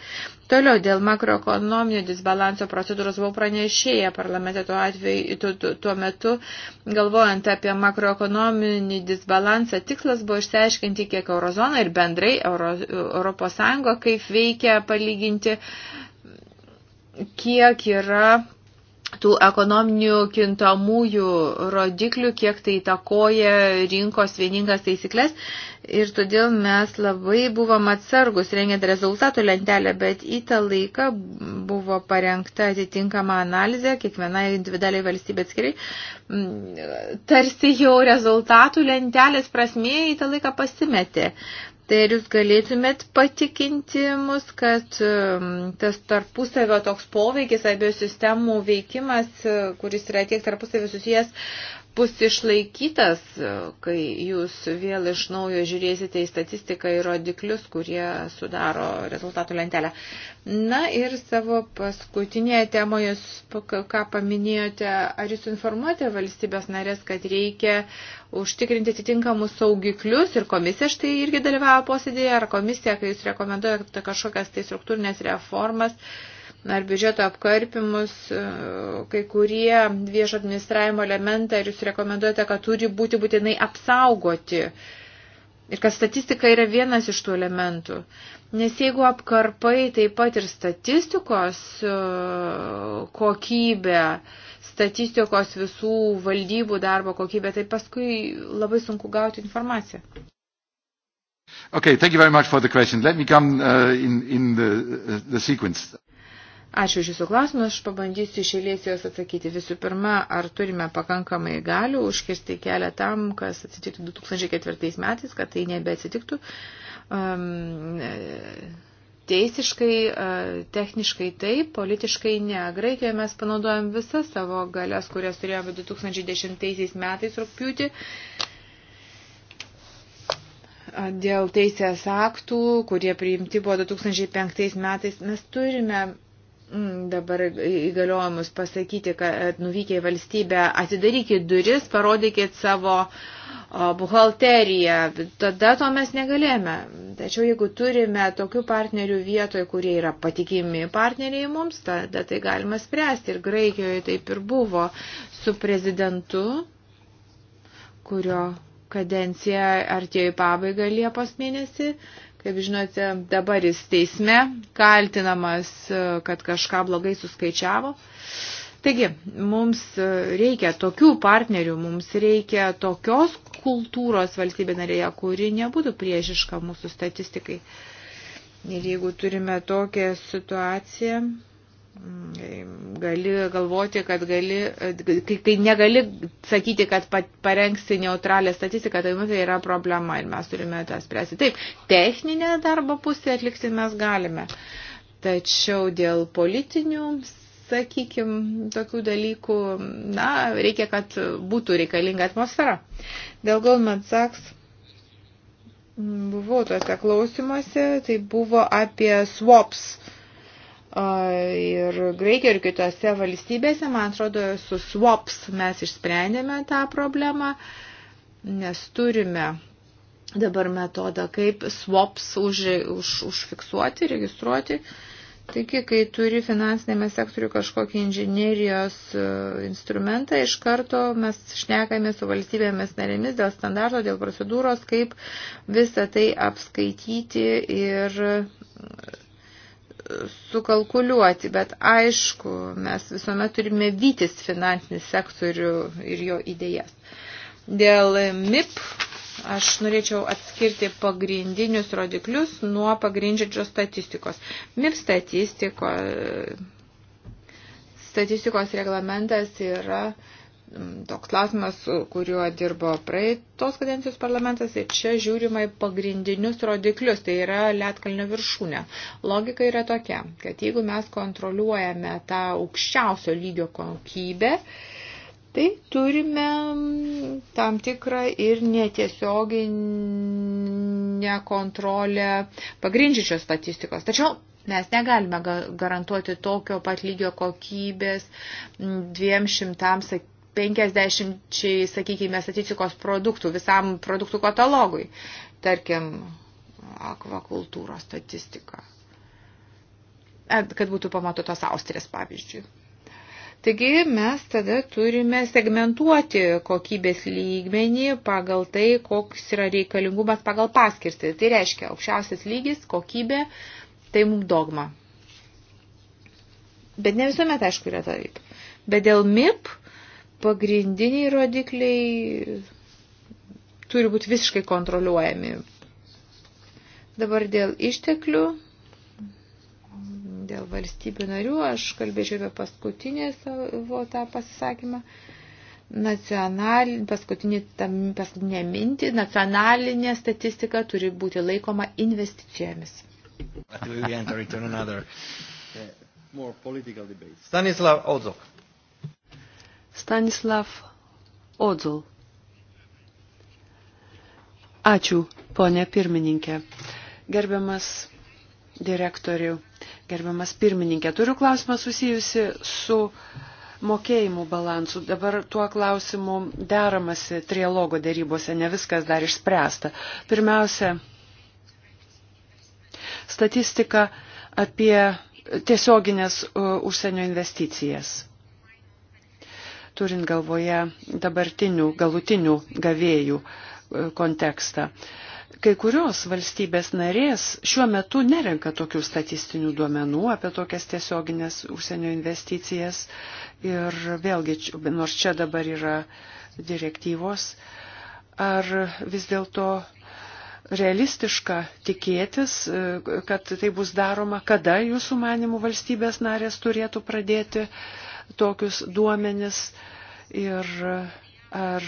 Toliau dėl makroekonominio disbalanso procedūros buvau pranešėję parlamente tuo, atveju, tuo, tuo, tuo metu, galvojant apie makroekonominį disbalansą, tikslas buvo išsiaiškinti, kiek eurozona ir bendrai Euro, Europos Sąjungo kaip veikia palyginti, kiek yra tų ekonominių kintamųjų rodiklių, kiek tai įtakoja rinkos vieningas taisyklės. Ir todėl mes labai buvom atsargus rengiant rezultatų lentelę, bet į tą laiką buvo parengta atitinkama analizė, kiekvienai individualiai valstybė atskiriai. Tarsi jau rezultatų lentelės prasmė į tą laiką pasimetė. Tai ar jūs galėtumėt patikinti mus, kad um, tas tarpusavio toks poveikis abiejų sistemų veikimas, uh, kuris yra tiek tarpusavio susijęs, bus išlaikytas, e, kai jūs vėl iš naujo žiūrėsite į statistiką ir rodiklius, kurie sudaro rezultatų lentelę. Na ir savo paskutinėje temoje, ką paminėjote, ar jūs informuojate valstybės narės, kad reikia užtikrinti atitinkamus saugiklius ir komisija štai irgi dalyvavo posėdėje, ar komisija, kai jūs rekomenduojate kažkokias tai struktūrinės reformas, uh, ar biudžeto apkarpimus, e, kai kurie viešo administravimo elementai, ar jūs rekomenduojate, kad turi būti būtinai apsaugoti. Ir kad statistika yra vienas iš tų elementų. Nes jeigu apkarpai taip pat ir statistikos e, kokybę, statistikos visų valdybų darbo kokybę, tai paskui labai sunku gauti informaciją. Okay, thank you very much for the question. Let me come uh, in, in the, uh, the sequence. Ačiū iš jūsų klausimą, aš pabandysiu iš eilės juos atsakyti. Visų pirma, ar turime pakankamai galių užkirsti kelią tam, kas atsitiktų 2004 metais, kad tai nebeatsitiktų. Um, Teisiškai, techniškai taip, politiškai ne. Graikijoje mes panaudojom visas savo galias, kurias turėjome 2010 metais rūpjūti dėl teisės aktų, kurie priimti buvo 2005 metais, mes turime Mm, dabar įgaliojimus pasakyti, kad nuvykę į valstybę atidarykit duris, parodykit savo buhalteriją. Tada to mes negalėjome. Tačiau jeigu turime tokių partnerių vietoje, kurie yra patikimi partneriai mums, tada tai galima spręsti. Ir Graikijoje taip ir buvo su prezidentu, kurio kadencija artėjo į pabaigą Liepos mėnesį. Uh, Kaip žinote, dabar jis teisme kaltinamas, kad kažką blogai suskaičiavo. Taigi, mums reikia tokių partnerių, mums reikia tokios kultūros valstybė narėje, kuri nebūtų priešiška mūsų statistikai. Ir jeigu turime tokią situaciją, Mm, gali galvoti, kad gali, kai, kai negali sakyti, kad parengsi neutralią statistiką, tai, nu, tai yra problema ir mes turime tą spręsti. Taip, techninę darbo pusę atlikti mes galime, tačiau dėl politinių sakykime, tokių dalykų, na, reikia, kad būtų reikalinga atmosfera. Dėl Goldman Sachs mm, buvau tuose klausimuose, tai buvo apie swaps, ir Graikijoje, ir kitose valstybėse, man atrodo, su swaps mes išsprendėme tą problemą, nes turime dabar metodą, kaip swaps už, už, užfiksuoti, registruoti. Taigi, kai turi finansinėme sektoriu kažkokį inžinierijos e, instrumentą, iš karto mes šnekame su valstybėmis narėmis dėl standarto, dėl procedūros, kaip visą tai apskaityti ir sukalkuliuoti, bet aišku, mes visuomet turime vytis finansinį sektorių ir jo idėjas. Dėl MIP aš norėčiau atskirti pagrindinius rodiklius nuo pagrindžiančios statistikos. MIP statistiko, statistikos reglamentas yra uh, toks klausimas, kuriuo dirbo praeitos kadencijos parlamentas ir tai čia žiūrima į pagrindinius rodiklius, tai yra Lietkalnio viršūnė. Logika yra tokia, kad jeigu mes kontroliuojame tą aukščiausio lygio kokybę, tai turime mm, tam tikrą ir netiesioginę kontrolę pagrindžičios statistikos. Tačiau Mes negalime garantuoti tokio pat lygio kokybės mm, dviem šimtams, 50, sakykime, statistikos produktų, visam produktų katalogui, tarkim, akvakultūros statistika, e, kad būtų pamatotos Austrės, pavyzdžiui. Taigi mes tada turime segmentuoti kokybės lygmenį pagal tai, koks yra reikalingumas pagal paskirtį. Tai reiškia, aukščiausias lygis, kokybė, tai mums dogma. Bet ne visuomet, aišku, yra taip. Bet dėl MIP pagrindiniai rodikliai turi būti visiškai kontroliuojami. Dabar dėl išteklių, dėl valstybių narių, aš kalbėčiau apie paskutinę savo tą pasisakymą, Nacional, paskutinį, tam, paskutinę mintį, nacionalinė statistika turi būti laikoma investicijomis. Uh, Stanislav Ozok. Stanislav Odzul. Ačiū, ponė pirmininkė. Gerbiamas direktorių, gerbiamas pirmininkė, turiu klausimą susijusi su mokėjimų balansų. Dabar tuo klausimu deramasi trialogo darybose, ne viskas dar išspręsta. Pirmiausia, statistika apie tiesioginės uh, užsienio investicijas turint galvoje dabartinių galutinių gavėjų e, kontekstą. Kai kurios valstybės narės šiuo metu nerenka tokių statistinių duomenų apie tokias tiesioginės užsienio investicijas ir vėlgi, nors čia dabar yra direktyvos, ar vis dėlto realistiška tikėtis, e, kad tai bus daroma, kada jūsų manimų valstybės narės turėtų pradėti uh, tokius duomenis ir ar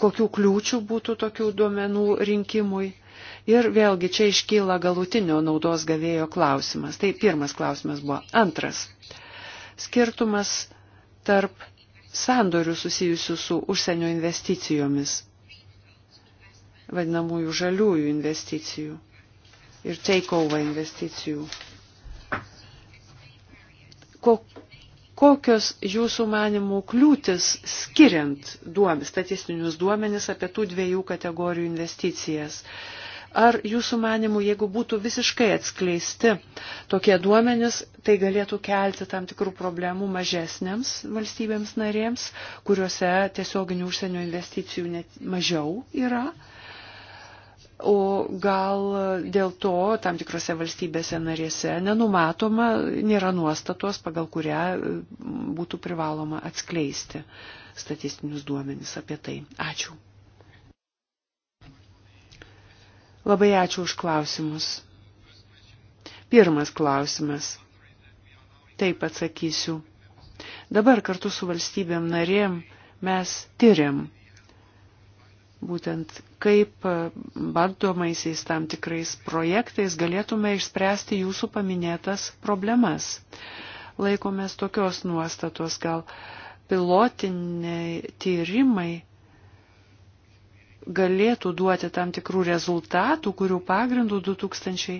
kokių kliūčių būtų tokių duomenų rinkimui. Ir vėlgi čia iškyla galutinio naudos gavėjo klausimas. Tai pirmas klausimas buvo. Antras. Skirtumas tarp sandorių susijusių su užsienio investicijomis, vadinamųjų žaliųjų investicijų ir takeover investicijų kokios jūsų manimų kliūtis skiriant duomis, statistinius duomenis apie tų dviejų kategorijų investicijas. Ar jūsų manimų, jeigu būtų visiškai atskleisti tokie duomenys, tai galėtų kelti tam tikrų problemų mažesnėms valstybėms narėms, kuriuose tiesioginių užsienio investicijų net mažiau yra? Uh, O gal dėl to tam tikrose valstybėse narėse nenumatoma, nėra nuostatos, pagal kurią būtų privaloma atskleisti statistinius duomenys apie tai. Ačiū. Labai ačiū už klausimus. Pirmas klausimas. Taip atsakysiu. Dabar kartu su valstybėm narėm mes tyriam būtent kaip bandomaisiais tam tikrais projektais galėtume išspręsti jūsų paminėtas problemas. Laikomės tokios nuostatos, gal pilotiniai tyrimai galėtų duoti tam tikrų rezultatų, kurių pagrindų 2000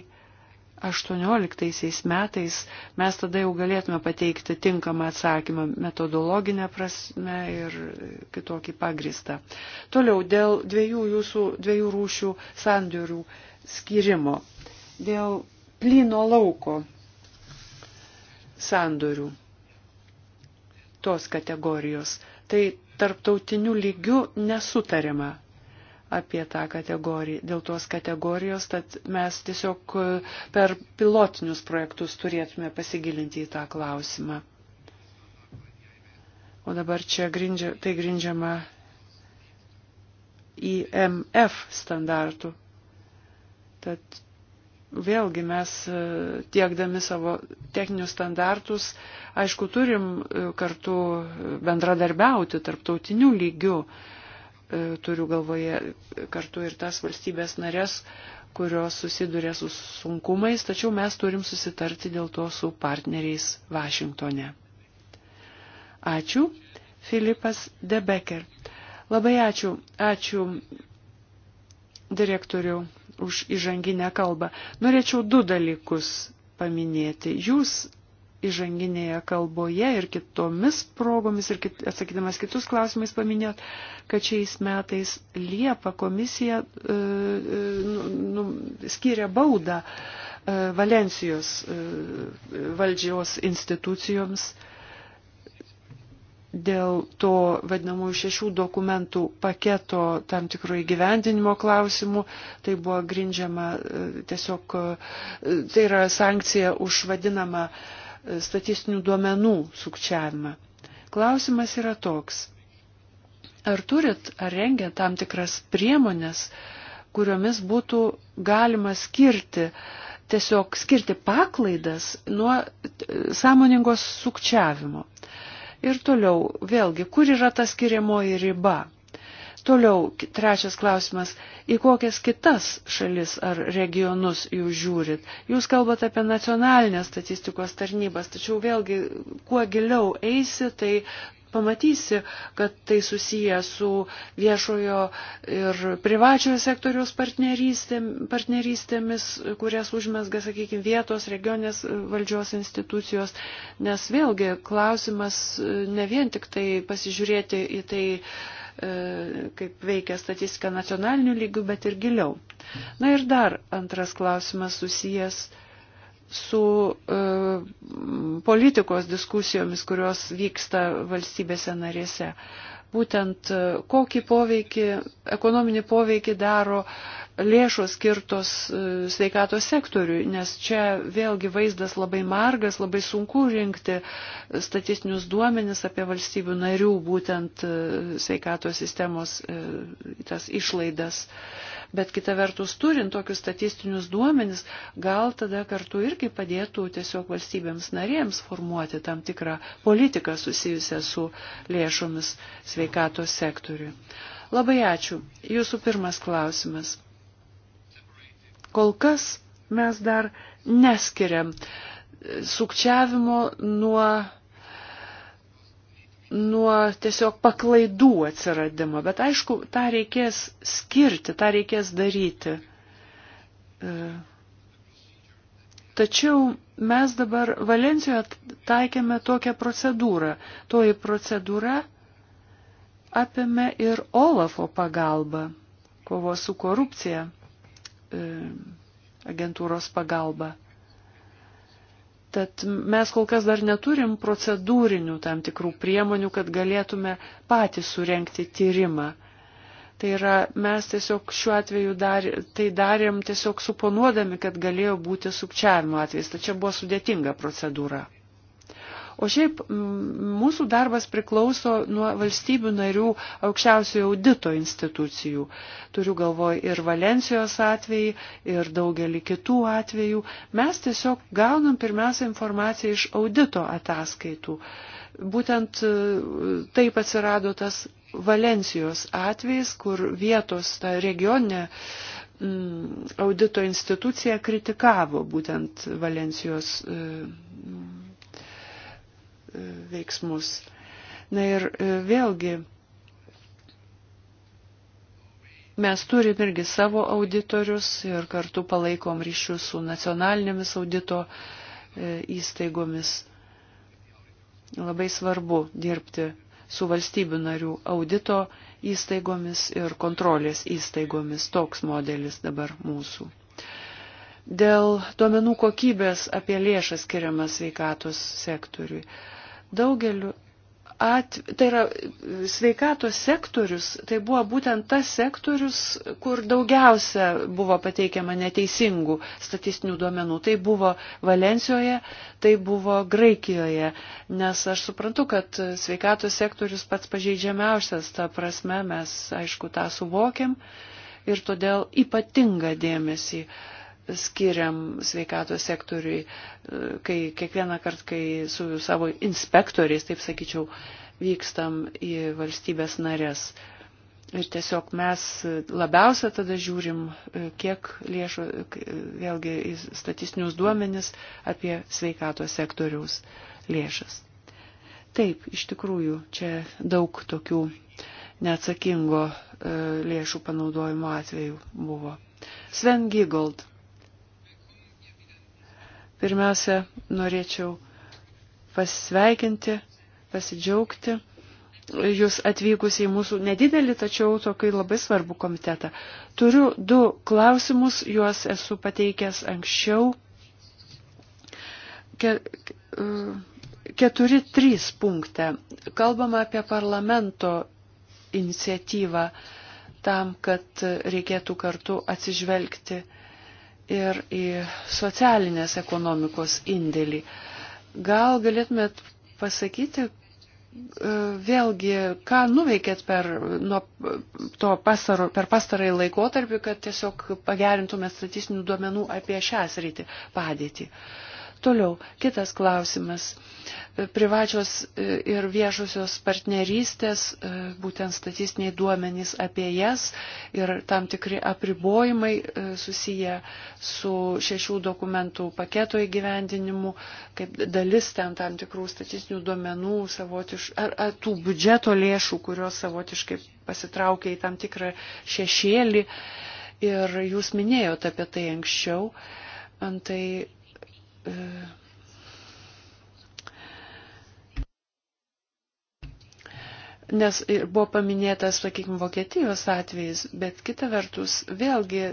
18 metais mes tada jau galėtume pateikti tinkamą atsakymą metodologinę prasme ir kitokį pagristą. Toliau dėl dviejų jūsų dviejų rūšių sandorių skirimo. Dėl plyno lauko sandorių tos kategorijos. Tai tarptautiniu lygiu nesutarima apie tą kategoriją, dėl tos kategorijos, tad mes tiesiog e, per pilotinius projektus turėtume pasigilinti į tą klausimą. O dabar čia grindžia, tai grindžiama IMF standartų. Tad vėlgi mes e, tiekdami savo techninius standartus, aišku, turim e, kartu bendradarbiauti tarptautinių lygių, E, turiu galvoje kartu ir tas valstybės narės, kurios susiduria su sunkumais, tačiau mes turim susitarti dėl to su partneriais Vašingtone. Ačiū, Filipas Debeker. Labai ačiū, ačiū direktoriu už įžanginę kalbą. Norėčiau du dalykus paminėti. Jūs įžanginėje kalboje ir kitomis progomis ir kit, atsakydamas kitus klausimais paminėjot, kad šiais metais Liepa komisija e, e nu, nu skiria baudą e, Valencijos e, valdžios institucijoms dėl to vadinamųjų šešių dokumentų paketo tam tikro įgyvendinimo klausimų. Tai buvo grindžiama e, tiesiog, e, tai yra sankcija už vadinamą uh, statistinių duomenų sukčiavimą. Klausimas yra toks. Ar turit, ar rengia tam tikras priemonės, kuriomis būtų galima skirti, tiesiog skirti paklaidas nuo e, sąmoningos sukčiavimo? Ir toliau, vėlgi, kur yra ta skiriamoji riba? Toliau, trečias klausimas, į kokias kitas šalis ar regionus jūs žiūrit? Jūs kalbate apie nacionalinės statistikos tarnybas, tačiau vėlgi, kuo giliau eisi, tai pamatysi, kad tai susiję su viešojo ir privačiojo sektoriaus partnerystėm, partnerystėmis, kurias užmesga, sakykime, vietos regionės e, valdžios institucijos, nes vėlgi klausimas e, ne vien tik tai pasižiūrėti į tai, E, kaip veikia statistika nacionalinių lygių, bet ir giliau. Na ir dar antras klausimas susijęs su e, politikos diskusijomis, kurios vyksta valstybėse narėse būtent e, kokį poveikį, ekonominį poveikį daro lėšos skirtos e, sveikatos sektoriui, nes čia vėlgi vaizdas labai margas, labai sunku rinkti statistinius duomenis apie valstybių narių būtent e, sveikatos sistemos e, tas išlaidas. Bet kita vertus, turint tokius statistinius duomenis, gal tada kartu irgi padėtų tiesiog valstybėms narėms formuoti tam tikrą politiką susijusią su lėšomis sveikatos sektoriui. Labai ačiū. Jūsų pirmas klausimas. Kol kas mes dar neskiriam sukčiavimo nuo, nuo tiesiog paklaidų atsiradimo, bet aišku, tą reikės skirti, tą reikės daryti. E, tačiau mes dabar Valencijoje taikėme tokią procedūrą. Toji procedūra apėmė ir Olafo pagalbą kovo su korupcija. E, agentūros pagalba. Tad mes kol kas dar neturim procedūrinių tam tikrų priemonių, kad galėtume patys surenkti tyrimą. Tai yra, mes tiesiog šiuo atveju dar, tai darėm tiesiog suponuodami, kad galėjo būti sukčiavimo atvejs. Tačiau buvo sudėtinga procedūra. O šiaip mūsų darbas priklauso nuo valstybių narių aukščiausiojo audito institucijų. Turiu galvoj ir Valencijos atvejį, ir daugelį kitų atvejų. Mes tiesiog gaunam pirmiausia informaciją iš audito ataskaitų. Būtent e, taip atsirado tas Valencijos atvejis, kur vietos ta regioninė audito institucija kritikavo būtent Valencijos e, veiksmus. Na ir e, vėlgi mes turim irgi savo auditorius ir kartu palaikom ryšius su nacionalinėmis audito e, įstaigomis. Labai svarbu dirbti su valstybių narių audito įstaigomis ir kontrolės įstaigomis. Toks modelis dabar mūsų. Dėl duomenų kokybės apie lėšas skiriamas sveikatos sektoriui daugeliu atveju, tai yra sveikatos sektorius, tai buvo būtent tas sektorius, kur daugiausia buvo pateikiama neteisingų statistinių duomenų. Tai buvo Valencijoje, tai buvo Graikijoje, nes aš suprantu, kad sveikatos sektorius pats pažeidžiamiausias, ta prasme mes, aišku, tą suvokiam ir todėl ypatingą dėmesį uh, skiriam sveikatos sektoriui, e, kai kiekvieną kartą, kai su savo inspektoriais, taip sakyčiau, vykstam į valstybės narės. Ir tiesiog mes labiausia tada žiūrim, e, kiek lėšų, vėlgi į statistinius duomenis apie sveikatos sektoriaus lėšas. Taip, iš tikrųjų, čia daug tokių neatsakingo e, lėšų panaudojimo atvejų buvo. Sven Gigold. Pirmiausia, norėčiau pasveikinti, pasidžiaugti jūs atvykus į mūsų nedidelį, tačiau tokį labai svarbų komitetą. Turiu du klausimus, juos esu pateikęs anksčiau. Ke, e, keturi trys punktė. Kalbama apie parlamento iniciatyvą tam, kad reikėtų kartu atsižvelgti ir į socialinės ekonomikos indėlį. Gal galėtumėt pasakyti, e, vėlgi, ką nuveikėt per, nuo to pastaro, per pastarąjį laikotarpį, kad tiesiog pagerintumėt statistinių duomenų apie šią sritį padėtį. Uh, Toliau, kitas klausimas. Privačios ir viešosios partnerystės, būtent statistiniai duomenys apie jas ir tam tikri apribojimai e, susiję su šešių dokumentų paketo įgyvendinimu, kaip dalis ten tam tikrų statistinių duomenų, savotiš, ar, ar tų biudžeto lėšų, kurios savotiškai pasitraukia į tam tikrą šešėlį. Ir jūs minėjote apie tai anksčiau. Antai nes ir buvo paminėtas, sakykime, Vokietijos atvejis, bet kita vertus, vėlgi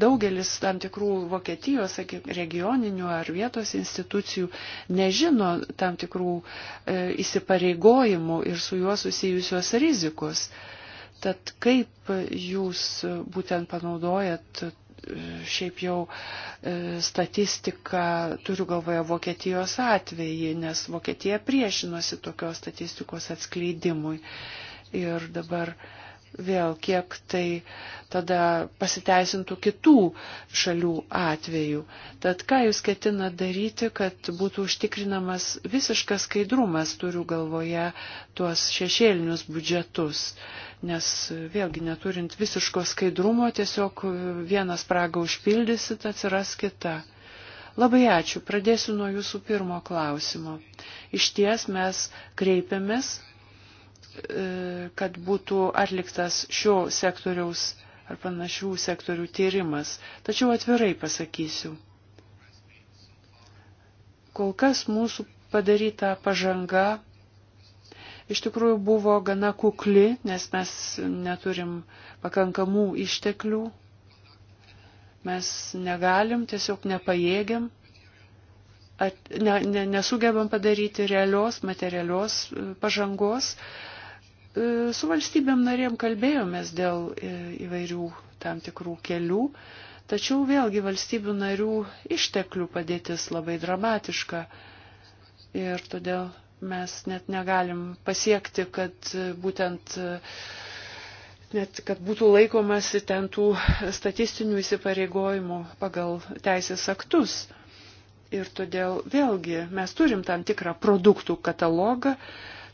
daugelis tam tikrų Vokietijos, sakykime, regioninių ar vietos institucijų nežino tam tikrų e, įsipareigojimų ir su juo susijusios rizikos. Tad kaip jūs būtent panaudojat šiaip jau e, statistiką, turiu galvoje Vokietijos atvejį, nes Vokietija priešinosi tokios statistikos atskleidimui. Ir dabar e, vėl kiek tai tada pasiteisintų kitų šalių atveju. Tad ką jūs ketina daryti, kad būtų užtikrinamas visiškas skaidrumas, turiu galvoje tuos šešėlinius biudžetus, nes vėlgi neturint visiško skaidrumo tiesiog vieną spragą užpildysit, atsiras kita. Labai ačiū, pradėsiu nuo jūsų pirmo klausimo. Iš ties mes kreipiamės E, kad būtų atliktas šio sektoriaus ar panašių sektorių tyrimas. Tačiau atvirai pasakysiu, kol kas mūsų padaryta pažanga iš tikrųjų buvo gana kukli, nes mes neturim pakankamų išteklių, mes negalim, tiesiog nepajėgiam, at, ne, ne, nesugebam padaryti realios materialios e, pažangos, E, su valstybėm narėm kalbėjomės dėl e, įvairių tam tikrų kelių, tačiau vėlgi valstybių narių išteklių padėtis labai dramatiška ir todėl mes net negalim pasiekti, kad e, būtent net kad būtų laikomasi ten tų statistinių įsipareigojimų pagal teisės aktus. Ir todėl vėlgi mes turim tam tikrą produktų katalogą,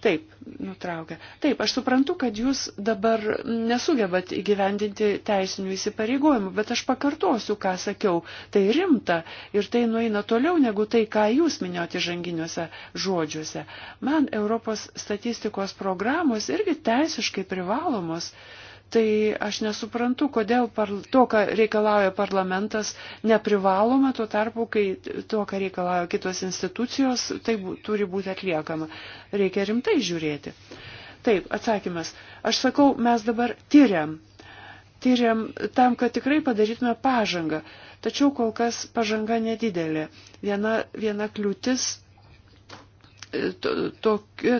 Taip, nutraukia. Taip, aš suprantu, kad jūs dabar nesugebat įgyvendinti teisinių įsipareigojimų, bet aš pakartosiu, ką sakiau. Tai rimta ir tai nueina toliau negu tai, ką jūs minėjote žanginiuose žodžiuose. Man Europos statistikos programos irgi teisiškai privalomos. Uh, tai aš nesuprantu, kodėl par, to, ką reikalauja parlamentas, neprivaloma, tuo tarpu, kai to, ką reikalauja kitos institucijos, tai bu, turi būti atliekama. Reikia rimtai žiūrėti. Taip, atsakymas. Aš sakau, mes dabar tyriam. Tyriam tam, kad tikrai padarytume pažangą. Tačiau kol kas pažanga nedidelė. Viena, viena kliūtis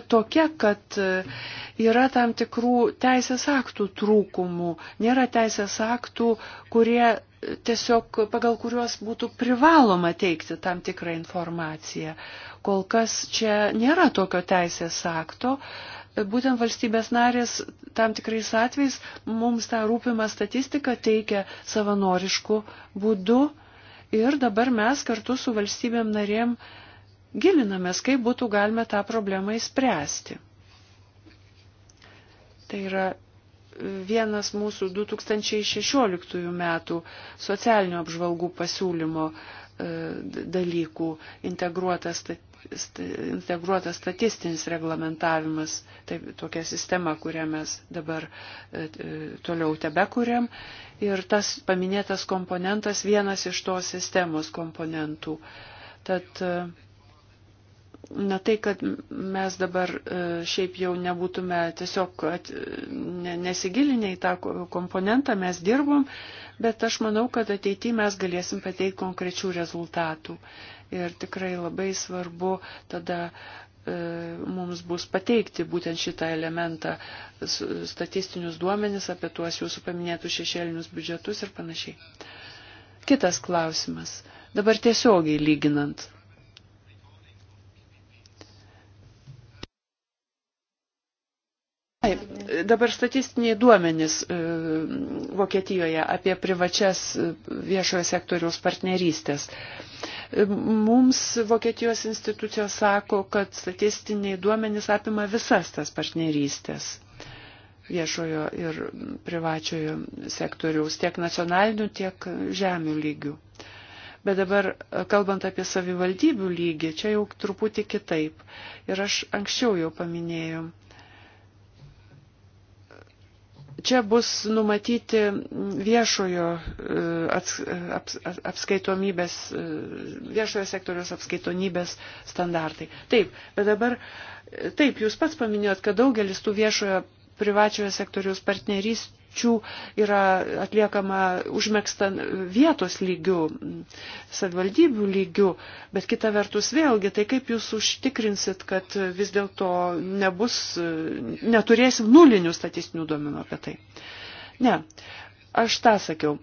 tokia, kad e, yra tam tikrų teisės aktų trūkumų. Nėra teisės aktų, kurie tiesiog pagal kuriuos būtų privaloma teikti tam tikrą informaciją. Kol kas čia nėra tokio teisės akto, būtent valstybės narės tam tikrais atvejais mums tą rūpimą statistiką teikia savanoriškų būdų ir dabar mes kartu su valstybėm narėm uh, gilinamės, kaip būtų galima tą problemą įspręsti. Tai yra vienas mūsų 2016 metų socialinio apžvalgų pasiūlymo e, dalykų integruotas, integruotas statistinis reglamentavimas, tai tokia sistema, kurią mes dabar e, toliau tebekuriam. Ir tas paminėtas komponentas vienas iš tos sistemos komponentų. Tad uh, na tai, kad mes dabar e, šiaip jau nebūtume tiesiog at, ne, nesigilinę į tą komponentą, mes dirbom, bet aš manau, kad ateityje mes galėsim pateikti konkrečių rezultatų. Ir tikrai labai svarbu tada e, mums bus pateikti būtent šitą elementą, statistinius duomenis apie tuos jūsų paminėtus šešėlinius biudžetus ir panašiai. Kitas klausimas. Dabar tiesiogiai lyginant Dabar statistiniai duomenys e, Vokietijoje apie privačias e, viešojo sektoriaus partnerystės. E, mums Vokietijos institucijos sako, kad statistiniai duomenys apima visas tas partnerystės viešojo ir privačiojo sektoriaus, tiek nacionalinių, tiek žemių lygių. Bet dabar, kalbant apie savivaldybių lygį, čia jau truputį kitaip. Ir aš anksčiau jau paminėjau, Čia bus numatyti viešojo e, ats, aps, apskaitomybės, e, viešojo sektoriaus apskaitomybės standartai. Taip, bet dabar, e, taip, jūs pats paminėjot, kad daugelis tų viešojo privačiojo sektoriaus partnerystų sričių yra atliekama užmėgsta vietos lygių, savivaldybių lygių, bet kita vertus vėlgi, tai kaip jūs užtikrinsit, kad vis dėlto nebus, neturėsim nulinių statistinių duomenų apie tai. Ne, aš tą sakiau,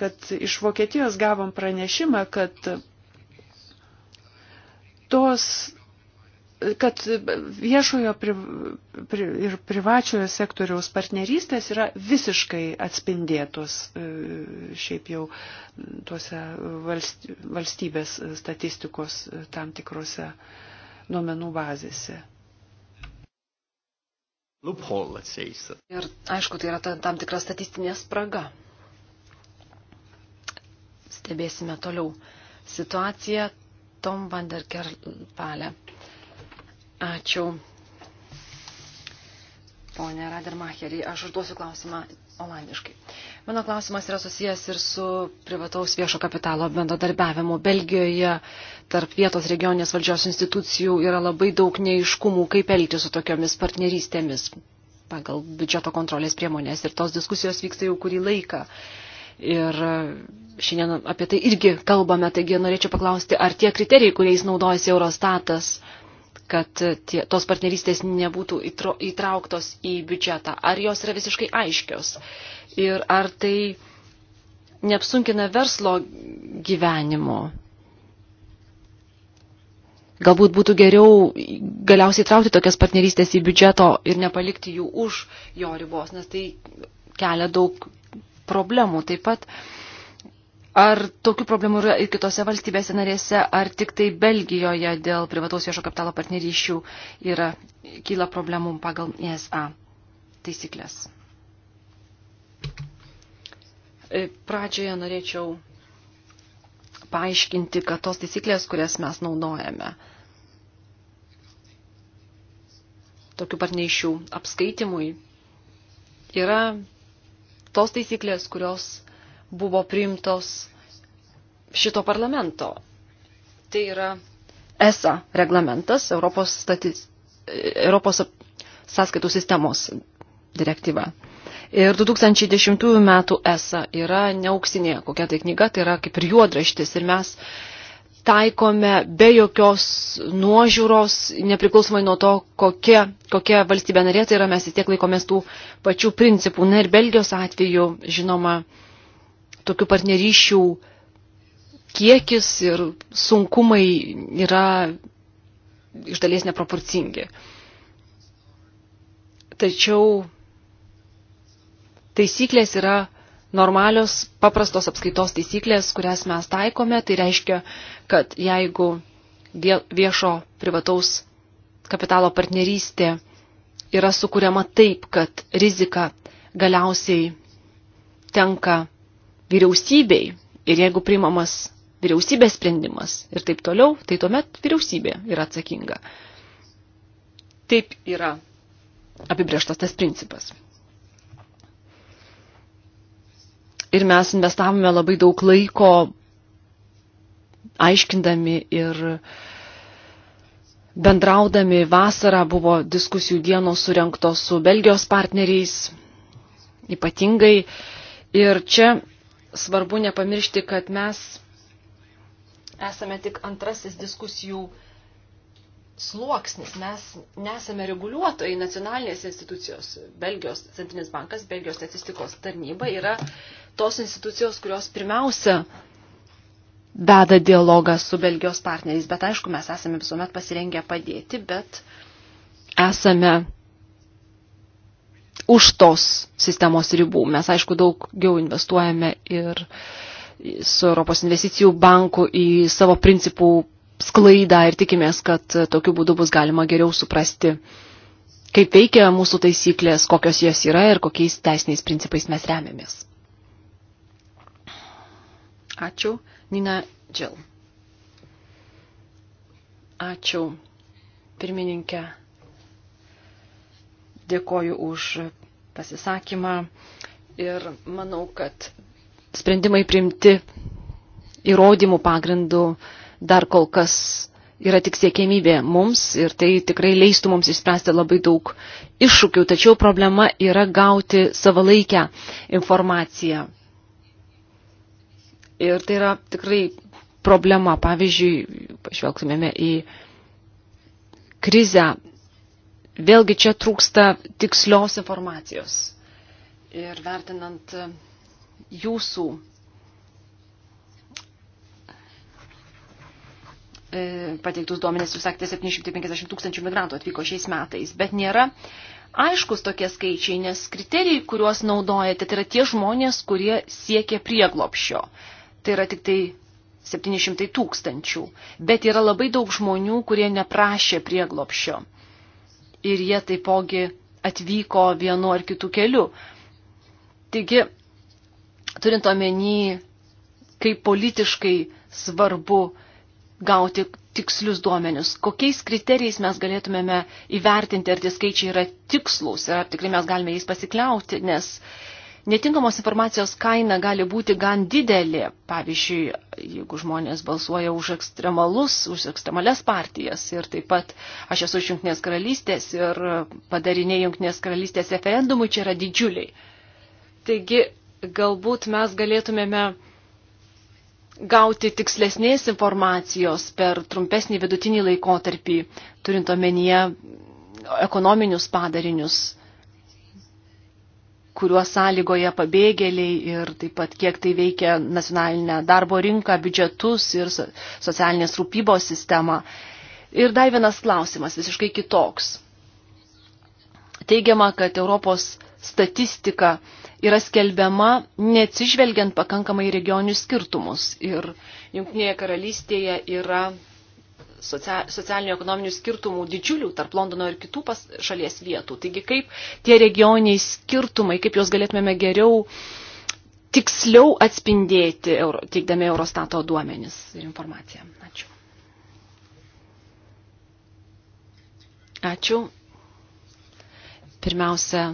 kad iš Vokietijos gavom pranešimą, kad tos kad viešojo pri, pri, ir privačiojo sektoriaus partnerystės yra visiškai atspindėtos e, šiaip jau tuose valstybės statistikos e, tam tikrose duomenų bazėse. Ir aišku, tai yra tam tikra statistinė spraga. Stebėsime toliau situaciją Tom van der Kerpale. Ačiū. Pone Radermacherį, aš užduosiu klausimą olandiškai. Mano klausimas yra susijęs ir su privataus viešo kapitalo bendradarbiavimu. Belgijoje tarp vietos regioninės valdžios institucijų yra labai daug neiškumų, kaip elgti su tokiomis partnerystėmis pagal biudžeto kontrolės priemonės. Ir tos diskusijos vyksta jau kurį laiką. Ir šiandien apie tai irgi kalbame, taigi norėčiau paklausti, ar tie kriterijai, kuriais naudojasi Eurostatas, uh, kad tie, tos partnerystės nebūtų įtrauktos į biudžetą? Ar jos yra visiškai aiškios? Ir ar tai neapsunkina verslo gyvenimo? Galbūt būtų geriau galiausiai traukti tokias partnerystės į biudžeto ir nepalikti jų už jo ribos, nes tai kelia daug problemų. Taip pat uh, Ar tokių problemų yra ir kitose valstybėse narėse, ar tik tai Belgijoje dėl privataus viešo kapitalo partnerysčių yra, kyla problemų pagal ESA taisyklės? E, pradžioje norėčiau paaiškinti, kad tos taisyklės, kurias mes naudojame, tokių partnerysčių apskaitimui, yra tos taisyklės, kurios buvo priimtos šito parlamento. Tai yra ESA reglamentas, Europos, statis, Europos sąskaitų sistemos direktyva. Ir 2010 metų ESA yra neauksinė kokia tai knyga, tai yra kaip ir juodraštis. Ir mes taikome be jokios nuožiūros, nepriklausomai nuo to, kokia, kokia valstybė narė tai yra, mes vis tiek laikomės tų pačių principų. Na ir Belgijos atveju, žinoma, tokių partnerysčių kiekis ir sunkumai yra iš dalies neproporcingi. Tačiau taisyklės yra normalios, paprastos apskaitos taisyklės, kurias mes taikome. Tai reiškia, kad jeigu viešo privataus kapitalo partnerystė yra sukūriama taip, kad rizika galiausiai tenka vyriausybei ir jeigu priimamas vyriausybės sprendimas ir taip toliau, tai tuomet vyriausybė yra atsakinga. Taip yra apibrieštas tas principas. Ir mes investavome labai daug laiko aiškindami ir bendraudami vasarą buvo diskusijų dienos surinktos su Belgijos partneriais ypatingai. Ir čia svarbu nepamiršti, kad mes esame tik antrasis diskusijų sluoksnis. Mes nesame reguliuotojai nacionalinės institucijos. Belgijos centrinis bankas, Belgijos statistikos tarnyba yra tos institucijos, kurios pirmiausia veda dialogą su Belgijos partneriais. Bet aišku, mes esame visuomet pasirengę padėti, bet esame už tos sistemos ribų. Mes, aišku, daugiau investuojame ir su Europos investicijų banku į savo principų sklaidą ir tikimės, kad tokiu būdu bus galima geriau suprasti, kaip veikia mūsų taisyklės, kokios jos yra ir kokiais teisiniais principais mes remiamės. Ačiū, Nina Džil. Ačiū, pirmininkė. Dėkoju už pasisakymą ir manau, kad sprendimai primti įrodymų pagrindų dar kol kas yra tik siekėmybė mums ir tai tikrai leistų mums išspręsti labai daug iššūkių, tačiau problema yra gauti savalaikę informaciją. Ir tai yra tikrai problema. Pavyzdžiui, pažvelgtumėme į krizę vėlgi čia trūksta tikslios informacijos. Ir vertinant e, jūsų e, pateiktus duomenės, jūs sakėte, 750 tūkstančių migrantų atvyko šiais metais, bet nėra aiškus tokie skaičiai, nes kriterijai, kuriuos naudojate, tai yra tie žmonės, kurie siekia prieglopšio. Tai yra tik tai 700 tūkstančių, bet yra labai daug žmonių, kurie neprašė prieglopšio ir jie taipogi atvyko vienu ar kitu keliu. Taigi, turint omeny, kaip politiškai svarbu gauti tikslius duomenius, kokiais kriterijais mes galėtumėme įvertinti, ar tie skaičiai yra tikslus ir ar tikrai mes galime jais pasikliauti, nes uh, netinkamos informacijos kaina gali būti gan didelė. Pavyzdžiui, jeigu žmonės balsuoja už ekstremalus, už ekstremales partijas ir taip pat aš esu iš Junktinės karalystės ir padariniai Junktinės karalystės referendumui čia yra didžiuliai. Taigi, galbūt mes galėtumėme gauti tikslesnės informacijos per trumpesnį vidutinį laikotarpį, turint omenyje ekonominius padarinius kuriuos sąlygoja pabėgėliai ir taip pat kiek tai veikia nacionalinę darbo rinką, biudžetus ir socialinės rūpybos sistemą. Ir dar vienas klausimas, visiškai kitoks. Teigiama, kad Europos statistika yra skelbiama neatsižvelgiant pakankamai regionius skirtumus. Ir Junktinėje karalystėje yra socialinių ekonominių skirtumų didžiulių tarp Londono ir kitų pas, šalies vietų. Taigi kaip tie regioniai skirtumai, kaip juos galėtumėme geriau tiksliau atspindėti, euro, teikdami Eurostato duomenis ir informaciją. Ačiū. Ačiū. Pirmiausia,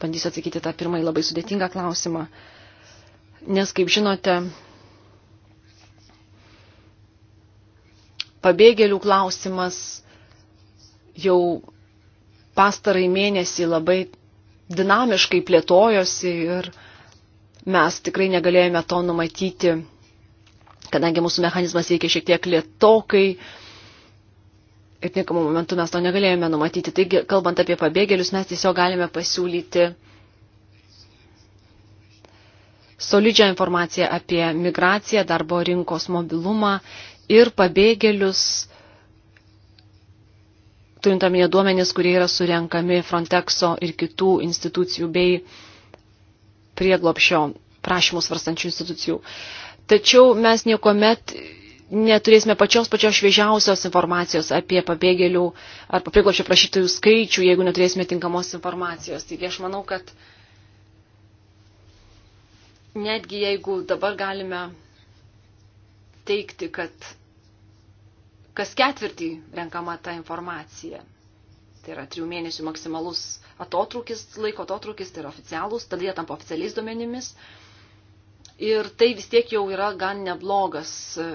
bandysiu atsakyti tą pirmąjį labai sudėtingą klausimą, nes, kaip žinote, pabėgėlių klausimas jau pastarai mėnesį labai dinamiškai plėtojosi ir mes tikrai negalėjome to numatyti, kadangi mūsų mechanizmas veikia šiek tiek lietokai ir tinkamu momentu mes to negalėjome numatyti. Taigi, kalbant apie pabėgėlius, mes tiesiog galime pasiūlyti solidžią informaciją apie migraciją, darbo rinkos mobilumą ir pabėgėlius, turintamie duomenys, kurie yra surenkami Frontexo ir kitų institucijų bei prieglopšio prašymus varstančių institucijų. Tačiau mes niekuomet neturėsime pačios pačios šviežiausios informacijos apie pabėgėlių ar prieglopšio prašytojų skaičių, jeigu neturėsime tinkamos informacijos. Taigi aš manau, kad netgi jeigu dabar galime teikti, kad kas ketvirtį renkama ta informacija. Tai yra trijų mėnesių maksimalus atotrukis, laiko atotrukis, tai yra oficialus, tada jie tampa oficialiais duomenimis. Ir tai vis tiek jau yra gan neblogas e,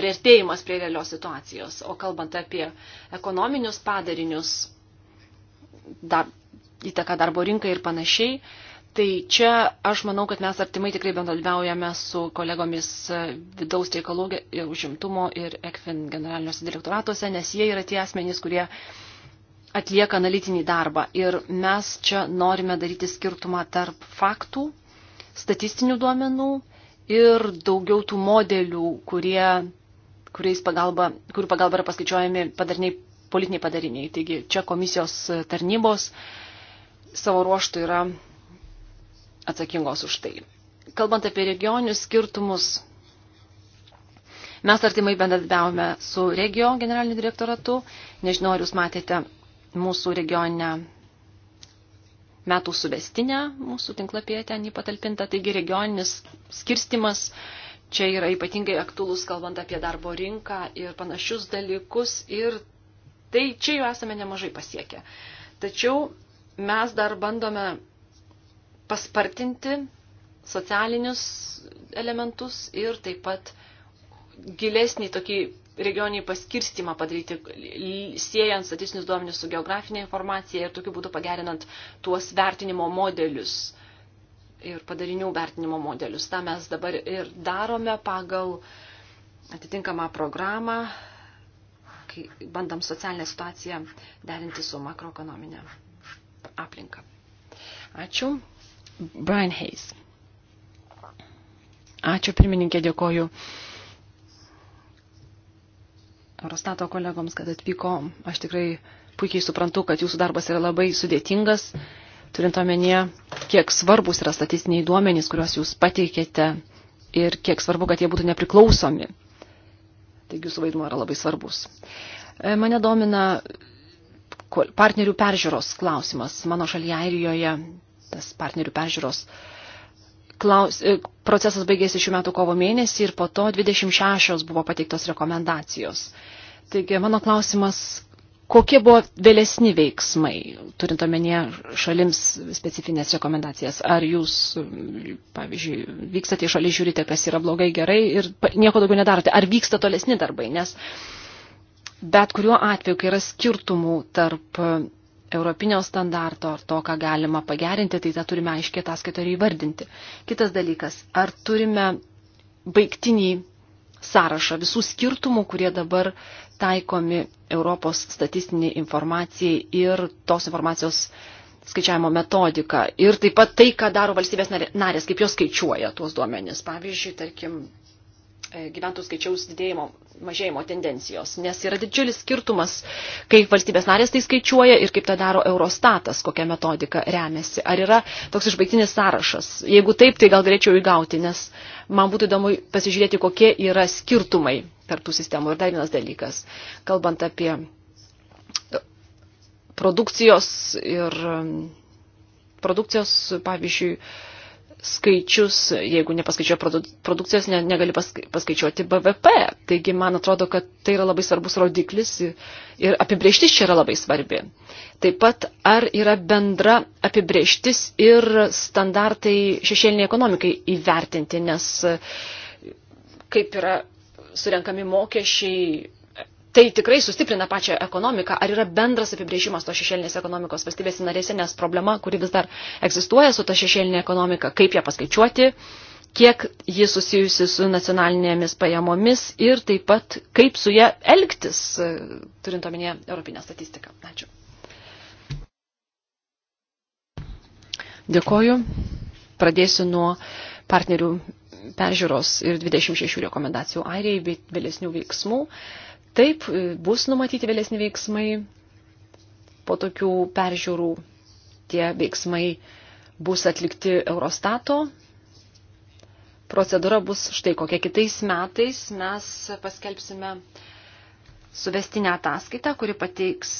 prieartėjimas prie realios situacijos. O kalbant apie ekonominius padarinius, dar, įtaką darbo rinkai ir panašiai, uh, Tai čia aš manau, kad mes artimai tikrai bendradarbiaujame su kolegomis e, vidaus reikalų e, užimtumo ir ECFIN generaliniuose direktoratuose, nes jie yra tie asmenys, kurie atlieka analitinį darbą. Ir mes čia norime daryti skirtumą tarp faktų, statistinių duomenų ir daugiau tų modelių, kurie, kuriais pagalba, kurių pagalba yra paskaičiuojami padarniai, politiniai padariniai. Taigi čia komisijos tarnybos savo ruoštų yra atsakingos už tai. Kalbant apie regioninius skirtumus, mes artimai bendradarbiavome su regio generaliniu direktoratu. Nežinau, ar jūs matėte mūsų regioninę metų suvestinę, mūsų tinklapyje ten jį patalpinta. Taigi regioninis skirstimas čia yra ypatingai aktuolus, kalbant apie darbo rinką ir panašius dalykus. Ir tai čia jau esame nemažai pasiekę. Tačiau mes dar bandome paspartinti socialinius elementus ir taip pat gilesnį tokį regioninį paskirstimą padaryti, siejant statistinius duomenis su geografinė informacija ir tokiu būdu pagerinant tuos vertinimo modelius ir padarinių vertinimo modelius. Ta mes dabar ir darome pagal atitinkamą programą, kai bandam socialinę situaciją derinti su makroekonominė aplinka. Ačiū. Brian Hayes. Ačiū pirmininkė, dėkoju Eurostato kolegoms, kad atvyko. Aš tikrai puikiai suprantu, kad jūsų darbas yra labai sudėtingas, turint omenyje, kiek svarbus yra statistiniai duomenys, kuriuos jūs pateikėte ir kiek svarbu, kad jie būtų nepriklausomi. Taigi jūsų vaidmuo yra labai svarbus. E, mane domina partnerių peržiūros klausimas. Mano šalyje Airijoje tas partnerių peržiūros klaus, e, procesas baigėsi šių metų kovo mėnesį ir po to 26 buvo pateiktos rekomendacijos. Taigi mano klausimas, kokie buvo vėlesni veiksmai, turint omenyje šalims specifines rekomendacijas? Ar jūs, pavyzdžiui, vykstate į šalį, žiūrite, kas yra blogai, gerai ir nieko daugiau nedarote? Ar vyksta tolesni darbai? Nes bet kuriuo atveju, kai yra skirtumų tarp europinio standarto ar to, ką galima pagerinti, tai tą turime aiškiai ataskaitą ir įvardinti. Kitas dalykas, ar turime baigtinį sąrašą visų skirtumų, kurie dabar taikomi Europos statistiniai informacijai ir tos informacijos skaičiavimo metodika. Ir taip pat tai, ką daro valstybės narės, kaip jos skaičiuoja tuos duomenis. Pavyzdžiui, tarkim, E, gyventojų skaičiaus didėjimo, mažėjimo tendencijos, nes yra didžiulis skirtumas, kaip valstybės narės tai skaičiuoja ir kaip tą daro Eurostatas, kokia metodika remiasi. Ar yra toks išbaigtinis sąrašas? Jeigu taip, tai gal galėčiau įgauti, nes man būtų įdomu pasižiūrėti, kokie yra skirtumai tarptų sistemų. Ir dar vienas dalykas, kalbant apie produkcijos ir produkcijos, pavyzdžiui, skaičius, jeigu nepaskaičiuoja produkcijos, ne, negali paskaičiuoti BVP. Taigi, man atrodo, kad tai yra labai svarbus rodiklis ir apibrieštis čia yra labai svarbi. Taip pat, ar yra bendra apibrieštis ir standartai šešėliniai ekonomikai įvertinti, nes kaip yra surenkami mokesčiai, tai tikrai sustiprina pačią ekonomiką. Ar yra bendras apibrėžimas to šešėlinės ekonomikos valstybės narėse, nes problema, kuri vis dar egzistuoja su ta šešėlinė ekonomika, kaip ją paskaičiuoti, kiek ji susijusi su nacionalinėmis pajamomis ir taip pat kaip su ją elgtis, turint omenyje europinę statistiką. Ačiū. Dėkoju. Pradėsiu nuo partnerių peržiūros ir 26 rekomendacijų Airijai bei vėlesnių veiksmų. Uh, Taip, e, bus numatyti vėlesni veiksmai, po tokių peržiūrų tie veiksmai bus atlikti Eurostato. Procedūra bus štai kokia. Kitais metais mes paskelbsime suvestinę ataskaitą, kuri pateiks,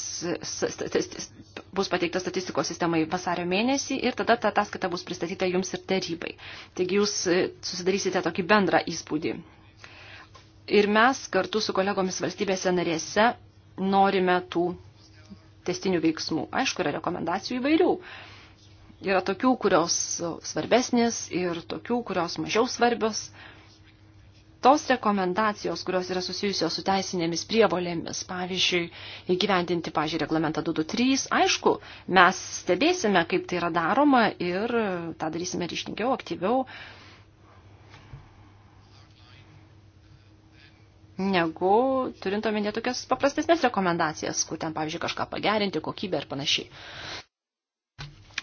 bus pateikta statistikos sistemai vasario mėnesį ir tada ta ataskaita bus pristatyta jums ir tarybai. Taigi jūs e, susidarysite tokį bendrą įspūdį Ir mes kartu su kolegomis valstybėse narėse norime tų testinių veiksmų. Aišku, yra rekomendacijų įvairių. Yra tokių, kurios svarbesnės ir tokių, kurios mažiau svarbios. Tos rekomendacijos, kurios yra susijusios su teisinėmis prievolėmis, pavyzdžiui, įgyvendinti, pavyzdžiui, reglamentą 223, aišku, mes stebėsime, kaip tai yra daroma ir tą darysime ryštingiau, aktyviau. Uh, negu turint omenyje tokias paprastesnės rekomendacijas, kur ten, pavyzdžiui, kažką pagerinti, kokybę ir panašiai.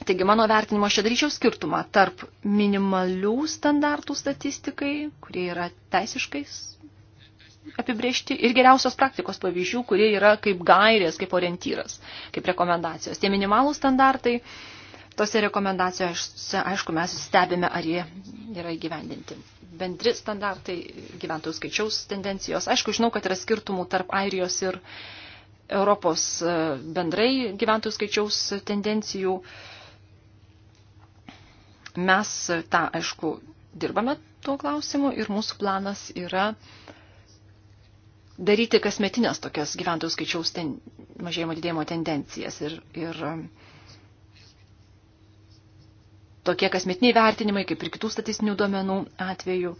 Taigi mano vertinimo aš čia daryčiau skirtumą tarp minimalių standartų statistikai, kurie yra teisiškais apibriežti, ir geriausios praktikos pavyzdžių, kurie yra kaip gairės, kaip orientyras, kaip rekomendacijos. Tie minimalų standartai uh, Tose rekomendacijose, aišku, mes stebime, ar jie yra įgyvendinti. Bendri standartai, gyventojų skaičiaus tendencijos. Aišku, žinau, kad yra skirtumų tarp Airijos ir Europos e, bendrai gyventojų skaičiaus tendencijų. Mes tą, aišku, dirbame tuo klausimu ir mūsų planas yra daryti kasmetinės tokias gyventojų skaičiaus ten, mažėjimo didėjimo tendencijas. Ir, ir tokie kasmetiniai vertinimai, kaip ir kitų statistinių duomenų atveju,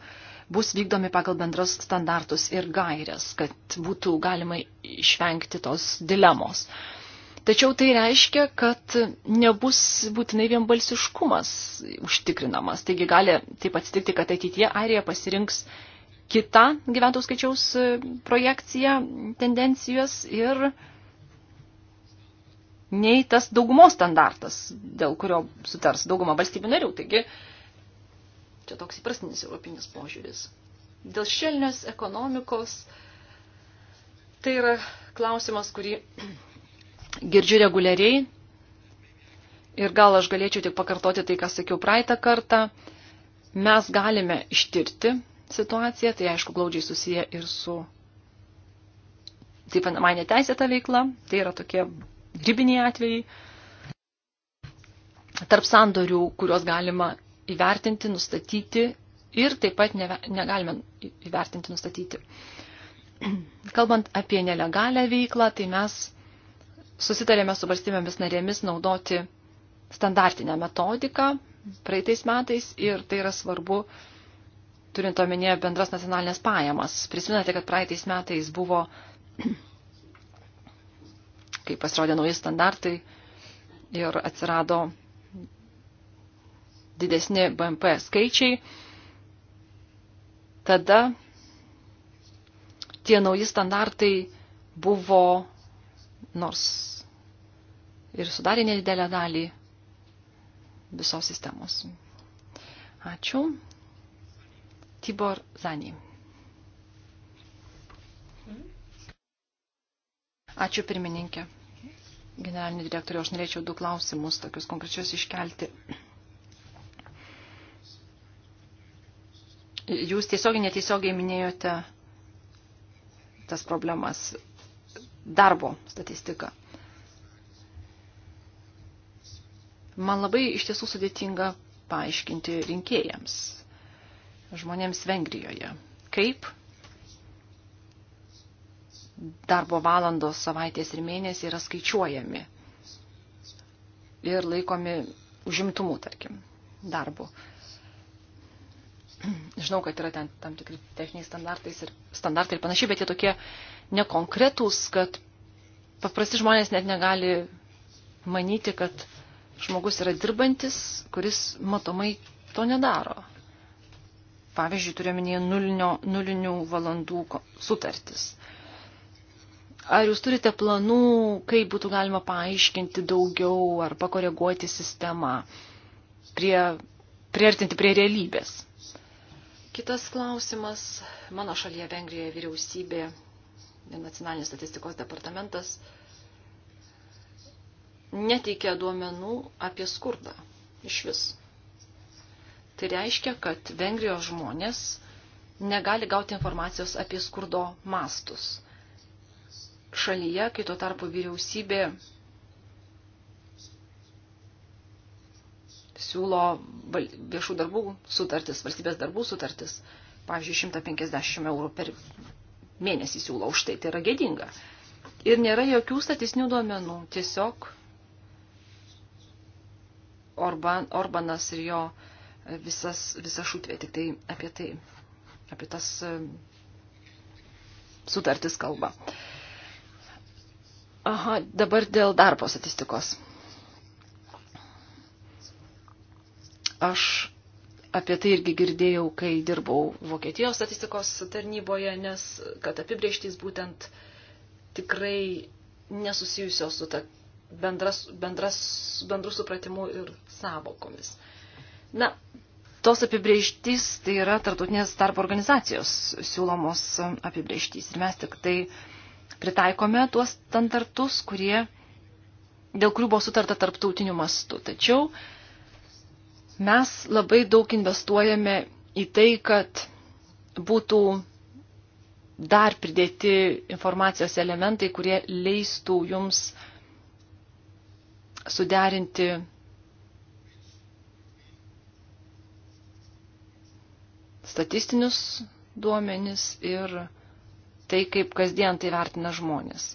bus vykdomi pagal bendras standartus ir gairias, kad būtų galima išvengti tos dilemos. Tačiau tai reiškia, kad nebus būtinai vienbalsiškumas užtikrinamas. Taigi gali taip atsitikti, kad ateityje Airija pasirinks kitą gyventojų skaičiaus projekciją, tendencijos ir uh, nei tas daugumos standartas, dėl kurio sutars dauguma valstybių narių. Taigi, čia toks įprastinis europinis požiūris. Dėl šelnės ekonomikos tai yra klausimas, kurį girdžiu reguliariai ir gal aš galėčiau tik pakartoti tai, ką sakiau praeitą kartą. Mes galime ištirti situaciją, tai aišku glaudžiai susiję ir su taip vadinamąją teisėtą veiklą, tai yra tokie ribiniai atvejai, tarp sandorių, kuriuos galima įvertinti, nustatyti ir taip pat negalime įvertinti, nustatyti. Kalbant apie nelegalią veiklą, tai mes susitarėme su valstybėmis narėmis naudoti standartinę metodiką praeitais metais ir tai yra svarbu, turint omenyje bendras nacionalinės pajamas. Prisimenate, kad praeitais metais buvo kai pasirodė nauji standartai ir atsirado didesni BMP skaičiai, tada tie nauji standartai buvo nors ir sudarė nedidelę dalį visos sistemos. Ačiū. Tibor Zanį. Ačiū pirmininkė generalinį direktorių, aš norėčiau du klausimus tokius konkrečius iškelti. Jūs tiesiogiai netiesiogiai minėjote tas problemas darbo statistiką. Man labai iš tiesų sudėtinga paaiškinti rinkėjams, žmonėms Vengrijoje, kaip darbo valandos savaitės ir mėnesiai yra skaičiuojami ir laikomi užimtumu, tarkim, darbu. Žinau, kad yra ten tam tikri techniniai standartai ir, standartai ir panašiai, bet jie tokie nekonkretūs, kad paprasti žmonės net negali manyti, kad žmogus yra dirbantis, kuris matomai to nedaro. Pavyzdžiui, turiuomenėje nulinio, nulinių valandų sutartis. Uh, Ar jūs turite planų, kaip būtų galima paaiškinti daugiau ar pakoreguoti sistemą, prie, priartinti prie realybės? Kitas klausimas. Mano šalyje Vengrijoje vyriausybė ir nacionalinis statistikos departamentas neteikia duomenų apie skurdą iš vis. Tai reiškia, kad Vengrijos žmonės negali gauti informacijos apie skurdo mastus šalyje, kai tuo tarpu vyriausybė siūlo viešų darbų sutartis, valstybės darbų sutartis, pavyzdžiui, 150 eurų per mėnesį siūlo už tai, tai yra gėdinga. Ir nėra jokių statistinių duomenų, tiesiog Orban, Orbanas ir jo visas, visa šutvė, tik tai apie tai, apie tas e, sutartis kalba. Uh, Aha, dabar dėl darbo statistikos. Aš apie tai irgi girdėjau, kai dirbau Vokietijos statistikos tarnyboje, nes kad apibrieštys būtent tikrai nesusijusios su ta bendras, bendras, bendrų supratimu ir savokomis. Na, tos apibrieštys tai yra tartutinės darbo organizacijos siūlomos apibrieštys ir mes tik tai uh, pritaikome tuos standartus, kurie, dėl kurių buvo sutarta tarptautiniu mastu. Tačiau mes labai daug investuojame į tai, kad būtų dar pridėti informacijos elementai, kurie leistų jums suderinti statistinius duomenis ir tai, kaip kasdien tai vertina žmonės.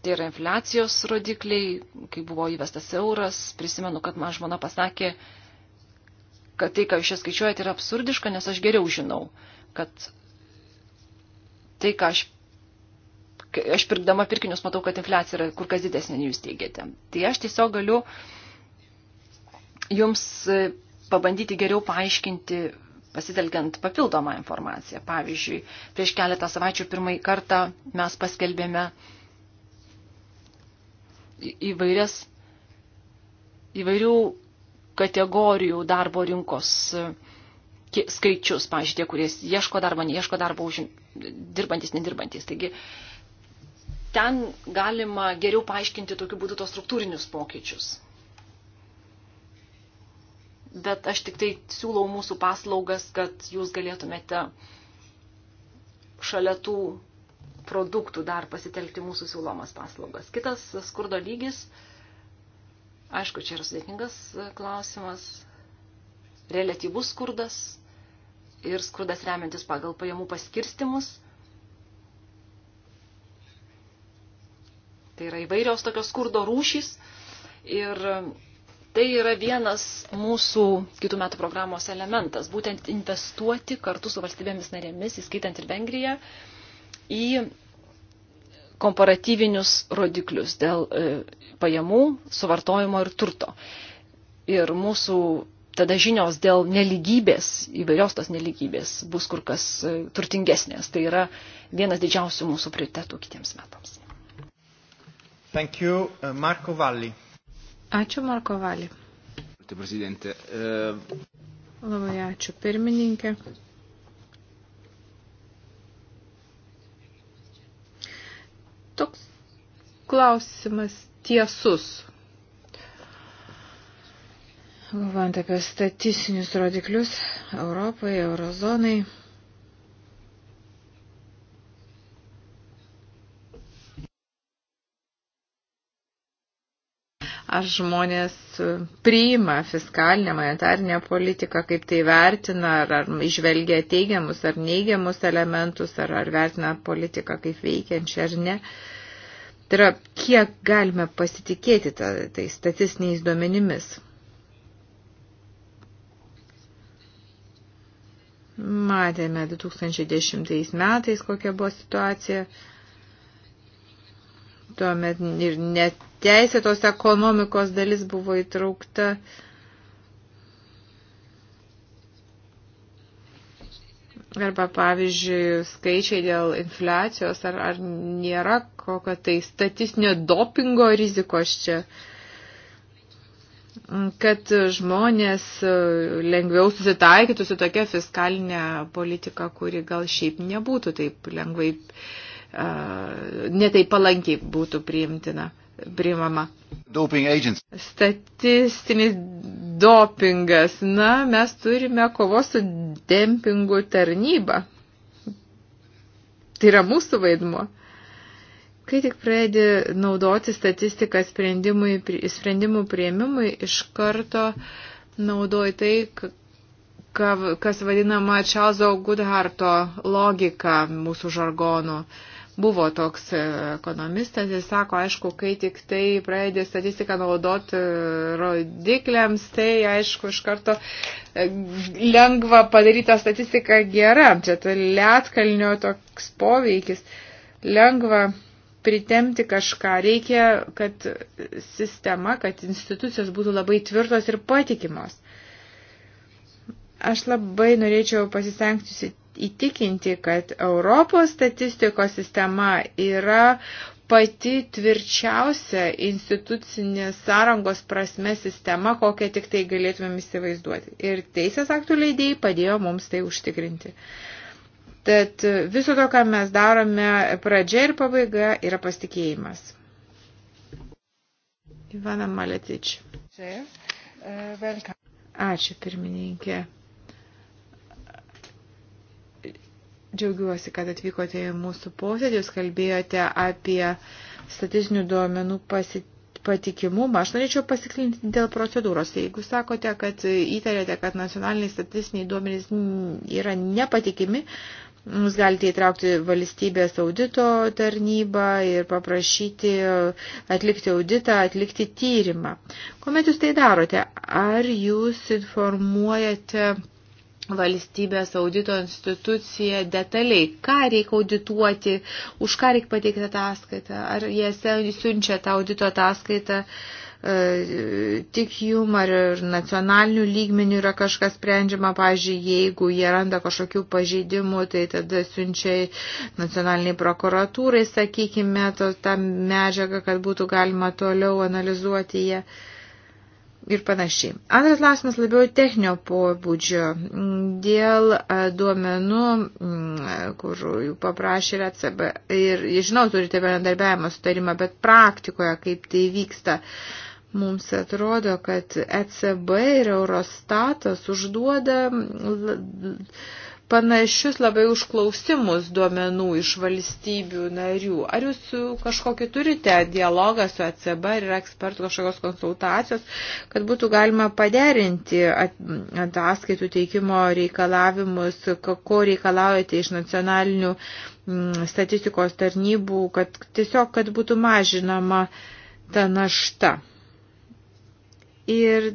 Tai yra infliacijos rodikliai, kai buvo įvestas euras, prisimenu, kad man žmona pasakė, kad tai, ką jūs čia skaičiuojate, yra absurdiška, nes aš geriau žinau, kad tai, ką aš, aš pirkdama pirkinius matau, kad infliacija yra kur kas didesnė, nei jūs teigiate. Tai aš tiesiog galiu jums e, pabandyti geriau paaiškinti pasitelkiant papildomą informaciją. Pavyzdžiui, prieš keletą savaičių pirmąjį kartą mes paskelbėme įvairias, įvairių kategorijų darbo rinkos e, skaičius, pavyzdžiui, tie, kurie ieško darbo, neieško darbo, užim, dirbantis, nedirbantis. Taigi, ten galima geriau paaiškinti tokiu būdu tos struktūrinius pokyčius bet aš tik tai siūlau mūsų paslaugas, kad jūs galėtumėte šalia tų produktų dar pasitelkti mūsų siūlomas paslaugas. Kitas skurdo lygis, aišku, čia yra sudėtingas klausimas, relatyvus skurdas ir skurdas remiantis pagal pajamų paskirstimus. Tai yra įvairios tokios skurdo rūšys ir Tai yra vienas mūsų kitų metų programos elementas, būtent investuoti kartu su valstybėmis narėmis, įskaitant ir Vengriją, į komparatyvinius rodiklius dėl e, pajamų, suvartojimo ir turto. Ir mūsų tada žinios dėl neligybės, įvairios tos neligybės bus kur kas e, turtingesnės. Tai yra vienas didžiausių mūsų prioritetų kitiems metams. Thank you, e, Marko Valli. Ačiū, Marko Valį. E, Labai ačiū, pirmininkė. Toks klausimas tiesus. Galvojant apie statistinius rodiklius Europai, Eurozonai. ar žmonės e, priima fiskalinę, monetarinę politiką, kaip tai vertina, ar, ar išvelgia teigiamus ar neigiamus elementus, ar, ar vertina politiką kaip veikiančią ar ne. Tai yra, kiek galime pasitikėti ta, tai statistiniais duomenimis. Matėme 2010 metais, kokia buvo situacija tuomet ir neteisėtos ekonomikos dalis buvo įtraukta. Arba, pavyzdžiui, skaičiai dėl infliacijos, ar, ar nėra kokio tai statistinio dopingo rizikos čia, kad žmonės lengviau susitaikytų su tokia fiskalinė politika, kuri gal šiaip nebūtų taip lengvai uh, netai palankiai būtų priimtina, priimama. Statistinis dopingas. Na, mes turime kovos su dempingu tarnybą. Tai yra mūsų vaidmuo. Kai tik pradedi naudoti statistiką sprendimų prieimimui, iš karto naudoji tai, kas vadinama Čarlzo Goodharto logika mūsų žargonų. Uh, Buvo toks e, ekonomistas, jis sako, aišku, kai tik tai pradedi statistiką naudot e, rodikliams, tai aišku, iš karto e, lengva padaryta statistika gera. Čia tai lietkalnio toks poveikis. Lengva pritemti kažką. Reikia, kad sistema, kad institucijos būtų labai tvirtos ir patikimos. Aš labai norėčiau pasistengti įtikinti, kad Europos statistikos sistema yra pati tvirčiausia institucinės sąrangos prasme sistema, kokią tik tai galėtumėm įsivaizduoti. Ir teisės aktų leidėjai padėjo mums tai užtikrinti. Tad viso to, ką mes darome, pradžia ir pabaiga yra pasitikėjimas. Ivana Maletič. E, Ačiū pirmininkė. Džiaugiuosi, kad atvykote į mūsų posėdį, jūs kalbėjote apie statistinių duomenų pasitikėjimą patikimumą. Aš norėčiau pasiklinti dėl procedūros. Tai jeigu sakote, kad įtarėte, kad nacionaliniai statistiniai duomenys yra nepatikimi, jūs galite įtraukti valstybės audito tarnybą ir paprašyti atlikti auditą, atlikti tyrimą. Komet jūs tai darote? Ar jūs informuojate valstybės audito institucija detaliai, ką reikia audituoti, už ką reikia pateikti ataskaitą, ar jie siunčia tą audito ataskaitą e, tik jum ar nacionalinių lygmenių yra kažkas sprendžiama, pažiūrėjau, jeigu jie randa kažkokių pažeidimų, tai tada siunčia nacionaliniai prokuratūrai, sakykime, tą medžiagą, kad būtų galima toliau analizuoti ją. Uh, ir panašiai. Antras klausimas labiau techninio pobūdžio dėl e, duomenų, kur jų paprašė ir ECB. Ir žinau, turite bendarbiavimo sutarimą, bet praktikoje, kaip tai vyksta, mums atrodo, kad ECB ir Eurostatas užduoda panašius labai užklausimus duomenų iš valstybių narių. Ar jūs kažkokį turite dialogą su ECB ir ekspertų kažkokios konsultacijos, kad būtų galima paderinti ataskaitų teikimo reikalavimus, ko reikalaujate iš nacionalinių mm, statistikos tarnybų, kad tiesiog, kad būtų mažinama ta našta. Ir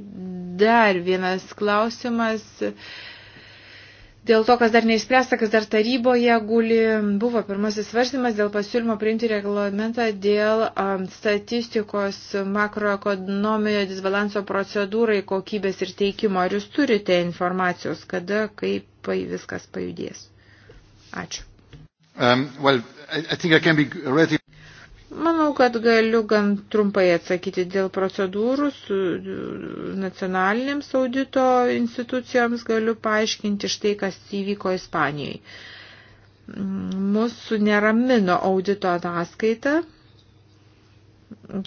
dar vienas klausimas dėl to, kas dar neišspręsta, kas dar taryboje guli, buvo pirmasis svarstymas dėl pasiūlymo priimti reglamentą dėl um, statistikos makroekonominio disbalanso procedūrai kokybės ir teikimo. Ar jūs turite informacijos, kada, kaip viskas pajudės? Ačiū. Um, well, I, I Manau, kad galiu gan trumpai atsakyti dėl procedūrų su nacionalinėms audito institucijoms, galiu paaiškinti štai, kas įvyko Ispanijai. Mūsų neramino audito ataskaita,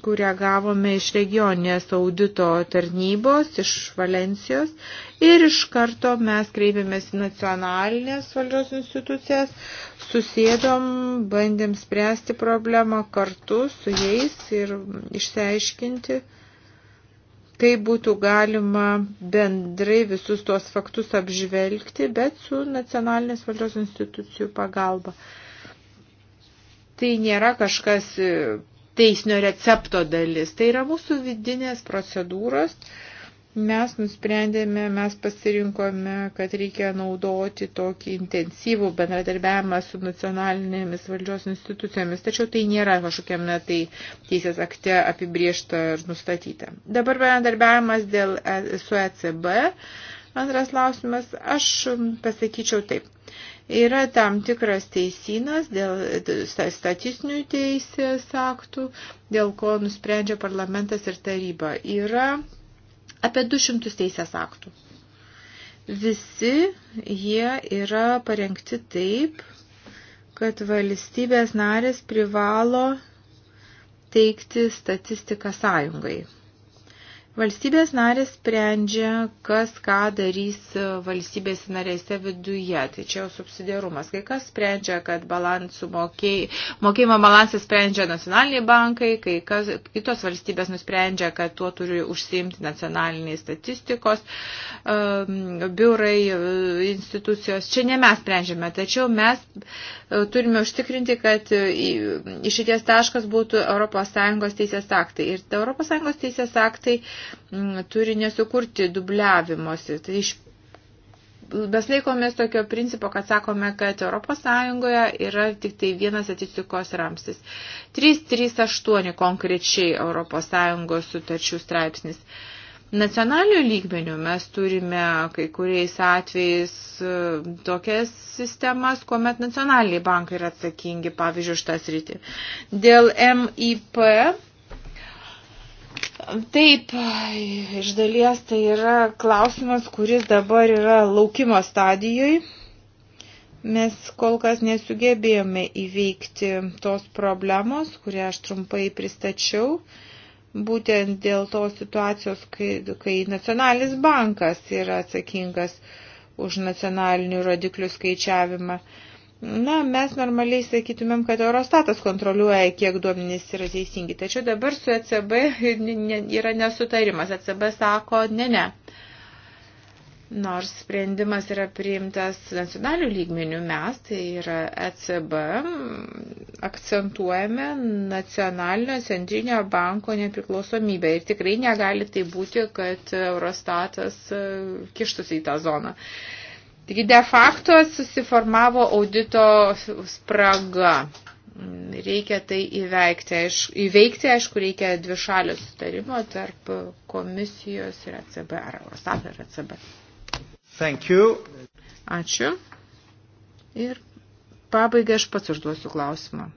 kurią gavome iš regioninės audito tarnybos, iš Valencijos. Ir iš karto mes kreipėmės į nacionalinės valdžios institucijas susėdom, bandėm spręsti problemą kartu su jais ir išsiaiškinti, kaip būtų galima bendrai visus tuos faktus apžvelgti, bet su nacionalinės valdžios institucijų pagalba. Tai nėra kažkas e, teisinio recepto dalis, tai yra mūsų vidinės procedūros, uh, mes nusprendėme, mes pasirinkome, kad reikia naudoti tokį intensyvų bendradarbiavimą su nacionalinėmis valdžios institucijomis, tačiau tai nėra kažkokiam tai teisės akte apibriešta ir nustatyta. Dabar bendradarbiavimas dėl, e, su ECB. Antras klausimas, aš pasakyčiau taip. Yra tam tikras teisinas dėl statistinių teisės aktų, dėl ko nusprendžia parlamentas ir taryba. Yra apie 200 teisės aktų. Visi jie yra parengti taip, kad valstybės narės privalo teikti statistiką sąjungai. Valstybės narės sprendžia, kas ką darys valstybės narėse viduje. Tai čia jau subsidiarumas. Kai kas sprendžia, kad balansų mokėj, mokėjimo balansą sprendžia nacionaliniai bankai, kai kas, kitos valstybės nusprendžia, kad tuo turi užsiimti nacionaliniai statistikos um, biurai, institucijos. Čia ne mes sprendžiame, tačiau mes uh, turime užtikrinti, kad uh, išėties taškas būtų ES teisės aktai. Ir ES teisės aktai Mm, turi nesukurti dubliavimuose. Tai iš mes laikomės tokio principo, kad sakome, kad ES yra tik tai vienas atitikos ramstis. 338 konkrečiai ES sutarčių straipsnis. Nacionalinių lygmenių mes turime kai kuriais atvejais e, tokias sistemas, kuomet nacionaliniai bankai yra atsakingi, pavyzdžiui, už tą sritį. Dėl MIP Taip, iš dalies tai yra klausimas, kuris dabar yra laukimo stadijoj. Mes kol kas nesugebėjome įveikti tos problemos, kurią aš trumpai pristačiau, būtent dėl tos situacijos, kai, kai nacionalinis bankas yra atsakingas už nacionalinių rodiklių skaičiavimą. Uh, Na, mes normaliai sakytumėm, kad Eurostatas kontroliuoja, kiek duomenys yra teisingi. Tačiau dabar su ECB yra nesutarimas. ECB sako, ne, ne. Nors sprendimas yra priimtas nacionalių lygmenių, mes, tai yra ECB, akcentuojame nacionalinio centrinio banko nepriklausomybę. Ir tikrai negali tai būti, kad Eurostatas e, kištusi į tą zoną. Taigi de facto susiformavo audito spraga. Reikia tai įveikti. Aišku, įveikti, aišku, reikia dvišalio sutarimo tarp komisijos ir ECB ar Eurostat ir ECB. Thank you. Ačiū. Ir pabaigai aš pats užduosiu klausimą.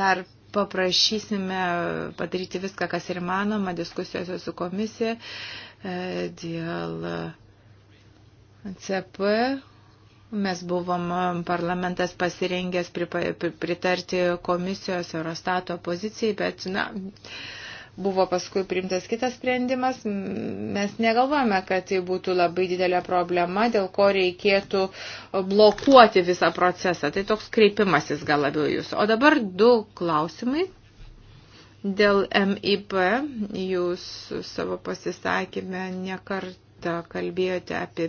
Dar paprašysime padaryti viską, kas ir manoma diskusijose su komisija e, dėl CP. Mes buvom parlamentas pasirengęs pritarti komisijos Eurostato pozicijai, bet, na, Buvo paskui primtas kitas sprendimas. Mes negalvojame, kad tai būtų labai didelė problema, dėl ko reikėtų blokuoti visą procesą. Tai toks kreipimasis gal labiau jūs. O dabar du klausimai. Dėl MIP jūs savo pasisakymę nekartą kalbėjote apie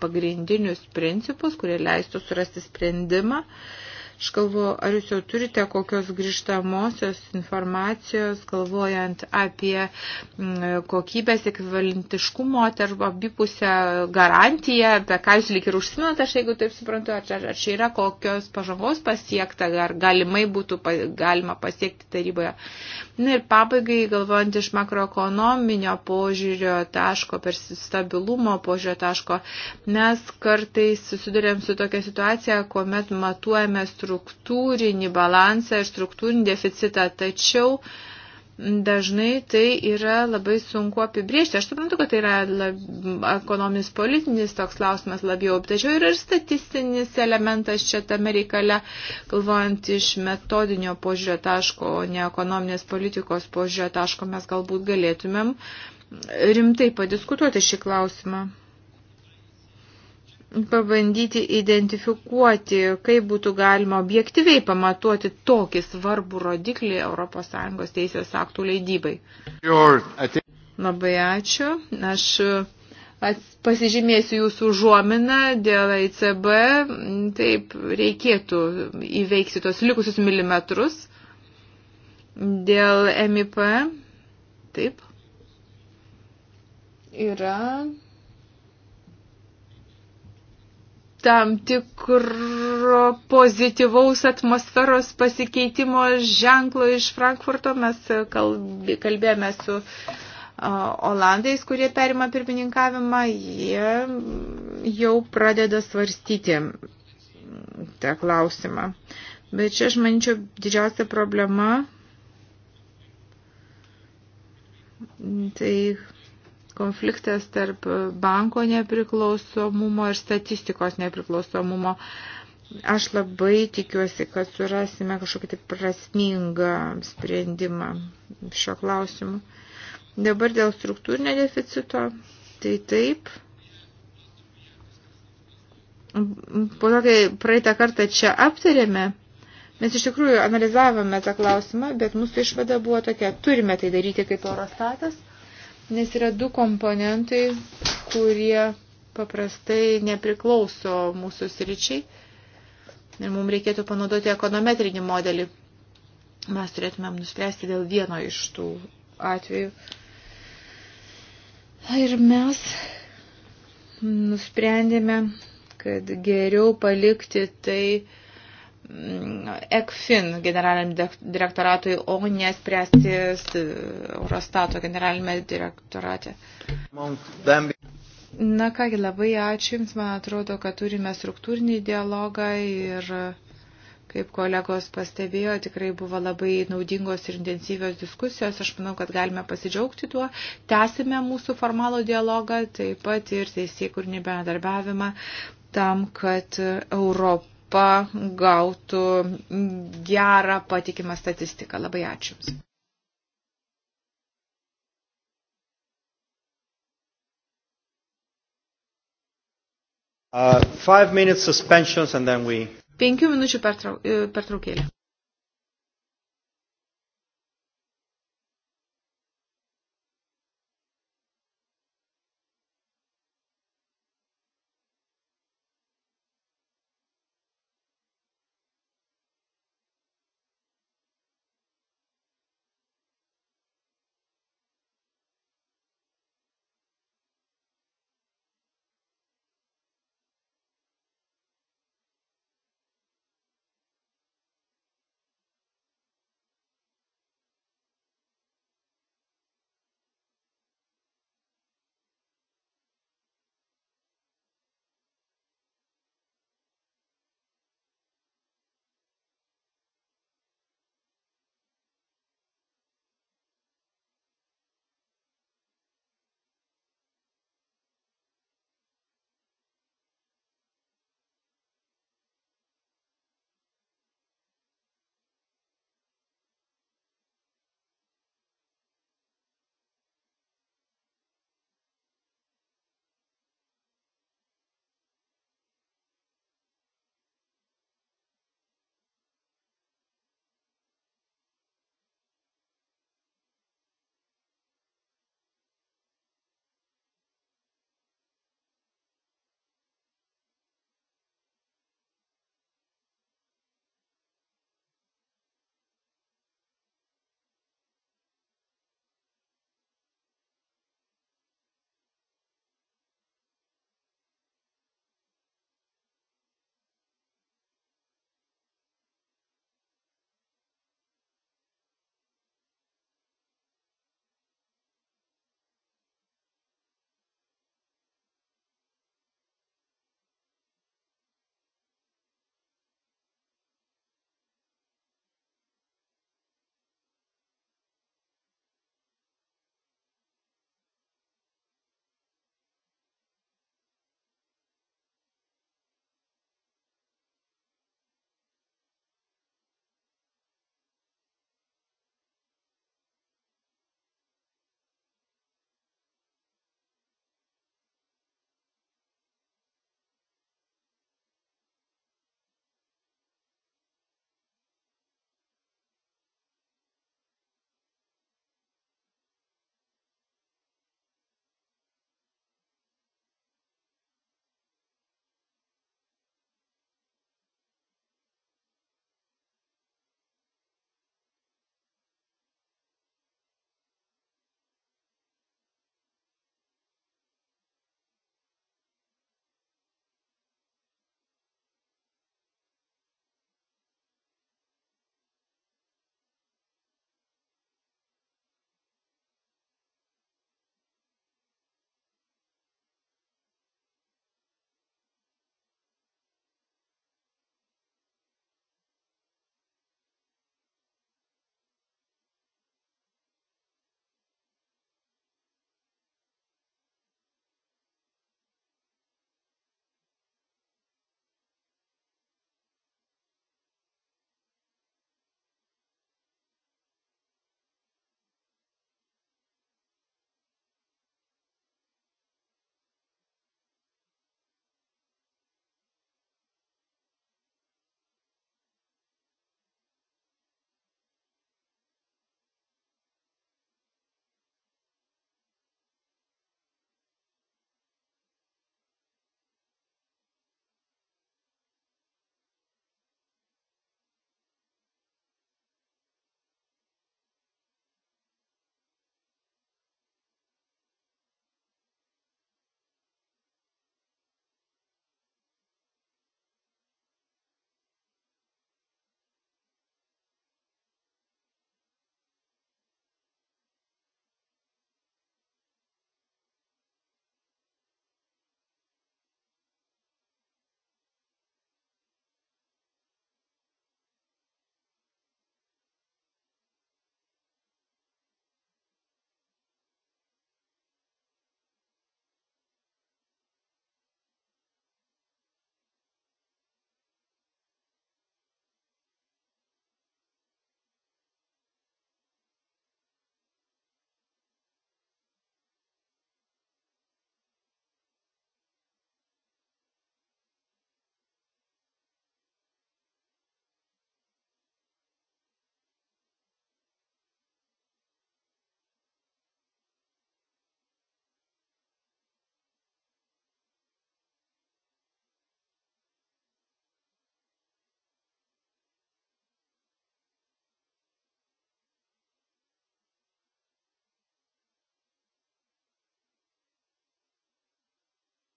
pagrindinius principus, kurie leistų surasti sprendimą. Uh, Aš galvoju, ar jūs jau turite kokios grįžtamosios informacijos, galvojant apie mm, kokybės ekvivalentiškumo arba abipusę garantiją, apie ką jūs lik ir užsiminate, aš jeigu taip suprantu, ar, ar, ar čia yra kokios pažangos pasiekta, ar galimai būtų pa, galima pasiekti taryboje. Na ir pabaigai, galvojant iš makroekonominio požiūrio taško, per stabilumo požiūrio taško, mes kartais susidurėm su tokia situacija, kuomet matuojame struktūrą struktūrinį balansą ir struktūrinį deficitą, tačiau dažnai tai yra labai sunku apibriežti. Aš suprantu, kad tai yra lab, ekonominis politinis toks klausimas labiau, tačiau yra ir statistinis elementas čia tame reikale, galvojant iš metodinio požiūrio taško, o ne ekonominės politikos požiūrio taško, mes galbūt galėtumėm rimtai padiskutuoti šį klausimą pabandyti identifikuoti, kaip būtų galima objektyviai pamatuoti tokį svarbų rodiklį ES teisės aktų leidybai. Labai ačiū. Aš pasižymėsiu jūsų užuominą dėl ECB. Taip, reikėtų įveikti tos likusius milimetrus. Dėl MIP. Taip. Yra. tam tikro pozityvaus atmosferos pasikeitimo ženklo iš Frankfurto. Mes kalbėjome su Olandais, kurie perima pirmininkavimą, jie jau pradeda svarstyti tą klausimą. Bet čia, aš manyčiau, didžiausia problema tai konfliktas tarp banko nepriklausomumo ir statistikos nepriklausomumo. Aš labai tikiuosi, kad surasime kažkokį tai prasmingą sprendimą šio klausimu. Dabar dėl struktūrinio deficito, tai taip. Po to, kai praeitą kartą čia aptarėme, mes iš tikrųjų analizavome tą klausimą, bet mūsų išvada buvo tokia, turime tai daryti kaip Eurostatas nes yra du komponentai, kurie paprastai nepriklauso mūsų sričiai ir mums reikėtų panaudoti ekonometrinį modelį. Mes turėtumėm nuspręsti dėl vieno iš tų atvejų. Ir mes nusprendėme, kad geriau palikti tai, ECFIN generaliniam direktoratui, o nespręsti Eurostato generalinėme direktorate. Na kągi, labai ačiū Jums, man atrodo, kad turime struktūrinį dialogą ir, kaip kolegos pastebėjo, tikrai buvo labai naudingos ir intensyvios diskusijos. Aš manau, kad galime pasidžiaugti tuo. Tęsime mūsų formalų dialogą, taip pat ir teisėkurnį bendarbiavimą tam, kad Europą Europa gautų gerą patikimą statistiką. Labai ačiū Jums. Uh, five minutes suspensions and then we. Penkių minučių e, pertraukėlė.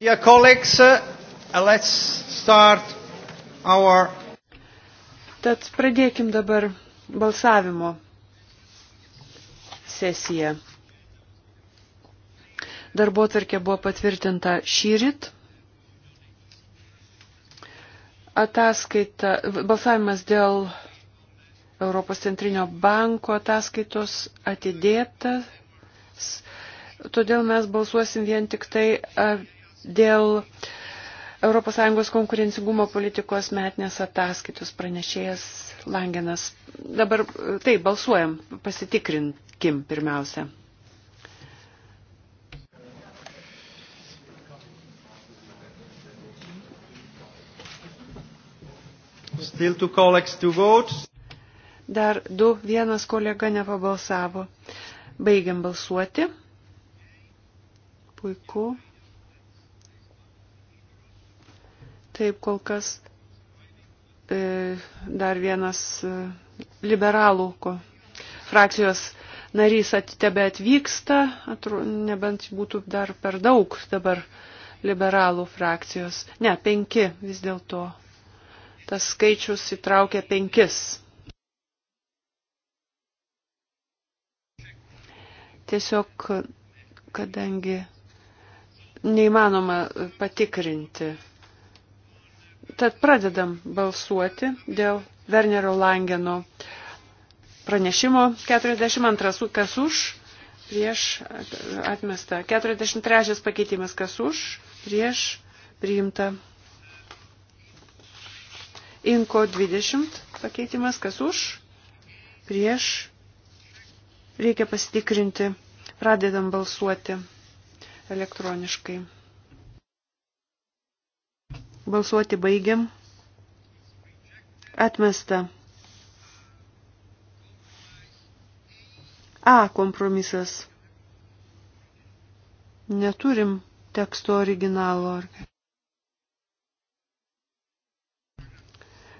Dear colleagues, uh, let's start our. Tad pradėkim dabar balsavimo sesiją. Darbo tvarkė buvo patvirtinta šyrit. Ataskaita, balsavimas dėl Europos centrinio banko ataskaitos atidėtas. Todėl mes balsuosim vien tik tai Dėl ES konkurencingumo politikos metinės ataskaitos pranešėjas Langenas. Dabar taip, balsuojam, pasitikrinkim pirmiausia. Still two colleagues to vote. Dar du, vienas kolega nepabalsavo. Baigiam balsuoti. Puiku. Taip, kol kas e, dar vienas e, liberalų ko, frakcijos narys tebe atvyksta, atru, nebent būtų dar per daug dabar liberalų frakcijos. Ne, penki vis dėlto. Tas skaičius įtraukia penkis. Tiesiog, kadangi neįmanoma patikrinti Tad pradedam balsuoti dėl Wernerio Langeno pranešimo 42, kas už, prieš atmesta, 43 pakeitimas, kas už, prieš priimta. Inko 20 pakeitimas, kas už, prieš reikia pasitikrinti, pradedam balsuoti elektroniškai. Balsuoti baigiam. Atmesta. A kompromisas. Neturim teksto originalo.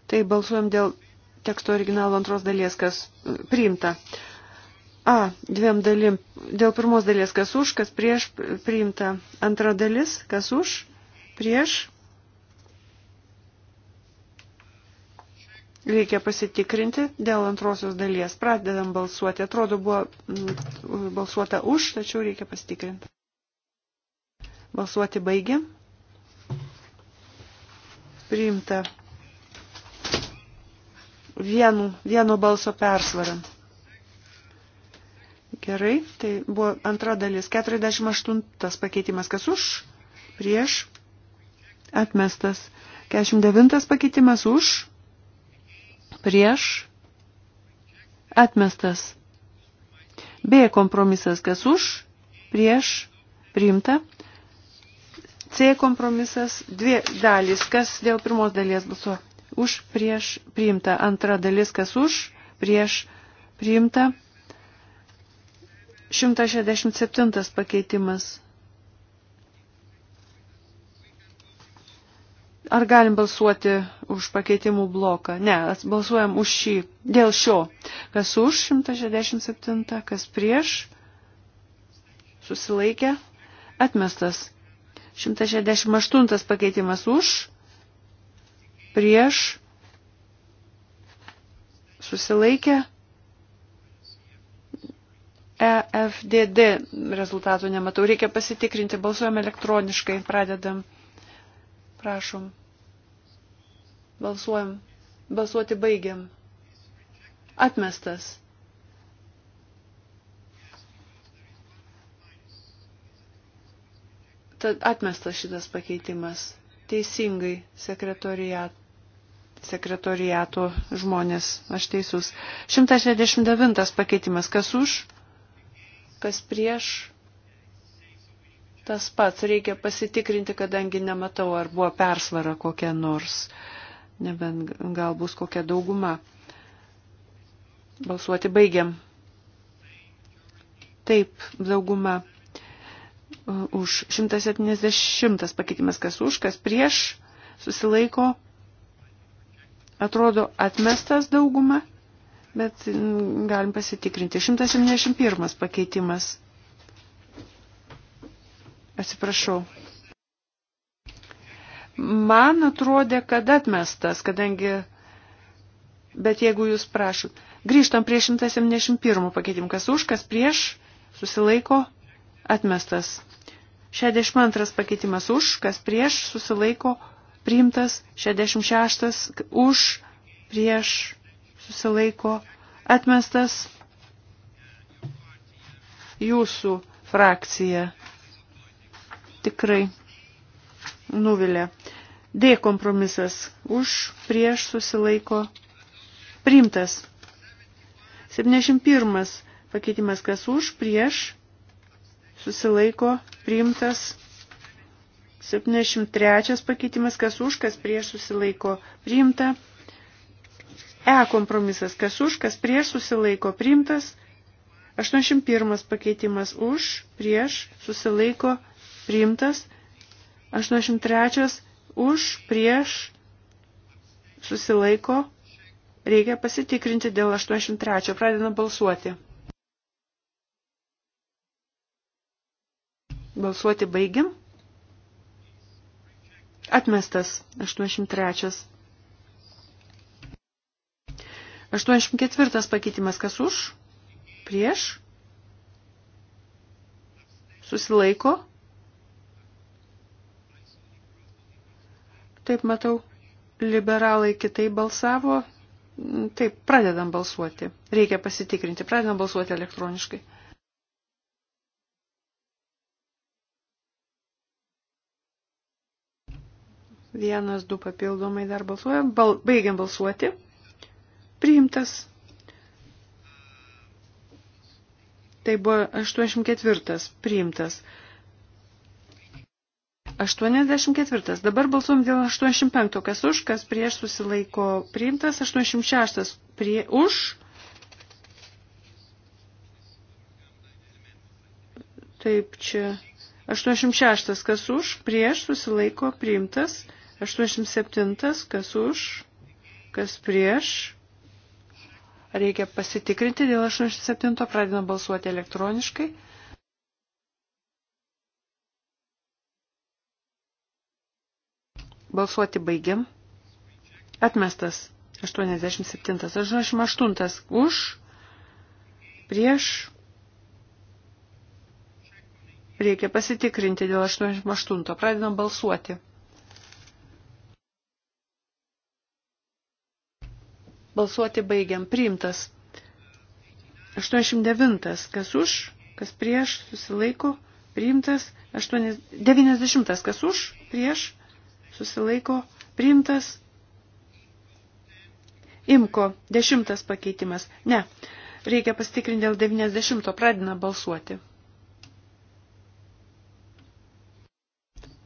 Tai balsuojam dėl teksto originalo antros dalies, kas priimta. A, dviem dalim. Dėl pirmos dalies, kas už, kas prieš priimta. Antra dalis, kas už, prieš Reikia pasitikrinti dėl antrosios dalies. Pradedam balsuoti. Atrodo, buvo mm, balsuota už, tačiau reikia pasitikrinti. Balsuoti baigiam. Priimta vienu, vieno balso persvarą. Gerai, tai buvo antra dalis. 48 pakeitimas. Kas už? Prieš. Atmestas. 49 pakeitimas už prieš, atmestas. B kompromisas, kas už, prieš, priimta. C kompromisas, dvi dalys, kas dėl pirmos dalies balsuo. Už, prieš, priimta. Antra dalis, kas už, prieš, priimta. 167 pakeitimas. Ar galim balsuoti už pakeitimų bloką? Ne, balsuojam už šį, dėl šio. Kas už 167, kas prieš, susilaikė, atmestas. 168 pakeitimas už, prieš, susilaikė, EFDD rezultatų nematau. Reikia pasitikrinti, balsuojam elektroniškai, pradedam. Prašom. Balsuojam. Balsuoti baigiam. Atmestas. Tad atmestas šitas pakeitimas. Teisingai sekretoriat, sekretoriato žmonės. Aš teisus. 169 pakeitimas. Kas už? Kas prieš? Tas pats reikia pasitikrinti, kadangi nematau, ar buvo persvara kokia nors. Uh, nebent gal bus kokia dauguma. Balsuoti baigiam. Taip, dauguma už 170 pakeitimas, kas už, kas prieš, susilaiko, atrodo atmestas dauguma, bet mm, galim pasitikrinti. 171 pakeitimas. Atsiprašau, man atrodė, kad atmestas, kadangi, bet jeigu jūs prašot, grįžtam prie 171 pakeitimų, kas už, kas prieš, susilaiko, atmestas. 62 pakeitimas už, kas prieš, susilaiko, priimtas, 66 už, prieš, susilaiko, atmestas. Jūsų frakcija. Tikrai nuvilė. D kompromisas už, prieš susilaiko priimtas. 71 pakeitimas kas už, prieš susilaiko priimtas. 73 pakeitimas kas už, kas prieš susilaiko priimta. E kompromisas kas už, kas prieš susilaiko priimtas. 81 pakeitimas už, prieš susilaiko priimtas. 83 už, prieš, susilaiko, reikia pasitikrinti dėl 83. Pradedame balsuoti. Balsuoti baigiam. Atmestas 83. 84 pakeitimas kas už? Prieš? Susilaiko? Taip matau, liberalai kitai balsavo. Taip, pradedam balsuoti. Reikia pasitikrinti. Pradedam balsuoti elektroniškai. Vienas, du papildomai dar balsuojam. Bal, baigiam balsuoti. Priimtas. Tai buvo 84 priimtas. 84. Dabar balsuom dėl 85. Kas už, kas prieš susilaiko priimtas. 86. Prie, už. Taip, čia. 86. Kas už, prieš susilaiko priimtas. 87. Kas už, kas prieš. Reikia pasitikrinti dėl 87. Pradedam balsuoti elektroniškai. Balsuoti baigiam. Atmestas 87. 88 už. Prieš. Reikia pasitikrinti dėl 88. Pradedam balsuoti. Balsuoti baigiam. Priimtas. 89. Kas už, kas prieš, susilaiko. Priimtas. 90. Kas už, prieš, susilaiko priimtas. Imko, dešimtas pakeitimas. Ne, reikia pastikrinti dėl 90, pradina balsuoti.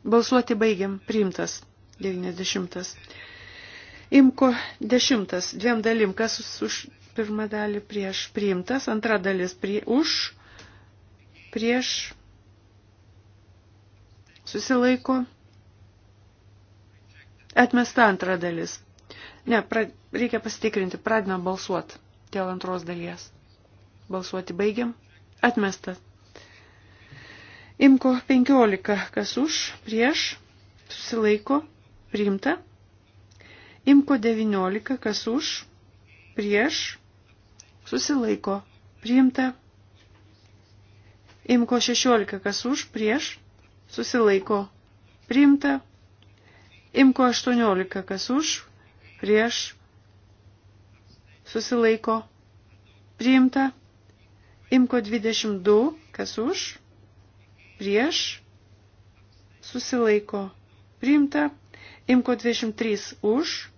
Balsuoti baigiam, priimtas 90. Imko 10, dviem dalim, kas už pirmą dalį prieš priimtas, antra dalis prie, už, prieš susilaiko Atmesta antra dalis. Ne, pra, reikia pasitikrinti. Pradedam balsuoti dėl antros dalies. Balsuoti baigiam. Atmesta. Imko 15. Kas už, prieš, susilaiko, priimta. Imko 19. Kas už, prieš, susilaiko, priimta. Imko 16. Kas už, prieš, susilaiko, priimta. Imko 18, kas už, prieš, susilaiko, priimta. Imko 22, kas už, prieš, susilaiko, priimta. Imko 23 už,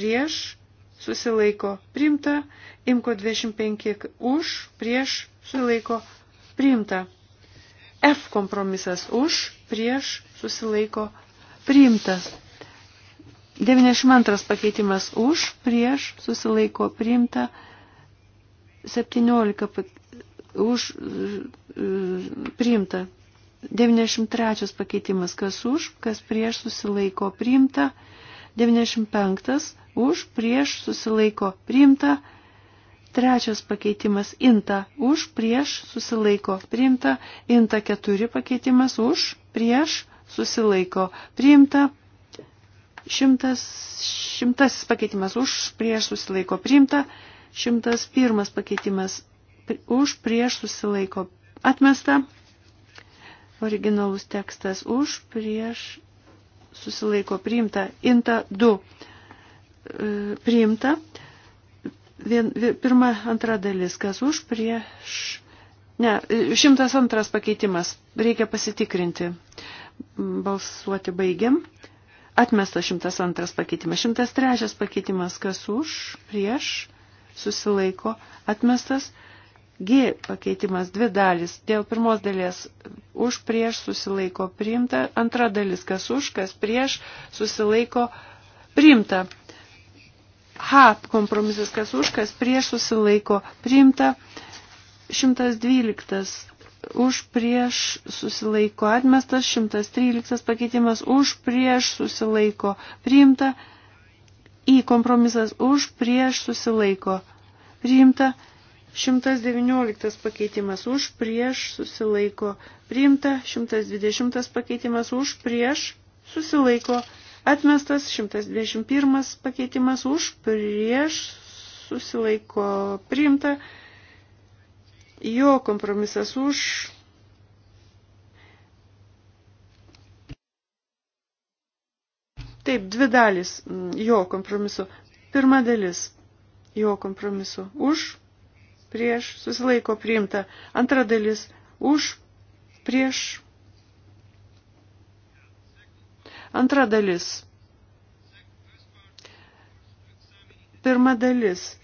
prieš, susilaiko, priimta. Imko 25 už, prieš, susilaiko, priimta. F kompromisas už, prieš, susilaiko, priimta priimtas. 92 pakeitimas už, prieš, susilaiko priimta, 17 už, priimta. 93 pakeitimas kas už, kas prieš susilaiko priimta, 95 už, prieš susilaiko priimta, Trečias pakeitimas inta už, prieš, susilaiko, priimta, inta keturi pakeitimas už, prieš, susilaiko priimta. Šimtas, šimtasis pakeitimas už, prieš susilaiko priimta. Šimtas pirmas pakeitimas už, prieš susilaiko atmesta. Originalus tekstas už, prieš susilaiko priimta. Inta 2 e, priimta. Vien, pirma, antra dalis, kas už, prieš. Ne, šimtas antras pakeitimas. Reikia pasitikrinti. Balsuoti baigiam. Atmestas 102 pakeitimas. 103 pakeitimas. Kas už, prieš, susilaiko. Atmestas G pakeitimas. Dvi dalis. Dėl pirmos dalies už, prieš, susilaiko. Priimta. Antra dalis. Kas už, kas prieš, susilaiko. Priimta. H kompromisas. Kas už, kas prieš, susilaiko. Priimta. 112 už prieš susilaiko atmestas, 113 pakeitimas už prieš susilaiko priimta, į kompromisas už prieš susilaiko priimta, 119 pakeitimas už prieš susilaiko priimta, 120 pakeitimas už prieš susilaiko atmestas, 121 pakeitimas už prieš susilaiko priimta, Jo kompromisas už. Taip, dvi dalis jo kompromisu. Pirma dalis jo kompromisu. Už, prieš, susilaiko priimta. Antra dalis už, prieš. Antra dalis. Pirma dalis.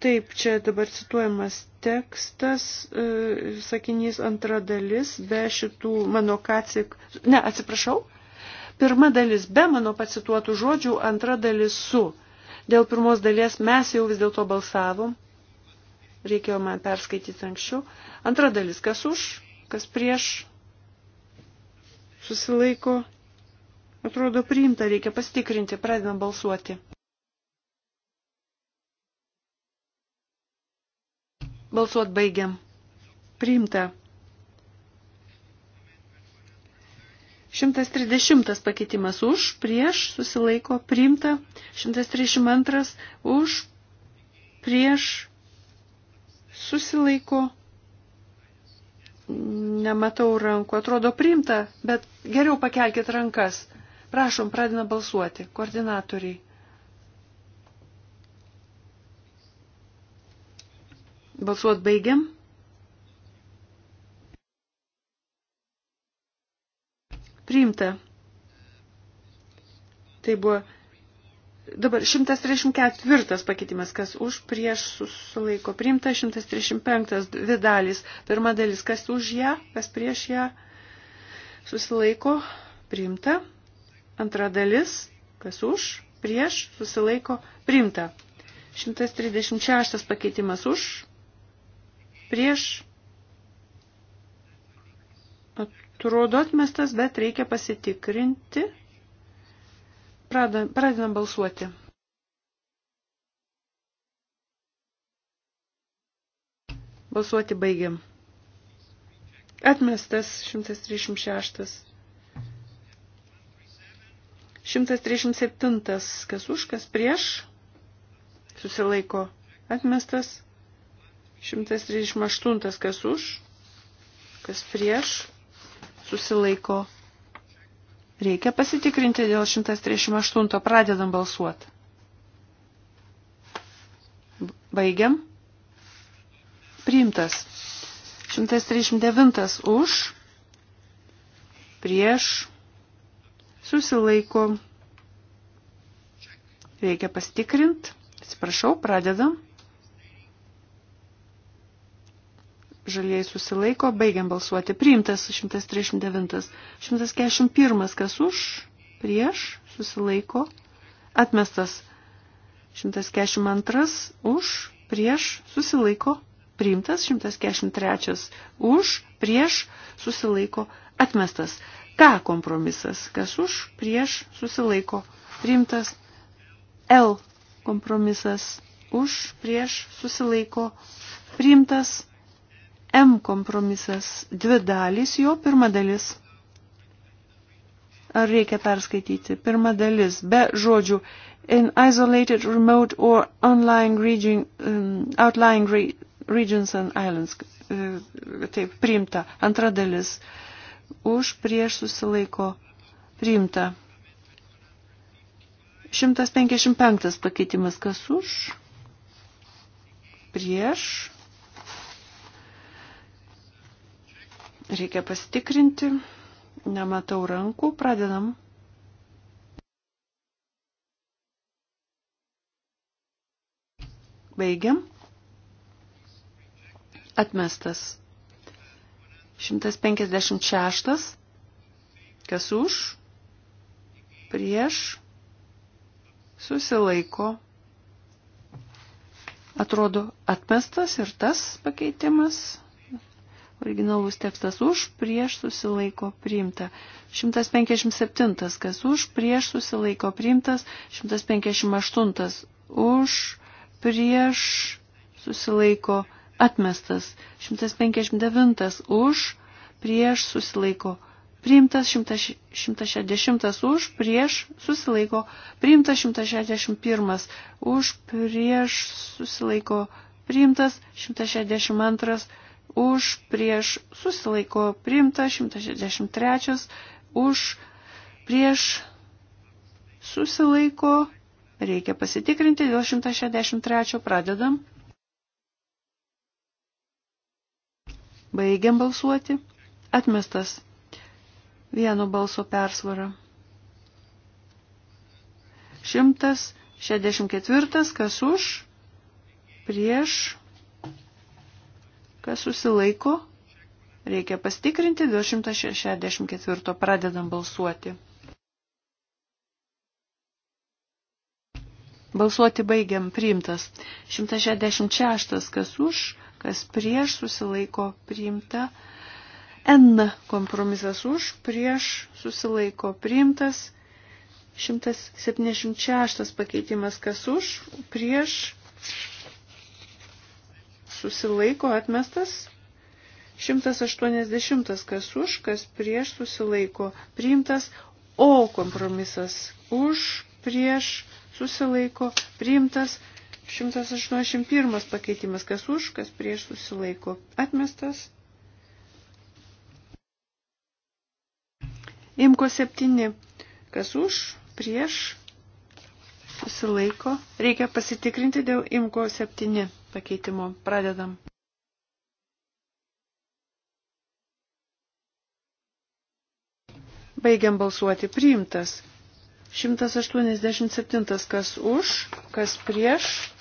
Taip, čia dabar cituojamas tekstas, e, sakinys antra dalis, be šitų mano kacik, ne, atsiprašau, pirma dalis be mano pacituotų žodžių, antra dalis su. Dėl pirmos dalies mes jau vis dėlto balsavom, reikėjo man perskaityti anksčiau. Antra dalis, kas už, kas prieš, susilaiko, atrodo priimta, reikia pasitikrinti, pradedam balsuoti. Balsuot baigiam. Priimta. 130 pakeitimas už, prieš, susilaiko, priimta. 132 už, prieš, susilaiko. Nematau rankų, atrodo priimta, bet geriau pakelkit rankas. Prašom, pradina balsuoti. Koordinatoriai. Balsuot baigiam. Priimta. Tai buvo dabar 134 pakeitimas, kas už prieš susilaiko priimta, 135 dvi dalys, pirma dalis, kas už ją, kas prieš ją susilaiko priimta, antra dalis, kas už, prieš susilaiko priimta. 136 pakeitimas už, prieš atrodo atmestas, bet reikia pasitikrinti. Pradedam balsuoti. Balsuoti baigiam. Atmestas 136. 137. Kas už, kas prieš? Susilaiko. Atmestas 138 kas už, kas prieš, susilaiko. Reikia pasitikrinti dėl 138, pradedam balsuoti. Baigiam. Priimtas. 139 už, prieš, susilaiko. Reikia pasitikrinti. Atsiprašau, pradedam. žaliai susilaiko, baigiam balsuoti. Priimtas 139. 141. Kas už, prieš, susilaiko, atmestas. 142. Už, prieš, susilaiko, priimtas. 143. Už, prieš, susilaiko, atmestas. K kompromisas. Kas už, prieš, susilaiko, priimtas. L kompromisas. Už, prieš, susilaiko, priimtas. M kompromisas dvi dalys, jo pirma dalis. Ar reikia perskaityti? Pirma dalis, be žodžių, in isolated, remote or online region, um, outlying re, regions and islands. Uh, taip, priimta. Antra dalis, už prieš susilaiko priimta. 155 pakeitimas, kas už? Prieš Reikia pasitikrinti. Nematau rankų. Pradedam. Baigiam. Atmestas. 156. Kas už? Prieš. Susilaiko. Atrodo atmestas ir tas pakeitimas. Originalus tekstas už, prieš susilaiko priimta. 157, kas už, prieš susilaiko priimtas. 158, už, prieš susilaiko atmestas. 159, už, prieš susilaiko priimtas. 160, už, prieš susilaiko priimtas. 161, už, prieš susilaiko priimtas. 162, už, prieš, susilaiko priimta, 163 už, prieš, susilaiko, reikia pasitikrinti, dėl 163 pradedam. Baigiam balsuoti. Atmestas vieno balso persvara. 164 kas už, prieš, Kas susilaiko? Reikia pastikrinti. Dėl 164 pradedam balsuoti. Balsuoti baigiam priimtas. 166 kas už, kas prieš susilaiko priimta. N kompromisas už, prieš susilaiko priimtas. 176 pakeitimas kas už, prieš susilaiko atmestas. 180 kas už, kas prieš susilaiko priimtas, o kompromisas už, prieš susilaiko priimtas. 181 pakeitimas kas už, kas prieš susilaiko atmestas. Imko 7 kas už, prieš susilaiko. Reikia pasitikrinti dėl Imko 7 pakeitimo. Pradedam. Baigiam balsuoti. Priimtas. 187. Kas už, kas prieš.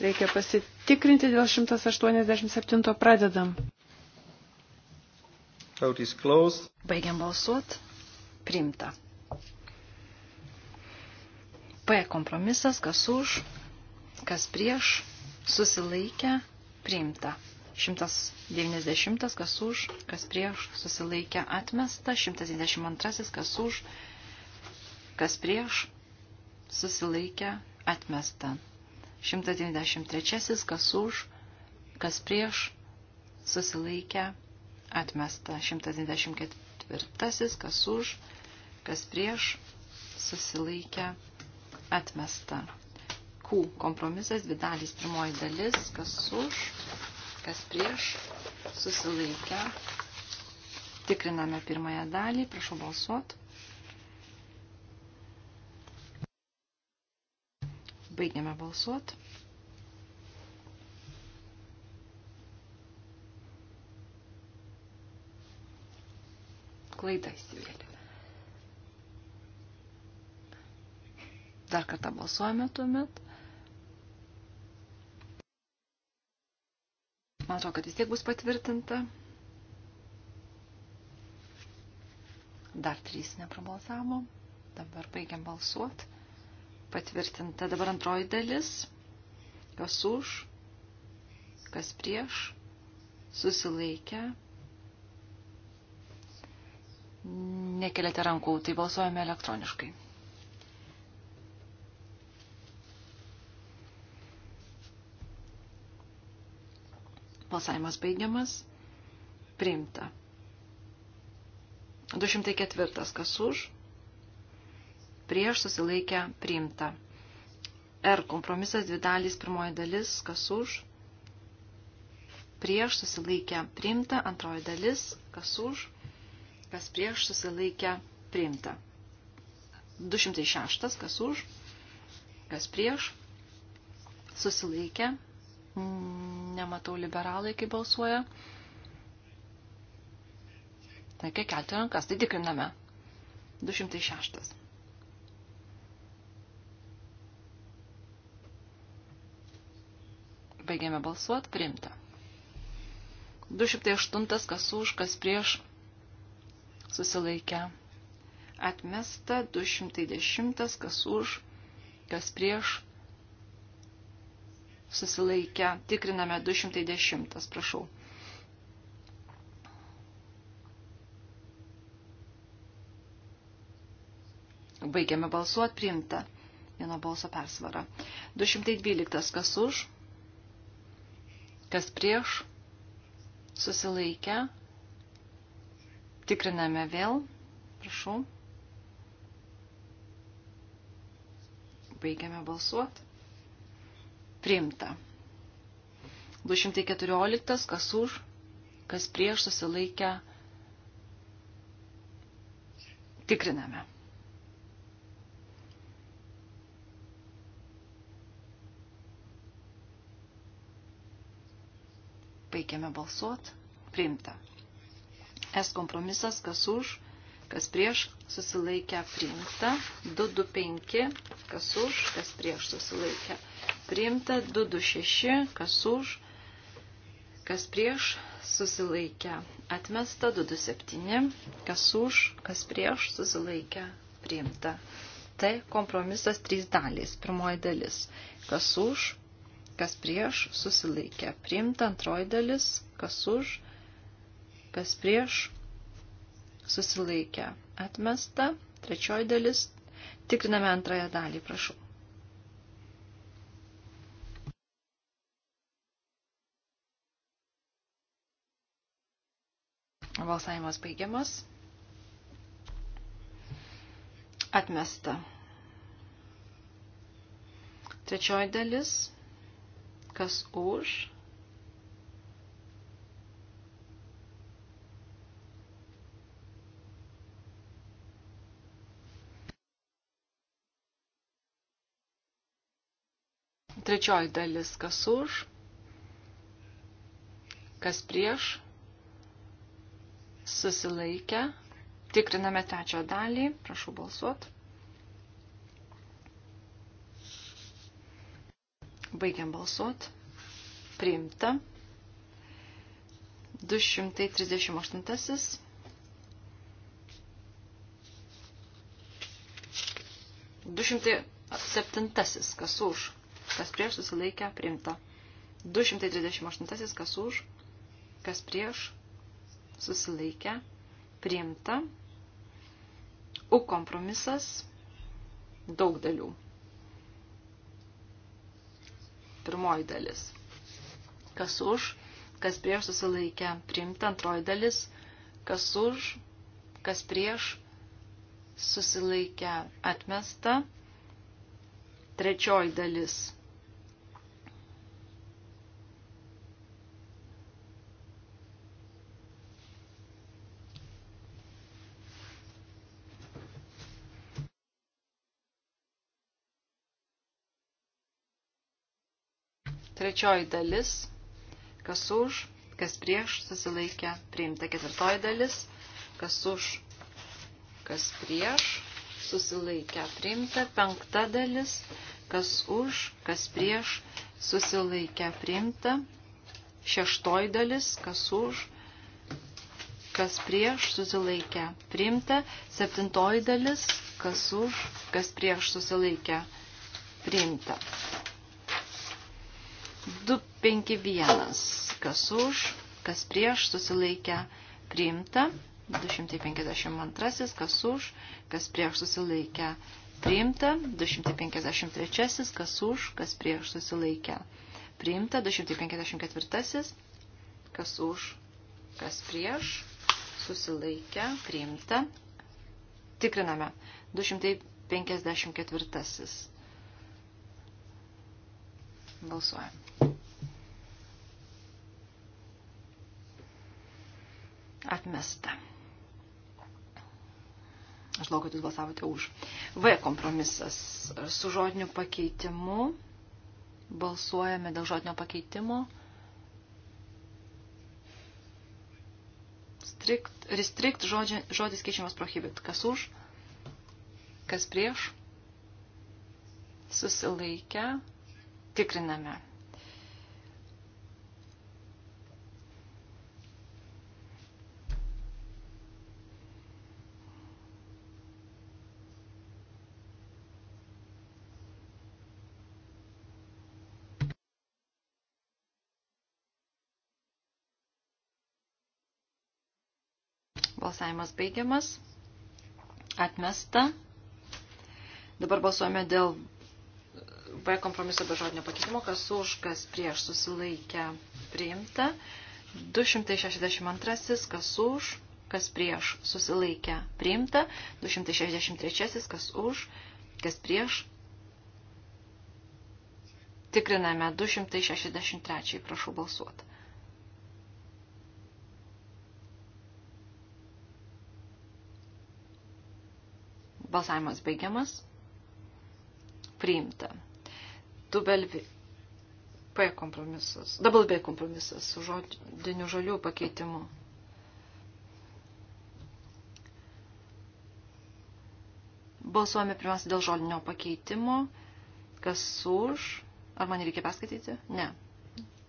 Reikia pasitikrinti dėl 187. Pradedam. Baigiam balsuoti. Priimta. P kompromisas, kas už, kas prieš, susilaikę, priimta. 190, kas už, kas prieš, susilaikę, atmesta. 192, kas už, kas prieš, susilaikę, atmesta. 193, kas už, kas prieš, susilaikę, atmesta. 194, kas už, kas prieš, susilaikę, atmesta. Q kompromisas, dvi dalys, pirmoji dalis, kas už, kas prieš, susilaikę. Tikriname pirmąją dalį, prašau balsuot. Baigiame balsuot. Klaida įsivėlė. Dar kartą balsuojame tuomet. Man atrodo, kad vis tiek bus patvirtinta. Dar trys neprabalsavo. Dabar baigiam balsuot. Patvirtinta dabar antroji dalis. Kas už, kas prieš, susilaikę. Nekeliate rankų, tai balsuojame elektroniškai. Balsavimas baigiamas. Priimta. 204. Kas už? Prieš susilaikę priimta. R. Kompromisas dvi dalys. Pirmoji dalis. Kas už? Prieš susilaikę priimta. Antroji dalis. Kas už? Kas prieš susilaikę priimta. 206. Kas už? Kas prieš? Susilaikę Nematau liberalai, kaip balsuoja. Reikia kelti rankas, tai tikriname. 206. Baigėme balsuot, priimta. 208, kas už, kas prieš, susilaikę. Atmesta 210, kas už, kas prieš, susilaikę, tikriname 210, prašau. Baigiame balsuot, priimta vieno balso persvara. 212, kas už, kas prieš, susilaikę, tikriname vėl, prašau. Baigiame balsuoti. Priimta. 214. Kas už, kas prieš susilaikę. Tikriname. Baigiame balsuot. Priimta. S kompromisas, kas už, kas prieš, susilaikę priimta. 225, kas už, kas prieš susilaikę priimta, 226, kas už, kas prieš, susilaikę, atmesta, 227, kas už, kas prieš, susilaikę, priimta. Tai kompromisas trys dalys. Pirmoji dalis, kas už, kas prieš, susilaikę, priimta, antroji dalis, kas už, kas prieš, susilaikę, atmesta, trečioji dalis, tikriname antrąją dalį, prašau. Balsavimas baigiamas. Atmesta. Trečioji dalis. Kas už? Trečioji dalis. Kas už? Kas prieš? susilaikę. Tikriname trečią dalį. Prašau balsuot. Baigiam balsuot. Priimta. 238. Du šimtai septintasis, kas už, kas prieš susilaikę, priimta. 238, kas už, kas prieš susilaikę, priimta. U kompromisas daug dalių. Pirmoji dalis. Kas už, kas prieš susilaikę, priimta. Antroji dalis. Kas už, kas prieš susilaikę, atmesta. Trečioji dalis Trečioji dalis, kas už, kas prieš, susilaikė, priimta. Ketvirtoji dalis, kas už, kas prieš, susilaikė, priimta. Penkta dalis, kas už, kas prieš, susilaikė, priimta. Šeštoji dalis, kas už, kas prieš, susilaikė, priimta. Septintoji dalis, kas už, kas prieš, susilaikė, priimta. 251. Kas už, kas prieš, susilaikę, priimta. 252. Kas už, kas prieš, susilaikę, priimta. 253. Kas už, kas prieš, susilaikę, priimta. 254. Kas už, kas prieš, susilaikę, priimta. Tikriname. 254. Balsuojam. atmesta. Aš laukiu, kad jūs balsavote už. V kompromisas su žodiniu pakeitimu. Balsuojame dėl žodinio pakeitimo. Strict, restrict žodži, žodis keičiamas prohibit. Kas už? Kas prieš? Susilaikę. Tikriname. Balsavimas baigiamas. Atmesta. Dabar balsuojame dėl B kompromiso be žodinio pakeitimo, kas už, kas prieš susilaikę priimta. 262, kas už, kas prieš susilaikę priimta. 263, kas už, kas prieš. Tikriname 263, prašau balsuoti. Balsavimas baigiamas. Priimta. Tubel P kompromisas. Double B kompromisas su žodiniu žalių pakeitimu. Balsuojame pirmiausia dėl žodinio pakeitimo. Kas už? Ar man reikia perskaityti? Ne.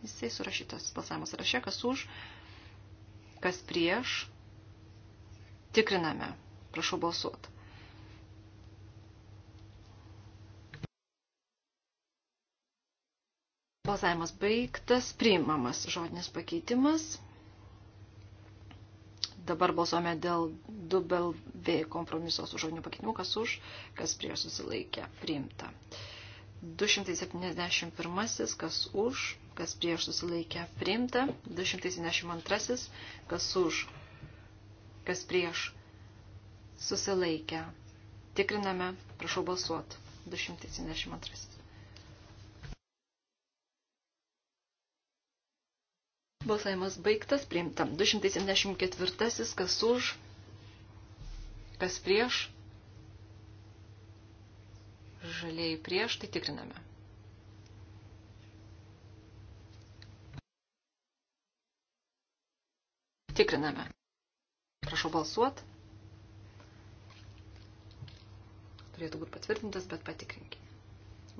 Jisai surašytas balsavimo sąraše. Kas už? Kas prieš? Tikriname. Prašau balsuoti. Balsavimas baigtas, priimamas žodinis pakeitimas. Dabar balsuome dėl dubel V kompromiso su žodiniu pakeitimu, kas už, kas prieš susilaikė, priimta. 271, kas už, kas prieš susilaikė, priimta. 272, kas už, kas prieš susilaikę. Tikriname, prašau balsuot. 272. Balsavimas baigtas, priimta. 274. Kas už, kas prieš. Žaliai prieš, tai tikriname. Tikriname. Prašau balsuot. Turėtų būti patvirtintas, bet patikrinkime.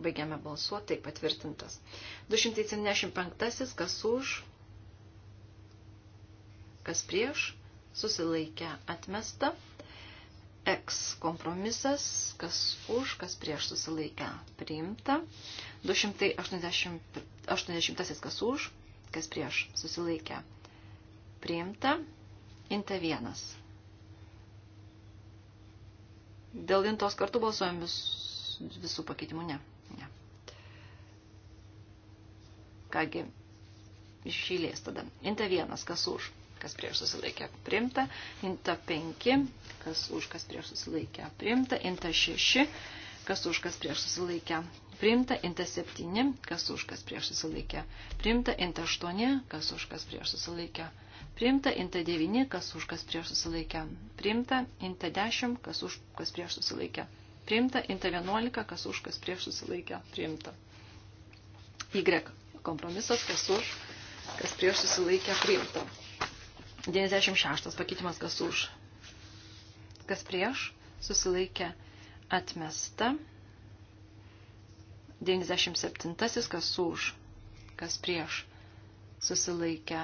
Baigiame balsuoti, taip patvirtintas. 275. Kas už, kas prieš, susilaikę atmesta. X kompromisas, kas už, kas prieš susilaikę priimta. 280 kas už, kas prieš susilaikę priimta. Inta 1. Dėl intos kartu balsuojam vis, visų pakeitimų, ne. ne. Kągi, iš eilės tada. Inta 1, kas už, kas prieš susilaikė primta, inta 5, kas už kas prieš susilaikė primta, inta 6, kas už kas prieš susilaikė primta, inta 7, kas už kas prieš susilaikė primta, inta 8, kas už kas prieš susilaikė primta, inta 9, kas už kas prieš susilaikė primta, inta 10, kas už kas prieš susilaikė primta, inta 11, kas už kas prieš susilaikė primta. Y. Kompromisas, kas už, kas prieš susilaikė priimta. 96 pakeitimas kas už. Kas prieš, susilaikė atmesta. 97 kas už. Kas prieš, susilaikė.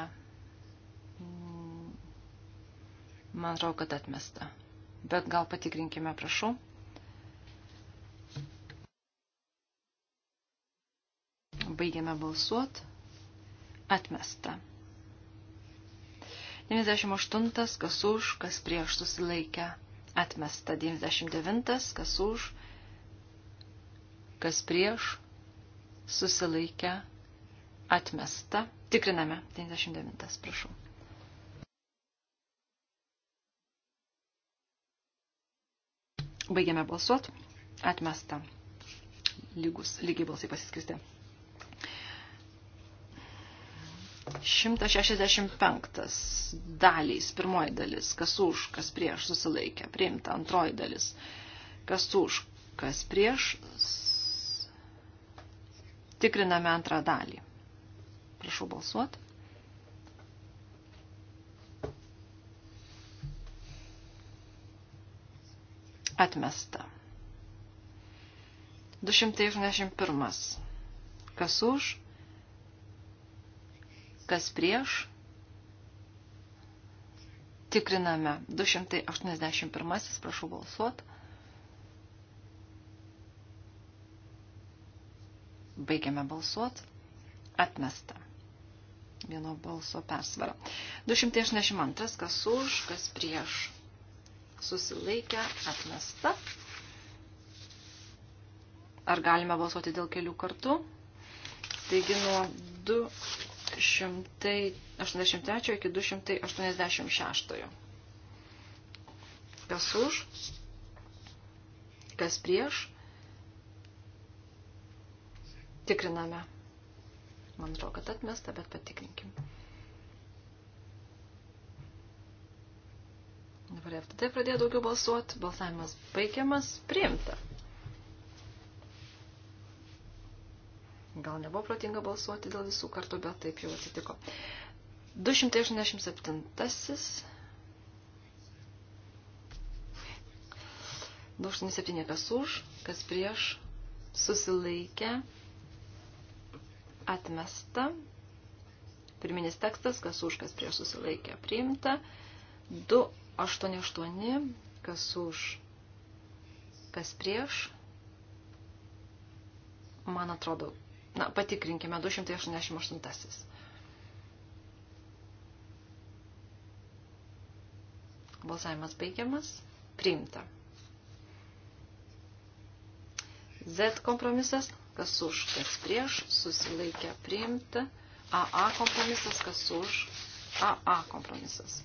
Mm, man atrodo, kad atmesta. Bet gal patikrinkime, prašau. Baigiame balsuot. Atmesta. 98, kas už, kas prieš susilaikę, atmesta. 99, kas už, kas prieš susilaikę, atmesta. Tikriname. 99, prašau. Baigiame balsuot. Atmesta. Lygus, lygiai balsai pasiskirstė. 165 dalys, pirmoji dalis, kas už, kas prieš, susilaikė, priimta, antroji dalis, kas už, kas prieš, tikriname antrą dalį. Prašau balsuoti. Atmesta. 281. Kas už, kas prieš. Tikriname 281, prašau balsuot. Baigiame balsuot. Atmesta. Vieno balso persvara. 282, kas už, kas prieš. Susilaikę, atmesta. Ar galime balsuoti dėl kelių kartų? Taigi nuo 2. 283 iki 286. Kas už, kas prieš, tikriname. Man atrodo, kad atmesta, bet patikrinkim. Dabar FTT pradėjo daugiau balsuoti, balsavimas baigiamas, priimta. Gal nebuvo protinga balsuoti dėl visų kartų, bet taip jau atsitiko. 287. 287 kas už, kas prieš, susilaikę, atmesta. Pirminis tekstas, kas už, kas prieš susilaikę, priimta. 288, kas už, kas prieš. Man atrodo, Na, patikrinkime 288. Balsavimas baigiamas. Priimta. Z kompromisas, kas už, kas prieš, susilaikė priimta. AA kompromisas, kas už, AA kompromisas.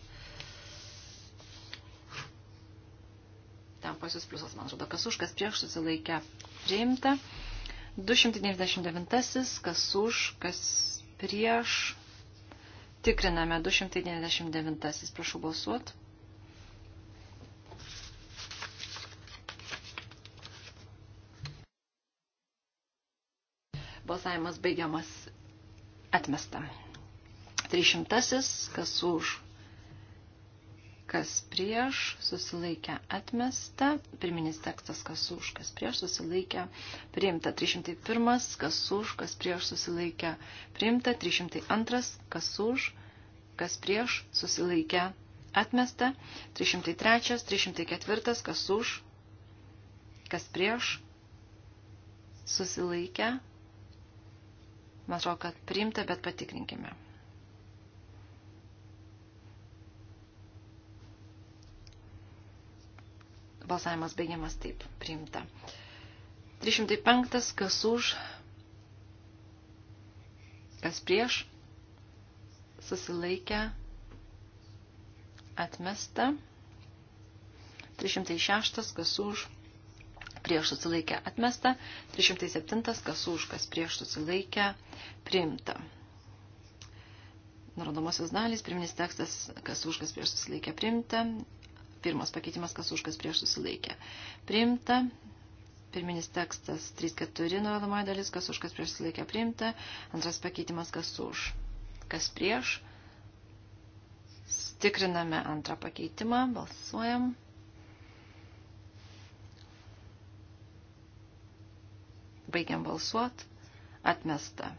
Ten pas jūs pliusas, man atrodo, kas už, kas prieš, susilaikė priimta. 299, kas už, kas prieš. Tikriname 299, prašau balsuot. Balsavimas baigiamas atmesta. 300, kas už, kas prieš, susilaikę atmesta, pirminis tekstas, kas už, kas prieš, susilaikę priimta 301, kas už, kas prieš, susilaikę priimta 302, kas už, kas prieš, susilaikę atmesta 303, 304, kas už, kas prieš, susilaikę, man atrodo, kad priimta, bet patikrinkime. Balsavimas baigiamas taip, priimta. 305, kas už, kas prieš, susilaikę, atmesta. 306, kas už, prieš susilaikę, atmesta. 307, kas už, kas prieš susilaikę, priimta. Nurodomosios dalys, pirminis tekstas, kas už, kas prieš susilaikę, priimta. Pirmas pakeitimas, kas už, kas prieš susilaikė. Priimta. Pirminis tekstas 3.4 nurodomoji dalis, kas už, kas prieš susilaikė priimta. Antras pakeitimas, kas už, kas prieš. Tikriname antrą pakeitimą, balsuojam. Baigiam balsuot. Atmesta.